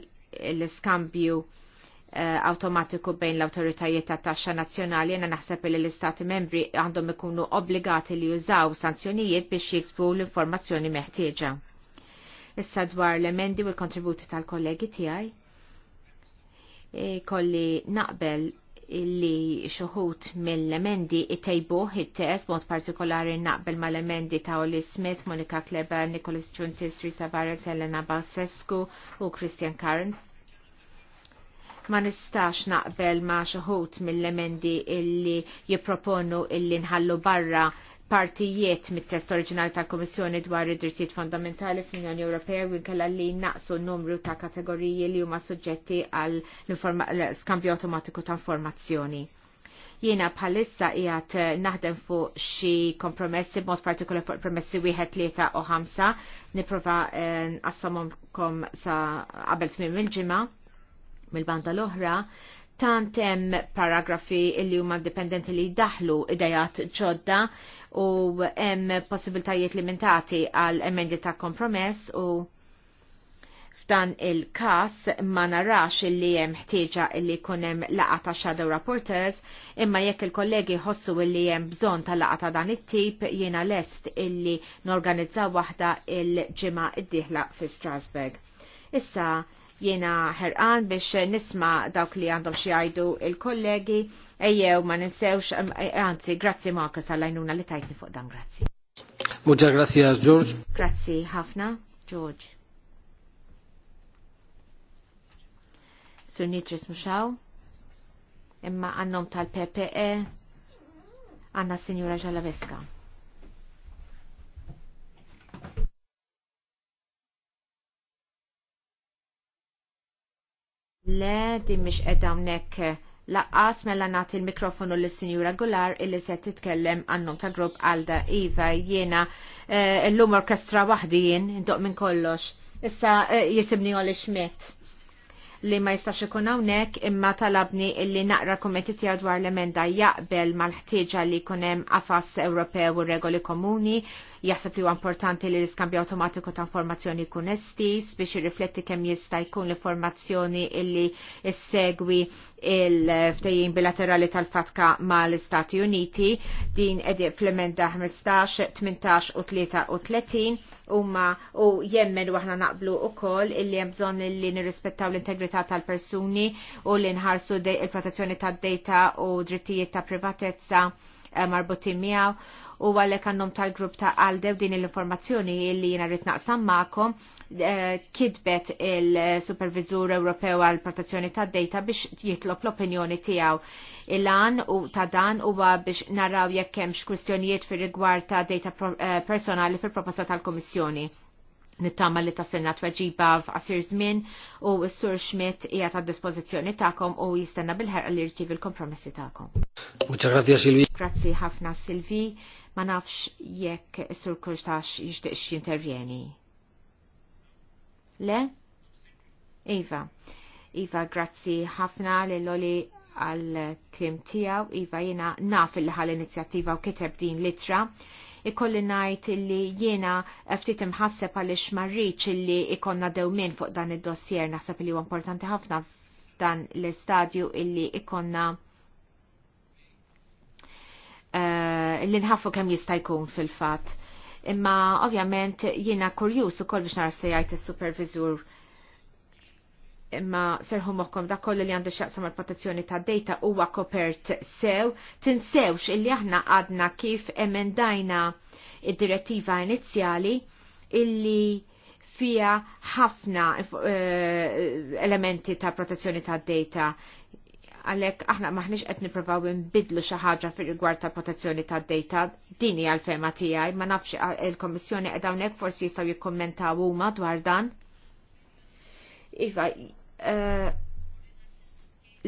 l-iskambju eh, awtomatiku bejn l-autoritajiet ta' taxxa nazzjonali jena naħseb li l-istati membri għandhom ikunu obbligati li jużaw sanzjonijiet biex jiksbu l-informazzjoni meħtieġa. Issa dwar l-emendi u l-kontributi tal-kollegi tiegħi eh, kolli naqbel li xoħut mill-emendi itejbuħ it-test mod partikolari naqbel mal-emendi ta' Oli Smith, Monika Kleba, Nikolas Ġuntis, Rita Barres, Elena Balcescu u Christian Carnes. Ma nistax naqbel ma xoħut mill-emendi illi jiproponu illi nħallu barra partijiet mit-test oriġinali tal-Komissjoni dwar id-drittijiet fondamentali fl-Unjoni Ewropea u nkella li naqsu n-numru ta' kategoriji li huma suġġetti għal skambju automatiku ta' informazzjoni. Jiena bħalissa qiegħed naħdem fuq xi kompromessi b'mod partikolari fuq promessi wieħed tlieta u ħamsa nipprova eh, nqassamhomkom sa qabel tmiem il-ġimgħa mill-banda l-oħra Tant hemm paragrafi li huma dipendenti li jdaħlu idejat ġodda u hemm possibiltajiet limitati għal emendi ta' kompromess u f'dan il-każ ma narax illi hemm ħtieġa illi jkun hemm laqa ta' shadow rapporters imma jekk il-kollegi ħossu illi hemm bżonn ta' laqa ta' dan it-tip jiena lest illi norganizzaw waħda il-ġimgħa id-dieħla fi Strasburg. Issa Jena ħerqan biex nisma dawk li għandhom xi jgħidu il-kollegi ejjew ma ninsewx eh, anzi grazzi Marcus għall-għajnuna li tajtni fuq dan grazzi. Muġa għaz, George. Grazzi ħafna George. Sunitris Muxaw. Imma għannom tal-PPE għanna Signora Ġalaveska. Le, din mish edam nek. laqqas mela nagħti l-mikrofonu l sinjura Gular illi se titkellem għannum tal-grupp għalda Iva jiena eh, l-lum orkestra waħdi jien minn kollox. Issa eh, jisibni għol Schmidt li ma jistax ikun hawnhekk imma talabni illi naqra kummenti tiegħu dwar l-emenda jaqbel mal-ħtieġa li jkun hemm qafas Ewropew u regoli komuni Jaħseb li huwa importanti li l-iskambju awtomatiku ta' informazzjoni jkun estis biex jirrifletti kemm jista' jkun l-informazzjoni illi segwi il-ftejjin bilaterali tal-fatka mal-Istati Uniti din edi fl-emenda 15, 18 u 33 umma u jemmen u aħna naqblu u koll illi jemżon illi nirrispettaw l-integrità tal-persuni u li nħarsu il-protezzjoni tad data u drittijiet ta' privatezza eh, marbutin miegħu u għalhekk għannum tal-grupp ta' għaldew din l-informazzjoni li jiena rrid naqsam magħkom eh, kidbet il-Supervizur Ewropew għal protezzjoni tad-data biex jitlob l-opinjoni tiegħu il-għan u ta' dan u biex naraw jekk hemmx kwistjonijiet fir-rigward ta' data eh, personali fil-proposta tal-Komissjoni nittama li ta' senna tweġiba f'qasir żmien u s-sur Schmidt hija ta' dispożizzjoni tagħkom u jistenna bil-ħerqa li jirċievi l-kompromessi tagħkom. Muċa grazzi Silvi. Grazzi ħafna Silvi ma nafx jekk is-sur kultax jixtieqx jintervjeni. Le? Iva. Iva, grazzi ħafna l loli għal klim tijaw. Iva, jena naf il ħal inizjattiva u kiteb din litra. Ikolli najt illi jena ftit imħasseb għal marriċ illi ikonna dewmin fuq dan id-dossier naħseb li huwa importanti ħafna dan l-istadju illi ikonna li nħaffu kemm jista' jkun fil-fatt. Imma ovvjament jiena u ukoll biex nara se jgħid is-supervisur imma serħu moħkom da kollu li għandu xaqsam mal protezzjoni ta' data huwa kopert sew, tinsewx illi aħna għadna kif emendajna id-direttiva inizjali illi fija ħafna uh, elementi ta' protezzjoni ta' data għalek aħna maħniġ qed niprofaw nbidlu xi ħaġa rigward tal protezzjoni tad data dini għal-fema tiegħi ma nafx il-Kommissjoni qed hawnhekk forsi jistgħu jikkommentaw huma dwar dan. Iva, e,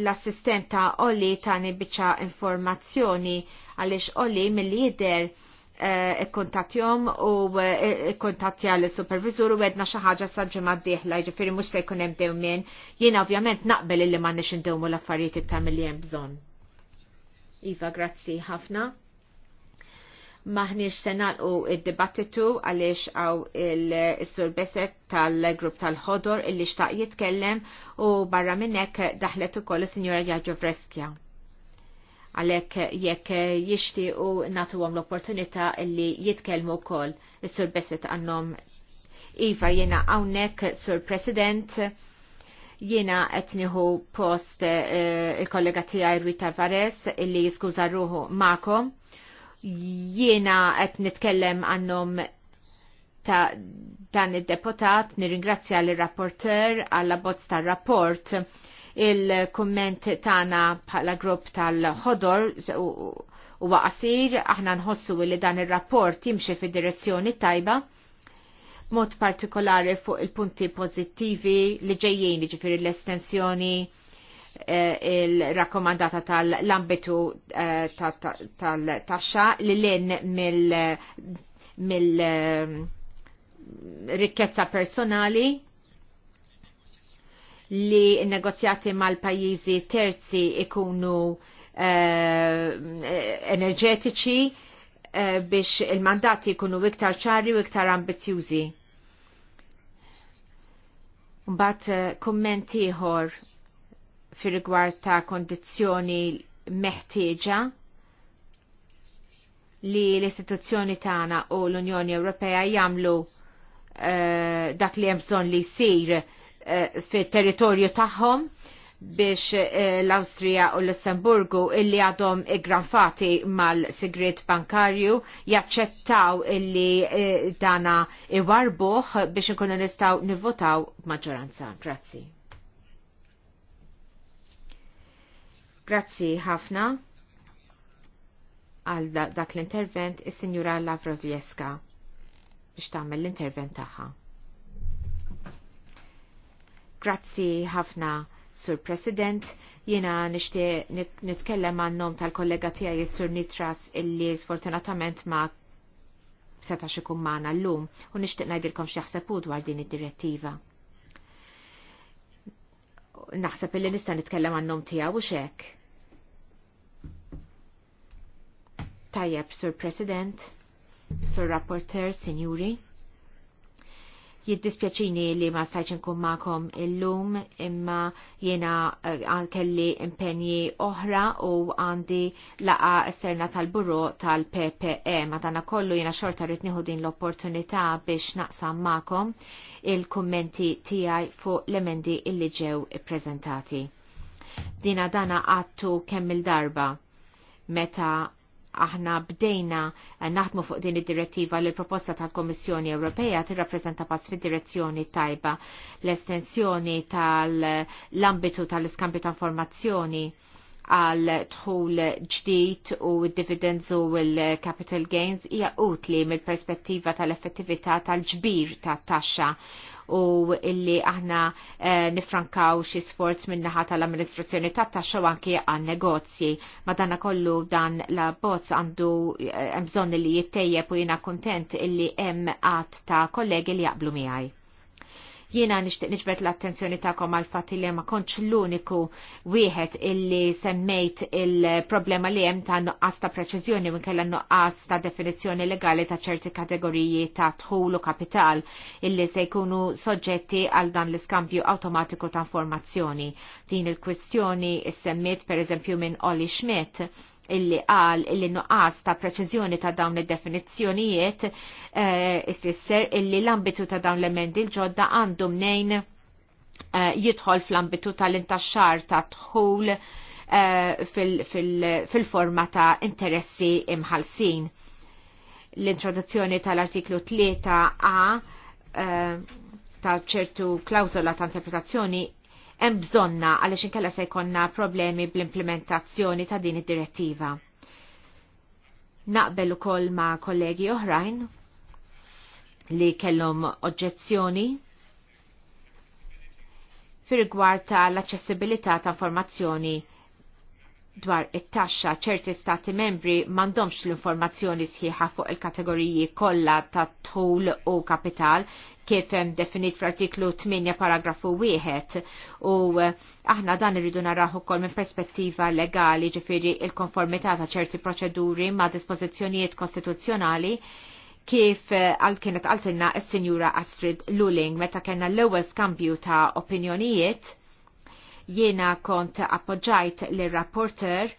l-assistenta Olli tani biċċa informazzjoni għaliex Olli mill-lider Eh, ikkontattjom u eh, ikkontattja l-supervisur u għedna xaħġa saġġima d-dieħla ġifiri mux se jkun hemm dewmien. Jien ovvjament naqbel illi ma nix indewmu l-affarijiet iktar mill-li hemm bżonn. Iva, grazzi ħafna maħniġ u id-dibattitu għaliex għaw il-sur Beset tal-grupp tal-ħodor illi xtaq jitkellem u barra minnek daħlet ukoll is-Sinjora Jaġo Freskja għalek jekk jishti u natu għom l-opportunita illi jitkelmu kol il-Sur Besset għannom. Iva jena għawnek, Sur President, jena etniħu post eh, il-kollega tijaj Rita Vares illi jiskuza ruħu ma'kom. Jena et nitkellem għannom ta' dan il-deputat, nirringrazzja l-rapporter għalla abbozz ta' rapport il-komment tagħna bħala grupp tal-ħodor u waqasir aħna nħossu li dan ir-rapport jimxi fid-direzzjoni tajba mod partikolari fuq il-punti pozittivi li ġejjien ġifir l-estensjoni eh, il-rakkomandata tal-ambitu eh, tal-taxxa li l-in mill-rikkezza eh, personali li negozjati mal-pajjiżi terzi ikunu eh, enerġetiċi eh, biex il-mandati jkunu iktar ċari u iktar ambizjużi. Mbagħad eh, kumment ieħor fir-rigward ta' kondizzjoni meħtieġa li l-istituzzjoni tagħna u l-Unjoni Ewropea jagħmlu uh, dak li hemm bżonn li jsir Eh, fit territorju tagħhom biex eh, l-Austria u l-Lussemburgu illi għadhom igranfati mal-sigrit bankarju jaċċettaw illi eh, dana iwarbuħ biex nkunu nistaw nivvotaw maġġoranza. Grazzi. Grazzi ħafna għal dak l-intervent is-Sinjura Lavrovieska biex tagħmel l-intervent tagħha. Grazzi ħafna, Sur President. Jiena nishti nitkellem għannom tal-kollega tijaj, Sur Nitras, illi sfortunatament ma setax ikun maħna l-lum, u nishtiq najdilkom xieħsepu dwar din id-direttiva. Naħseb illi nista nitkellem għannom tijaw u xek. Tajjeb, Sur President, Sur Rapporteur, Signori jiddispjaċini li ma stajċ nkun ma'kom illum imma jena eh, kelli impenji oħra u għandi laqa esterna tal-buru tal-PPE madana kollu jena xorta rritniħu din l-opportunità biex naqsam ma'kom il-kommenti tijaj fuq l-emendi illi ġew prezentati. Dina dana għattu kemm il-darba meta aħna bdejna eh, naħdmu fuq din id-direttiva li proposta tal komissjoni Ewropea tirrappreżenta pass fid direzzjoni tajba l-estensjoni tal-ambitu tal-iskambju ta' informazzjoni għal tħul ġdid u dividends u l-capital gains hija utli mill-perspettiva tal-effettività tal-ġbir tat-taxxa u illi aħna eh, nifrankaw xi sforz min-naħa tal-amministrazzjoni tat-taxxa u anke għan negozji. Madana kollu dan la bozz għandu eh, hemm bżonn li jittejjeb u jiena kuntent illi hemm qatt ta' kollegi li jaqblu miegħi. Jiena nixtieq niġbed l-attenzjoni tagħkom għal fatt li ma kontx l-uniku wieħed illi semmejt il-problema li hemm ta' nuqqas ta' preċiżjoni minn kellha nuqqas ta' definizzjoni legali ta' ċerti kategoriji ta' tħulu u kapital illi se jkunu soġġetti għal dan l-iskambju awtomatiku ta' informazzjoni. Din il-kwistjoni is-semmit pereżempju minn Oli Schmidt illi qal illi nuqqas ta' preċiżjoni ta' dawn id-definizzjonijiet eh, ifisser illi l-ambitu ta' dawn l-emendi l-ġodda għandu mnejn eh, jidħol fl-ambitu tal-intaxxar ta' tħul eh, fil-forma ta' interessi imħalsin. L-introduzzjoni tal-artiklu 3a ta' ċertu klawzola ta' interpretazzjoni hemm bżonna għaliex inkella se jkollna problemi bl-implementazzjoni ta' din id-direttiva. Naqbel ukoll ma' kollegi oħrajn li kellhom oġġezzjoni fir-rigward l aċċessibilità ta' informazzjoni dwar it-taxxa ċerti stati membri m'għandhomx l-informazzjoni sħiħa fuq il-kategoriji kollha ta' tul u kapital kif hemm definit fl-artiklu 8 paragrafu 1 u eh, aħna dan irridu naraħu ukoll minn perspettiva legali ġifieri il-konformità ta' ċerti proċeduri ma' dispożizzjonijiet kostituzzjonali kif eh, għal kienet għaltinna s-Sinjura Astrid Luling meta kena l-ewwel skambju ta' opinjonijiet jiena kont appoġġajt l-rapporter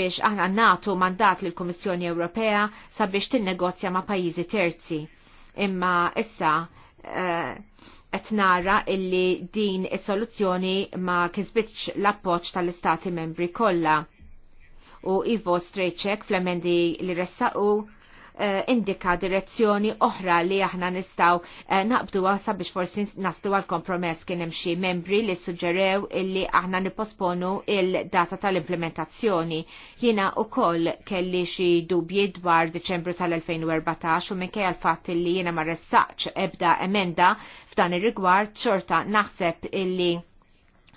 biex aħna natu mandat l-Komissjoni Ewropea sabiex tinnegozja ma' pajjiżi terzi imma issa eh, qed nara illi din is-soluzzjoni ma kisbitx l-appoġġ tal-istati membri kollha. U Ivo Strejček fl-emendi li ressaqu Eh, indika direzzjoni oħra li aħna nistaw eh, naqbdu għasa biex forsi nastu għal kompromess kien hemm xi membri li suġġerew illi aħna nipposponu il-data tal-implementazzjoni. Jiena koll kelli xi dubji dwar Deċembru tal-2014 u minkejja għal fatt li jiena ma ebda emenda f'dan ir-rigward xorta naħseb illi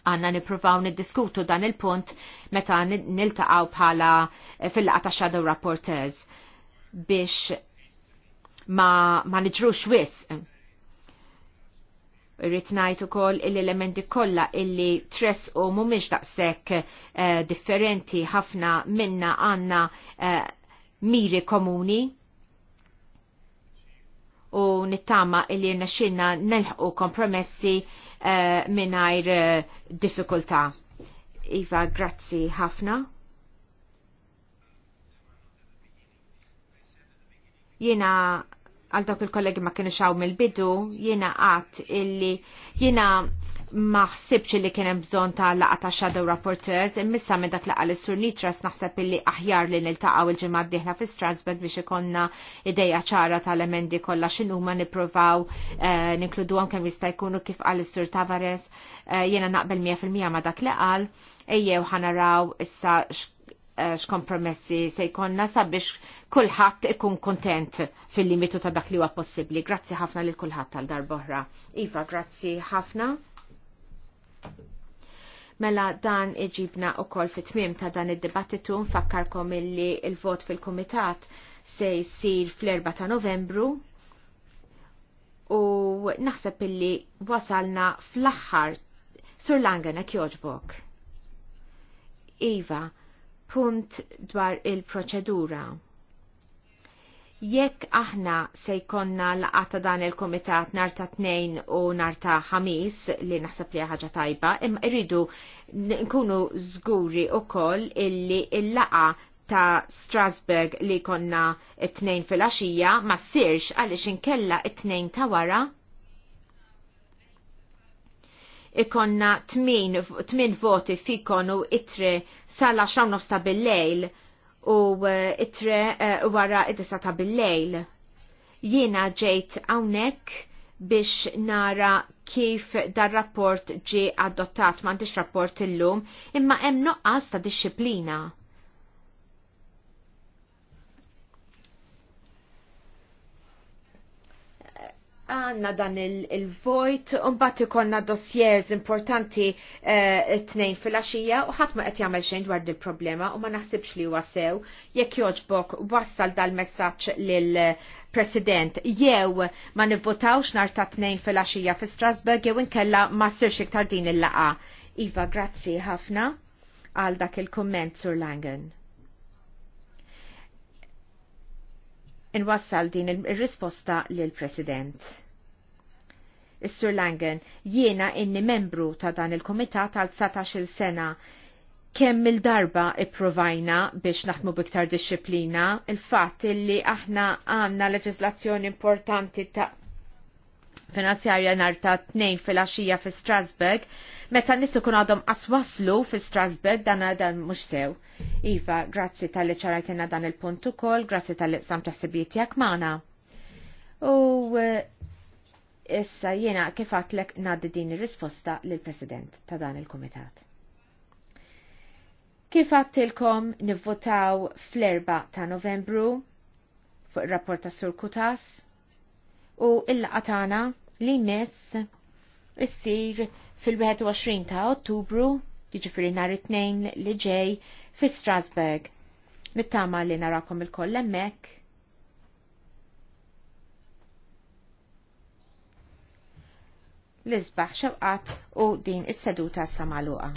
għanna niprofaw niddiskutu dan il-punt meta niltaqaw bħala eh, fil-laqa ta' Shadow Rapporteurs biex ma, ma nġrux wis. Irrit ngħid ukoll l-elementi kollha illi tress u mhumiex daqshekk eh, differenti ħafna minna għandna eh, miri komuni u nittama illi rnexxinna nelħqu kompromessi eh, mingħajr eh, diffikultà. Iva, grazzi ħafna. Jiena għal dawk il-kollegi ma kienu xaw mill-bidu, jiena għat illi jiena ma ħsibx li kien hemm bżonn ta' laqa ta' shadow rapporteurs, immissa minn dak laqa l-Sur Nitras naħseb illi aħjar li niltaqgħu il-ġimgħa diħna fi Strasbourg biex ikonna ideja ċara tal-emendi kollha x'inhuma nippruvaw eh, ninkluduhom kemm jista' jkunu kif għal sur Tavares, eh, jiena naqbel 100% ma' dak li qal, ejjew ħanaraw issa x'kompromessi se jkollna sabiex kulħadd ikun kontent fil-limitu ta' dak li huwa possibbli. Grazzi ħafna lil kulħadd tal darboħra Iva, grazzi ħafna. Mela dan iġibna u kol fit-tmim ta' dan id-dibattitu nfakkarkom illi il-vot fil-komitat se jisir fl-4 ta' novembru u naħseb illi wasalna fl-axħar sur langana kjoġbok. Iva, punt dwar il-proċedura. Jekk aħna se jkonna laqata dan il-komitat nar ta' tnejn u nar ta' ħamis li naħseb li ħaġa tajba, imma irridu nkunu żguri wkoll illi il-laqa ta' Strasbourg li konna t tnejn fil-axija ma sirx għaliex inkella t tnejn ta' wara ikonna tmin voti fikon u itre sala 10 nofs ta' bil-lejl u eh, itre eh, wara id-disa ta' bil-lejl. Jiena ġejt hawnhekk biex nara kif dar rapport ġi adottat m'għandix rapport illum imma hemm noqqas ta' disċiplina. għanna dan il-vojt, il unbat ikonna dossiers importanti eh, t-nejn fil-axija u ħatma qed jagħmel xejn dwar il problema u ma naħsibx li wasew sew jekk joġbok wassal dal-messaġġ lil eh, President jew ma nivvotawx nar ta' tnejn fil-axija fi Strasburg jew inkella ma sirx iktar din il-laqa. Iva, grazzi ħafna għal dak il-komment sur Langen. inwassal din il-risposta lill-President. Is-Sur Langen, jiena inni membru ta' dan il-Komitat għal 19 sena kemm il-darba ipprovajna biex naħdmu biktar disċiplina, il-fatt illi aħna għanna leġislazzjoni importanti ta' finanzjarja narta 2 fil-axija fi Strasburg, meta nissu kun għadhom aswaslu fi Strasburg dan għadan mux sew. Iva, grazzi tal-li ċarajtina dan il-punt ukoll, grazzi tal-li sam jak maħna. U eh, issa jena kifatlek naddi din il-risposta l-President ta' dan il-Komitat. Kif għattilkom nivvotaw fl-4 ta' novembru fuq il-rapport ta' Sur Kutas, u il-qatana li mess issir fil-21 ta' Ottubru, jiġifieri nhar it-tnejn li ġej fi Strasbourg. Nittama li narakom il-koll hemmhekk. l-isbaħ xewqat u din is-seduta samaluqa.